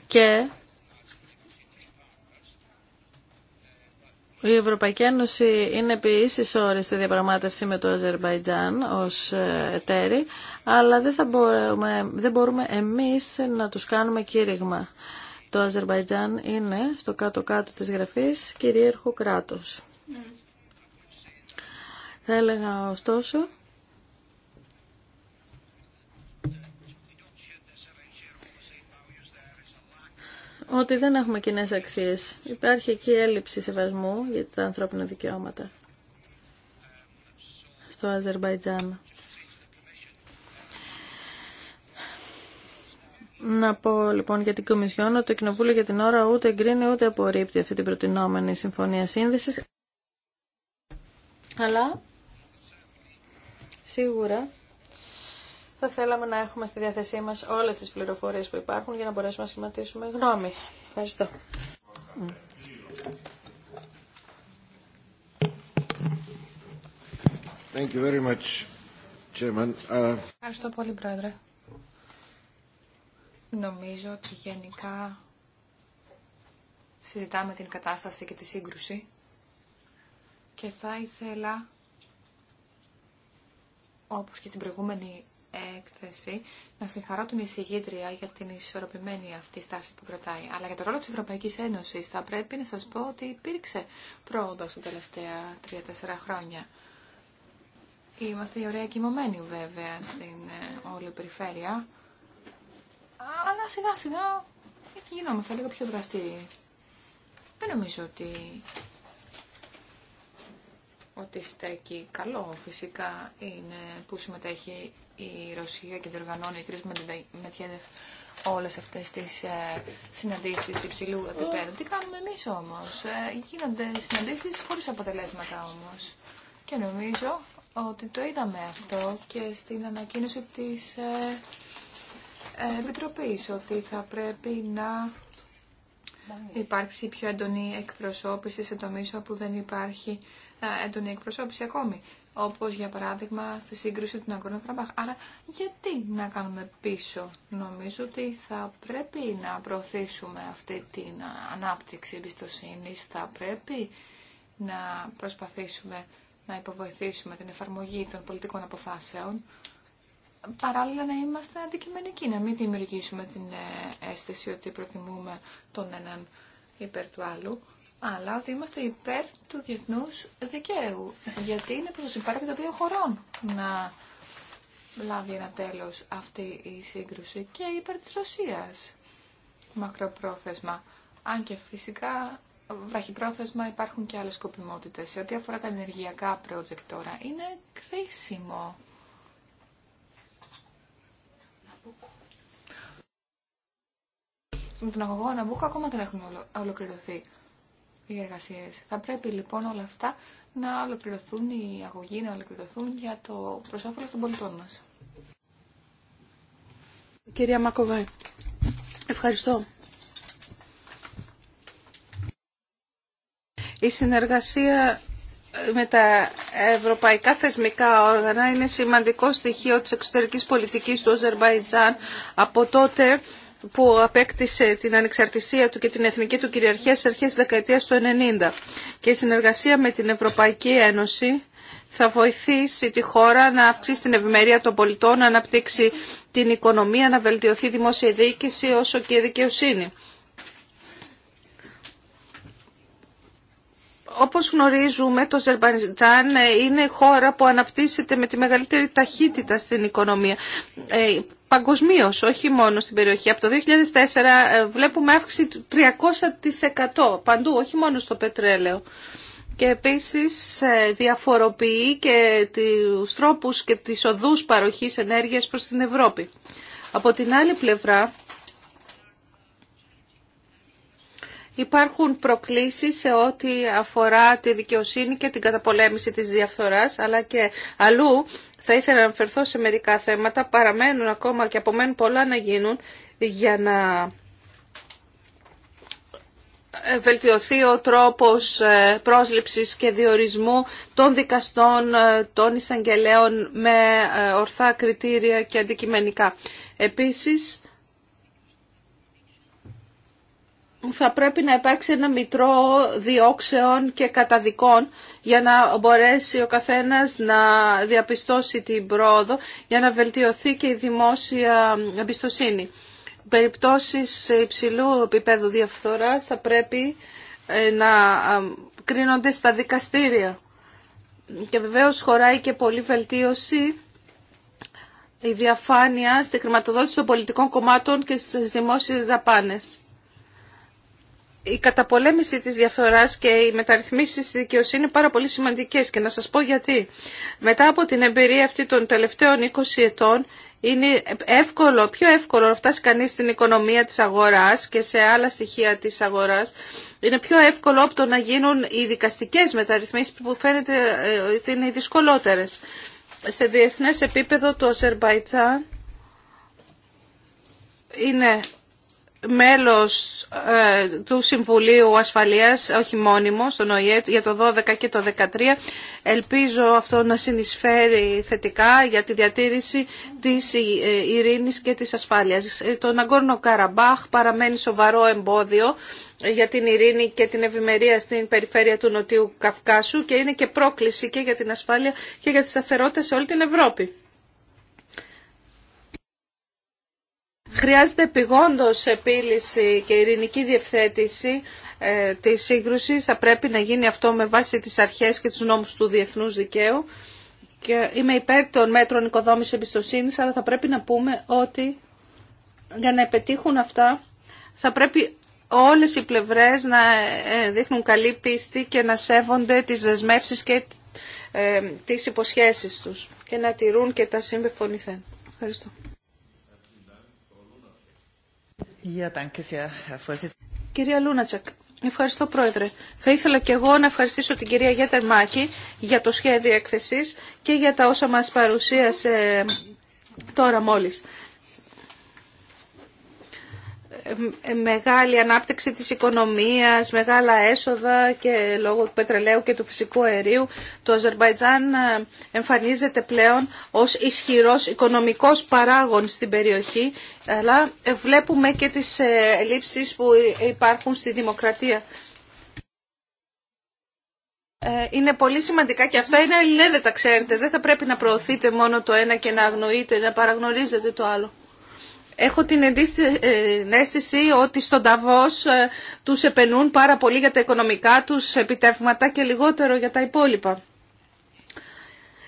Και Η Ευρωπαϊκή Ένωση είναι επί ίσης ώρες στη διαπραγμάτευση με το Αζερβαϊτζάν ως ε, εταίρη, αλλά δεν, θα μπορούμε, δεν μπορούμε εμείς να τους κάνουμε κήρυγμα. Το Αζερβαϊτζάν είναι στο κάτω-κάτω της γραφής κυρίαρχο κράτος. Θα έλεγα ωστόσο ότι δεν έχουμε κοινέ αξίε. Υπάρχει εκεί έλλειψη σεβασμού για τα ανθρώπινα δικαιώματα στο Αζερβαϊτζάν. Να πω λοιπόν για την Κομισιόν ότι το Κοινοβούλιο για την ώρα ούτε εγκρίνει ούτε απορρίπτει αυτή την προτινόμενη συμφωνία σύνδεσης. Αλλά σίγουρα θα θέλαμε να έχουμε στη διάθεσή μας όλες τις πληροφορίες που υπάρχουν για να μπορέσουμε να σχηματίσουμε γνώμη. Ευχαριστώ. Thank you very much, Chairman. Uh, Ευχαριστώ πολύ, Πρόεδρε. Νομίζω ότι γενικά συζητάμε την κατάσταση και τη σύγκρουση και θα ήθελα, όπως και στην προηγούμενη έκθεση να συγχαρώ την εισηγήτρια για την ισορροπημένη αυτή στάση που κρατάει. Αλλά για το ρόλο της Ευρωπαϊκής Ένωσης θα πρέπει να σας πω ότι υπήρξε προόδο τα τελευταία 3-4 χρόνια. Είμαστε η ωραία κοιμωμένοι βέβαια στην ε, όλη περιφέρεια. Αλλά σιγά σιγά γινόμαστε λίγο πιο δραστήριοι. Δεν νομίζω ότι ότι στέκει. Καλό φυσικά είναι που συμμετέχει η Ρωσία και διοργανώνει η κρίση όλες αυτές τις ε, συναντήσεις υψηλού επίπεδου. Τι κάνουμε εμείς όμως. Ε, γίνονται συναντήσεις χωρίς αποτελέσματα όμως. Και νομίζω ότι το είδαμε αυτό και στην ανακοίνωση της ε, Επιτροπής ότι θα πρέπει να υπάρξει πιο έντονη εκπροσώπηση σε τομείς όπου δεν υπάρχει ε, έντονη εκπροσώπηση ακόμη. Όπω για παράδειγμα στη σύγκρουση του Ναγκόρνου Φραμπάχ. Άρα, γιατί να κάνουμε πίσω. Νομίζω ότι θα πρέπει να προωθήσουμε αυτή την ε, ανάπτυξη εμπιστοσύνη. Θα πρέπει να προσπαθήσουμε να υποβοηθήσουμε την εφαρμογή των πολιτικών αποφάσεων. Παράλληλα να είμαστε αντικειμενικοί, να μην δημιουργήσουμε την ε, αίσθηση ότι προτιμούμε τον έναν υπέρ του άλλου αλλά ότι είμαστε υπέρ του διεθνού δικαίου. Γιατί είναι προ το των δύο χωρών να λάβει ένα τέλο αυτή η σύγκρουση και υπέρ τη Ρωσία μακροπρόθεσμα. Αν και φυσικά βραχυπρόθεσμα υπάρχουν και άλλε σκοπιμότητε. Σε ό,τι αφορά τα ενεργειακά project τώρα, είναι κρίσιμο. Με τον αγωγό Ναμπούκο ακόμα δεν έχουν ολοκληρωθεί εργασίες. Θα πρέπει λοιπόν όλα αυτά να ολοκληρωθούν, οι αγωγοί να ολοκληρωθούν για το προς των πολιτών μας. Κυρία Μακοβέ, ευχαριστώ. Η συνεργασία με τα ευρωπαϊκά θεσμικά όργανα είναι σημαντικό στοιχείο της εξωτερικής πολιτικής του Αζερβαϊτζάν από τότε που απέκτησε την ανεξαρτησία του και την εθνική του κυριαρχία στις αρχές της δεκαετίας του 90. Και η συνεργασία με την Ευρωπαϊκή Ένωση θα βοηθήσει τη χώρα να αυξήσει την ευημερία των πολιτών, να αναπτύξει την οικονομία, να βελτιωθεί η δημόσια διοίκηση όσο και η δικαιοσύνη. Όπως γνωρίζουμε, το Ζερμπαντζάν ε, είναι χώρα που αναπτύσσεται με τη μεγαλύτερη ταχύτητα στην οικονομία. Ε, Παγκοσμίω, όχι μόνο στην περιοχή. Από το 2004 ε, βλέπουμε αύξηση 300% παντού, όχι μόνο στο πετρέλαιο. Και επίσης διαφοροποιεί και τους τρόπους και τις οδούς παροχής ενέργειας προς την Ευρώπη. Από την άλλη πλευρά, Υπάρχουν προκλήσεις σε ό,τι αφορά τη δικαιοσύνη και την καταπολέμηση της διαφθοράς, αλλά και αλλού θα ήθελα να αναφερθώ σε μερικά θέματα, παραμένουν ακόμα και απομένουν πολλά να γίνουν για να βελτιωθεί ο τρόπος ε, πρόσληψης και διορισμού των δικαστών, ε, των εισαγγελέων με ε, ορθά κριτήρια και αντικειμενικά. Επίσης, θα πρέπει να υπάρξει ένα μητρό διώξεων και καταδικών για να μπορέσει ο καθένας να διαπιστώσει την πρόοδο για να βελτιωθεί και η δημόσια εμπιστοσύνη. Περιπτώσεις υψηλού επίπεδου διαφθοράς θα πρέπει ε, να ε, κρίνονται στα δικαστήρια. Και βεβαίως χωράει και πολύ βελτίωση η διαφάνεια στη χρηματοδότηση των πολιτικών κομμάτων και στις δημόσιες δαπάνες η καταπολέμηση της διαφθοράς και οι μεταρρυθμίσεις στη δικαιοσύνη είναι πάρα πολύ σημαντικές και να σας πω γιατί. Μετά από την εμπειρία αυτή των τελευταίων 20 ετών είναι εύκολο, πιο εύκολο να φτάσει κανείς στην οικονομία της αγοράς και σε άλλα στοιχεία της αγοράς. Είναι πιο εύκολο από το να γίνουν οι δικαστικές μεταρρυθμίσεις που φαίνεται ε, ότι είναι οι δυσκολότερες. Σε διεθνές επίπεδο το Αζερμπαϊτζάν είναι μέλος ε, του Συμβουλίου Ασφαλείας, όχι μόνιμο, στον ΟΗΕ για το 12 και το 13. Ελπίζω αυτό να συνεισφέρει θετικά για τη διατήρηση της ε, ειρήνης και της ασφάλειας. Ε, το Ναγκόρνο Καραμπάχ παραμένει σοβαρό εμπόδιο για την ειρήνη και την ευημερία στην περιφέρεια του Νοτιού Καυκάσου και είναι και πρόκληση και για την ασφάλεια και για τη σταθερότητα σε όλη την Ευρώπη. Χρειάζεται επιγόντως επίλυση και ειρηνική διευθέτηση ε, της σύγκρουσης. Θα πρέπει να γίνει αυτό με βάση τις αρχές και τους νόμους του διεθνούς δικαίου. Και είμαι υπέρ των μέτρων οικοδόμησης εμπιστοσύνης, αλλά θα πρέπει να πούμε ότι για να επιτύχουν αυτά θα πρέπει όλες οι πλευρές να ε, δείχνουν καλή πίστη και να σέβονται τις δεσμεύσεις και ε, τις υποσχέσεις τους και να τηρούν και τα σύμβεφονηθέν. Ευχαριστώ. Κυρία Λούνατσακ, ευχαριστώ Πρόεδρε. Θα ήθελα και εγώ να ευχαριστήσω την κυρία Γέτερ Μάκη για το σχέδιο έκθεσης και για τα όσα μας παρουσίασε τώρα μόλις. Ε, μεγάλη ανάπτυξη της οικονομίας, μεγάλα έσοδα και λόγω του πετρελαίου και του φυσικού αερίου το Αζερβαϊτζάν ε, εμφανίζεται πλέον ως ισχυρός οικονομικός παράγων στην περιοχή αλλά ε, βλέπουμε και τις ελλείψεις που υπάρχουν στη δημοκρατία. Είναι πολύ σημαντικά και αυτά είναι τα ξέρετε. Δεν θα πρέπει να προωθείτε μόνο το ένα και να αγνοείτε, να παραγνωρίζετε το άλλο. Έχω την ε, αίσθηση ότι στον Ταβός ε, τους επενούν πάρα πολύ για τα οικονομικά τους επιτεύγματα και λιγότερο για τα υπόλοιπα.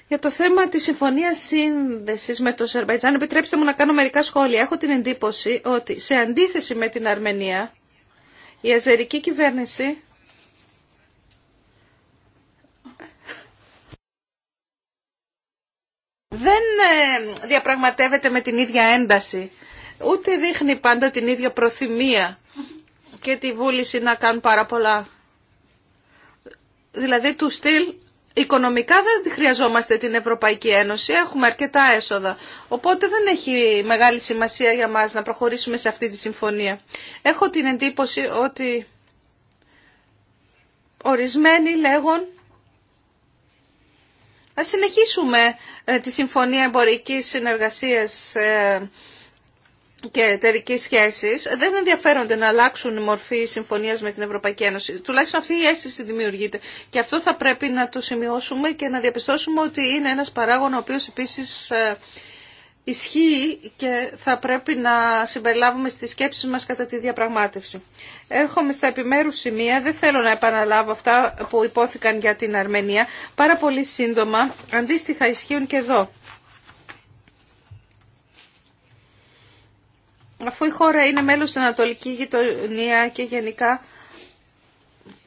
Για το θέμα της συμφωνίας σύνδεσης με το Σερβαϊτζάν, επιτρέψτε μου να κάνω μερικά σχόλια. Έχω την εντύπωση ότι σε αντίθεση με την Αρμενία, η αζερική κυβέρνηση δεν ε, διαπραγματεύεται με την ίδια ένταση ούτε δείχνει πάντα την ίδια προθυμία και τη βούληση να κάνουν πάρα πολλά. Δηλαδή του στυλ οικονομικά δεν χρειαζόμαστε την Ευρωπαϊκή Ένωση, έχουμε αρκετά έσοδα. Οπότε δεν έχει μεγάλη σημασία για μας να προχωρήσουμε σε αυτή τη συμφωνία. Έχω την εντύπωση ότι ορισμένοι λέγουν Ας συνεχίσουμε ε, τη Συμφωνία Εμπορικής Συνεργασίας ε, και εταιρική σχέση δεν ενδιαφέρονται να αλλάξουν η μορφή συμφωνία με την Ευρωπαϊκή Ένωση. Τουλάχιστον αυτή η αίσθηση δημιουργείται. Και αυτό θα πρέπει να το σημειώσουμε και να διαπιστώσουμε ότι είναι ένα παράγων ο οποίο επίση ε, ισχύει και θα πρέπει να συμπεριλάβουμε στι σκέψει μα κατά τη διαπραγμάτευση. Έρχομαι στα επιμέρου σημεία, δεν θέλω να επαναλάβω αυτά που υπόθηκαν για την Αρμενία. Πάρα πολύ σύντομα, αντίστοιχα ισχύουν και εδώ. αφού η χώρα είναι μέλος στην Ανατολική Γειτονία και γενικά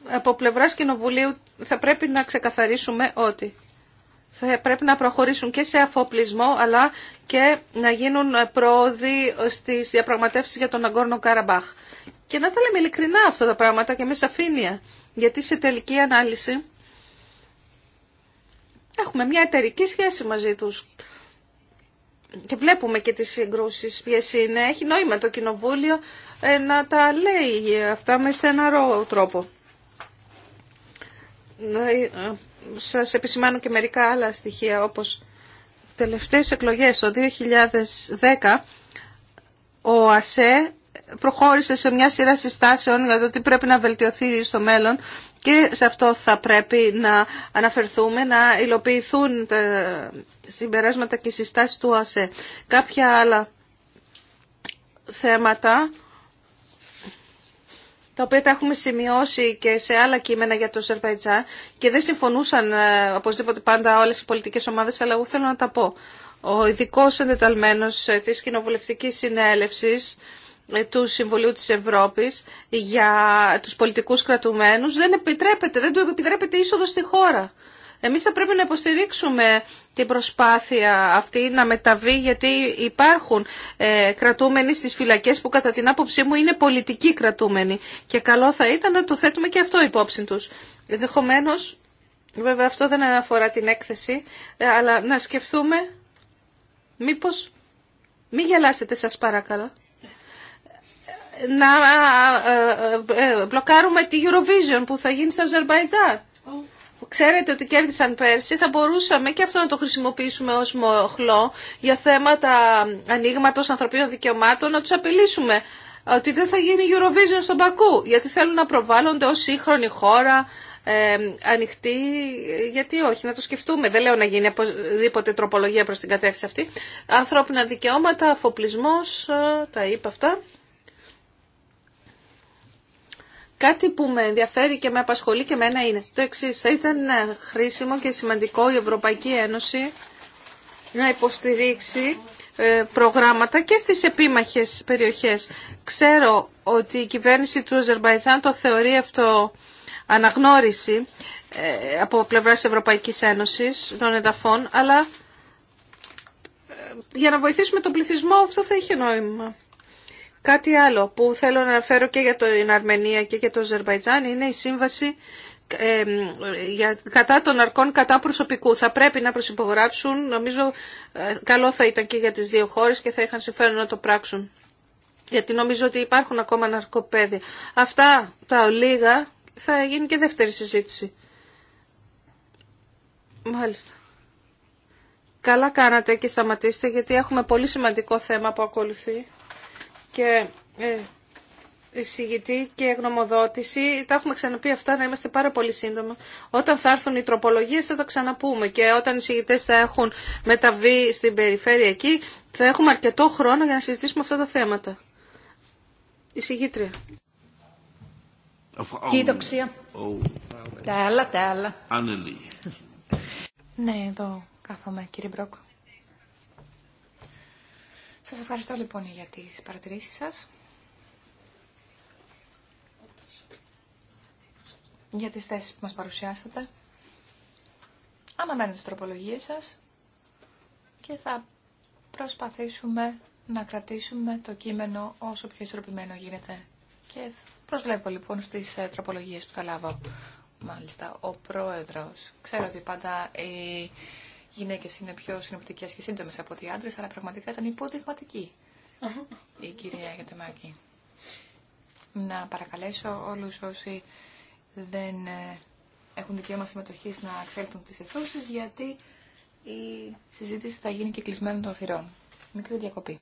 από πλευράς Κοινοβουλίου θα πρέπει να ξεκαθαρίσουμε ότι θα πρέπει να προχωρήσουν και σε αφοπλισμό αλλά και να γίνουν πρόοδοι στις διαπραγματεύσεις για τον Αγκόρνο Καραμπάχ. Και να τα λέμε ειλικρινά αυτά τα πράγματα και με σαφήνεια. Γιατί σε τελική ανάλυση έχουμε μια εταιρική σχέση μαζί τους και βλέπουμε και τις συγκρούσεις ποιες είναι. Έχει νόημα το κοινοβούλιο ε, να τα λέει αυτά με στεναρό τρόπο. Ε, ε, σας επισημάνω και μερικά άλλα στοιχεία όπως τελευταίες εκλογές το 2010 ο ΑΣΕ προχώρησε σε μια σειρά συστάσεων για το τι πρέπει να βελτιωθεί στο μέλλον και σε αυτό θα πρέπει να αναφερθούμε, να υλοποιηθούν τα συμπεράσματα και συστάσεις του ΑΣΕ. Κάποια άλλα θέματα τα οποία τα έχουμε σημειώσει και σε άλλα κείμενα για το Σερβαϊτζά και δεν συμφωνούσαν ε, οπωσδήποτε πάντα όλες οι πολιτικές ομάδες, αλλά εγώ θέλω να τα πω. Ο ειδικό εντεταλμένος ε, της κοινοβουλευτικής συνέλευσης ε, του Συμβουλίου της Ευρώπης για τους πολιτικούς κρατουμένους δεν επιτρέπεται, δεν του επιτρέπεται είσοδο στη χώρα. Εμείς θα πρέπει να υποστηρίξουμε την προσπάθεια αυτή να μεταβεί γιατί υπάρχουν ε, κρατούμενοι στις φυλακές που κατά την άποψή μου είναι πολιτικοί κρατούμενοι και καλό θα ήταν να το θέτουμε και αυτό υπόψη τους. Ενδεχομένω, βέβαια αυτό δεν αναφορά την έκθεση, ε, αλλά να σκεφτούμε μήπως... μη γελάσετε σας παρακαλώ να ε, ε, ε, μπλοκάρουμε τη Eurovision που θα γίνει στο Αζερβαϊτζάν. Ξέρετε ότι κέρδισαν πέρσι, θα μπορούσαμε και αυτό να το χρησιμοποιήσουμε ως μοχλό για θέματα ανοίγματο ανθρωπίνων δικαιωμάτων, να τους απειλήσουμε ότι δεν θα γίνει Eurovision στον Πακού, γιατί θέλουν να προβάλλονται ως σύγχρονη χώρα, ε, ανοιχτή, γιατί όχι, να το σκεφτούμε. Δεν λέω να γίνει οπωσδήποτε τροπολογία προς την κατεύθυνση αυτή. Ανθρώπινα δικαιώματα, αφοπλισμός, τα είπα αυτά. Κάτι που με ενδιαφέρει και με απασχολεί και μένα είναι το εξή. Θα ήταν ε, χρήσιμο και σημαντικό η Ευρωπαϊκή Ένωση να υποστηρίξει ε, προγράμματα και στις επίμαχες περιοχές. Ξέρω ότι η κυβέρνηση του Αζερβαϊτζάν το θεωρεί αυτό αναγνώριση ε, από πλευράς Ευρωπαϊκής Ένωσης των εδαφών, αλλά για να βοηθήσουμε τον πληθυσμό αυτό θα είχε νόημα. Κάτι άλλο που θέλω να αναφέρω και για την Αρμενία και για το Αζερβαϊτζάν είναι η σύμβαση για, κατά των αρκών κατά προσωπικού. Θα πρέπει να προσυπογράψουν. Νομίζω ε, καλό θα ήταν και για τις δύο χώρες και θα είχαν συμφέρον να το πράξουν. Γιατί νομίζω ότι υπάρχουν ακόμα ναρκοπέδια. Αυτά τα λίγα θα γίνει και δεύτερη συζήτηση. Μάλιστα. Καλά κάνατε και σταματήστε γιατί έχουμε πολύ σημαντικό θέμα που ακολουθεί και ε, συγητή και γνωμοδότηση. Τα έχουμε ξαναπεί αυτά, να είμαστε πάρα πολύ σύντομα. Όταν θα έρθουν οι τροπολογίε θα τα ξαναπούμε και όταν οι εισηγητέ θα έχουν μεταβεί στην περιφέρεια εκεί, θα έχουμε αρκετό χρόνο για να συζητήσουμε αυτά τα θέματα. η Κοίταξια. Τα άλλα, τα άλλα. Ναι, εδώ κάθομαι, κύριε Μπρόκο. Σας ευχαριστώ λοιπόν για τις παρατηρήσεις σας. Για τις θέσεις που μας παρουσιάσατε. Αναμένω τις τροπολογίες σας και θα προσπαθήσουμε να κρατήσουμε το κείμενο όσο πιο ισορροπημένο γίνεται. Και προσβλέπω λοιπόν στις ε, τροπολογίες που θα λάβω. Μάλιστα, ο πρόεδρος. Ξέρω ότι πάντα η Γυναίκε είναι πιο συνοπτικέ και σύντομε από ότι άντρε, αλλά πραγματικά ήταν υποδειγματική η κυρία Γιατεμάκη. Να παρακαλέσω όλους όσοι δεν ε, έχουν δικαίωμα συμμετοχή να εξέλθουν τις αιθούσε, γιατί η συζήτηση θα γίνει και κλεισμένο των θυρών. Μικρή διακοπή.